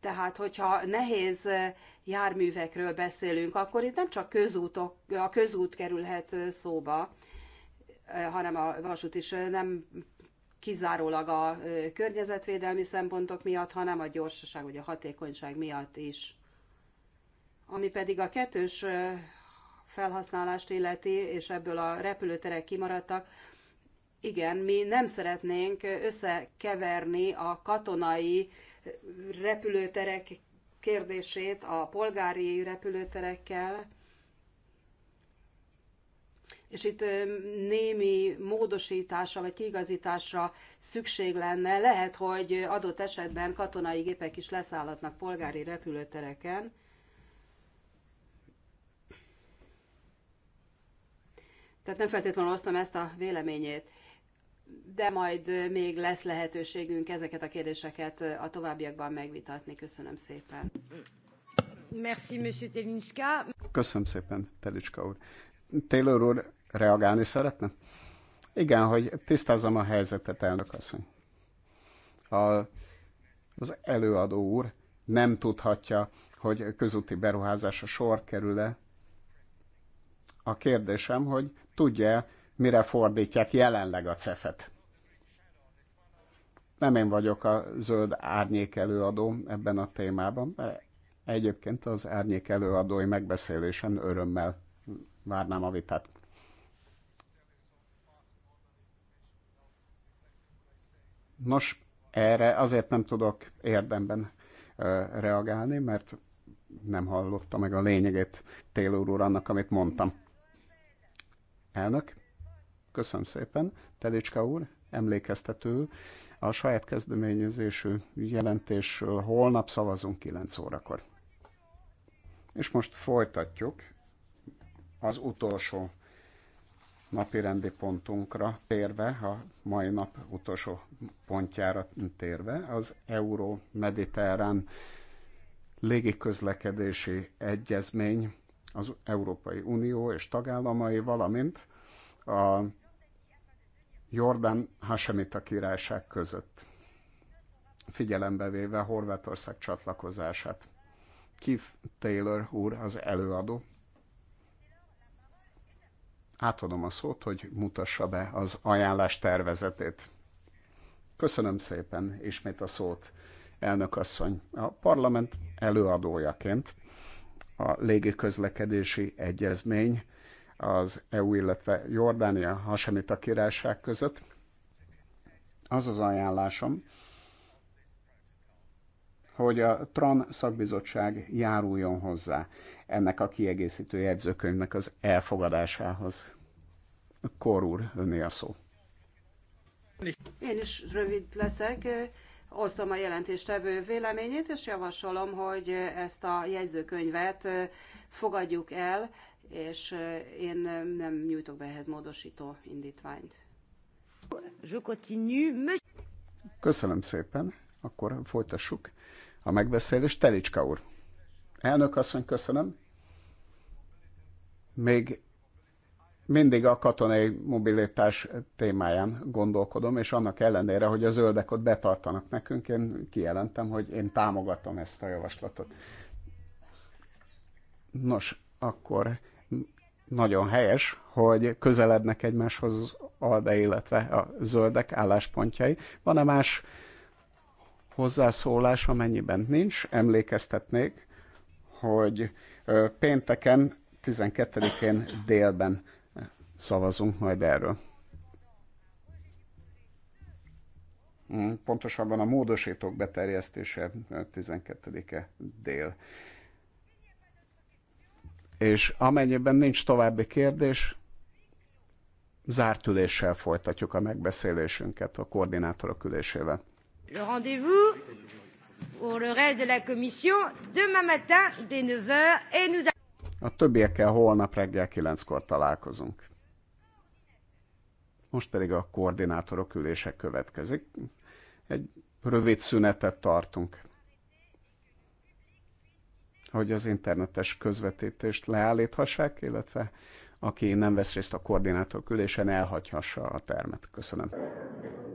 Tehát, hogyha nehéz járművekről beszélünk, akkor itt nem csak közútok, a közút kerülhet szóba, hanem a vasút is nem kizárólag a környezetvédelmi szempontok miatt, hanem a gyorsaság vagy a hatékonyság miatt is. Ami pedig a kettős felhasználást illeti, és ebből a repülőterek kimaradtak, igen, mi nem szeretnénk összekeverni a katonai repülőterek kérdését a polgári repülőterekkel, és itt némi módosításra vagy kiigazításra szükség lenne. Lehet, hogy adott esetben katonai gépek is leszállhatnak polgári repülőtereken. Tehát nem feltétlenül osztom ezt a véleményét, de majd még lesz lehetőségünk ezeket a kérdéseket a továbbiakban megvitatni. Köszönöm szépen. Merci, Monsieur Telinska. Köszönöm szépen, Telicska úr. Taylor úr, Reagálni szeretne? Igen, hogy tisztázzam a helyzetet, elnök asszony. A, az előadó úr nem tudhatja, hogy közúti beruházása sor kerül-e. A kérdésem, hogy tudja mire fordítják jelenleg a cefet. Nem én vagyok a zöld árnyék előadó ebben a témában, mert egyébként az árnyék előadói megbeszélésen örömmel várnám a vitát. Nos, erre azért nem tudok érdemben reagálni, mert nem hallotta meg a lényegét Taylor úr annak, amit mondtam. Elnök, köszönöm szépen. Telicska úr, emlékeztető, a saját kezdeményezésű jelentésről holnap szavazunk 9 órakor. És most folytatjuk az utolsó napi rendi pontunkra térve, a mai nap utolsó pontjára térve, az Euró-Mediterrán légiközlekedési egyezmény az Európai Unió és tagállamai, valamint a Jordán Hasemita királyság között, figyelembe véve Horvátország csatlakozását. Keith Taylor úr az előadó, átadom a szót, hogy mutassa be az ajánlás tervezetét. Köszönöm szépen ismét a szót, elnök asszony. A parlament előadójaként a légiközlekedési egyezmény az EU, illetve Jordánia hasemita királyság között. Az az ajánlásom, hogy a TRAN szakbizottság járuljon hozzá ennek a kiegészítő jegyzőkönyvnek az elfogadásához. Kor úr, öné a szó. Én is rövid leszek. Osztom a jelentéstevő véleményét, és javasolom, hogy ezt a jegyzőkönyvet fogadjuk el, és én nem nyújtok be ehhez módosító indítványt. Köszönöm szépen, akkor folytassuk a megbeszélés. Telicska úr. Elnök asszony, köszönöm. Még mindig a katonai mobilitás témáján gondolkodom, és annak ellenére, hogy a zöldek ott betartanak nekünk, én kijelentem, hogy én támogatom ezt a javaslatot. Nos, akkor nagyon helyes, hogy közelednek egymáshoz az ALDE, illetve a zöldek álláspontjai. Van-e más hozzászólás, amennyiben nincs, emlékeztetnék, hogy pénteken, 12-én délben szavazunk majd erről. Mm, pontosabban a módosítók beterjesztése 12-e dél. És amennyiben nincs további kérdés, zárt üléssel folytatjuk a megbeszélésünket a koordinátorok ülésével le rendez-vous pour le reste de la commission demain matin dès 9h et nous a többiekkel holnap reggel 9-kor találkozunk. Most pedig a koordinátorok ülése következik. Egy rövid szünetet tartunk. Hogy az internetes közvetítést leállíthassák, illetve aki nem vesz részt a koordinátor ülésen, elhagyhassa a termet. Köszönöm.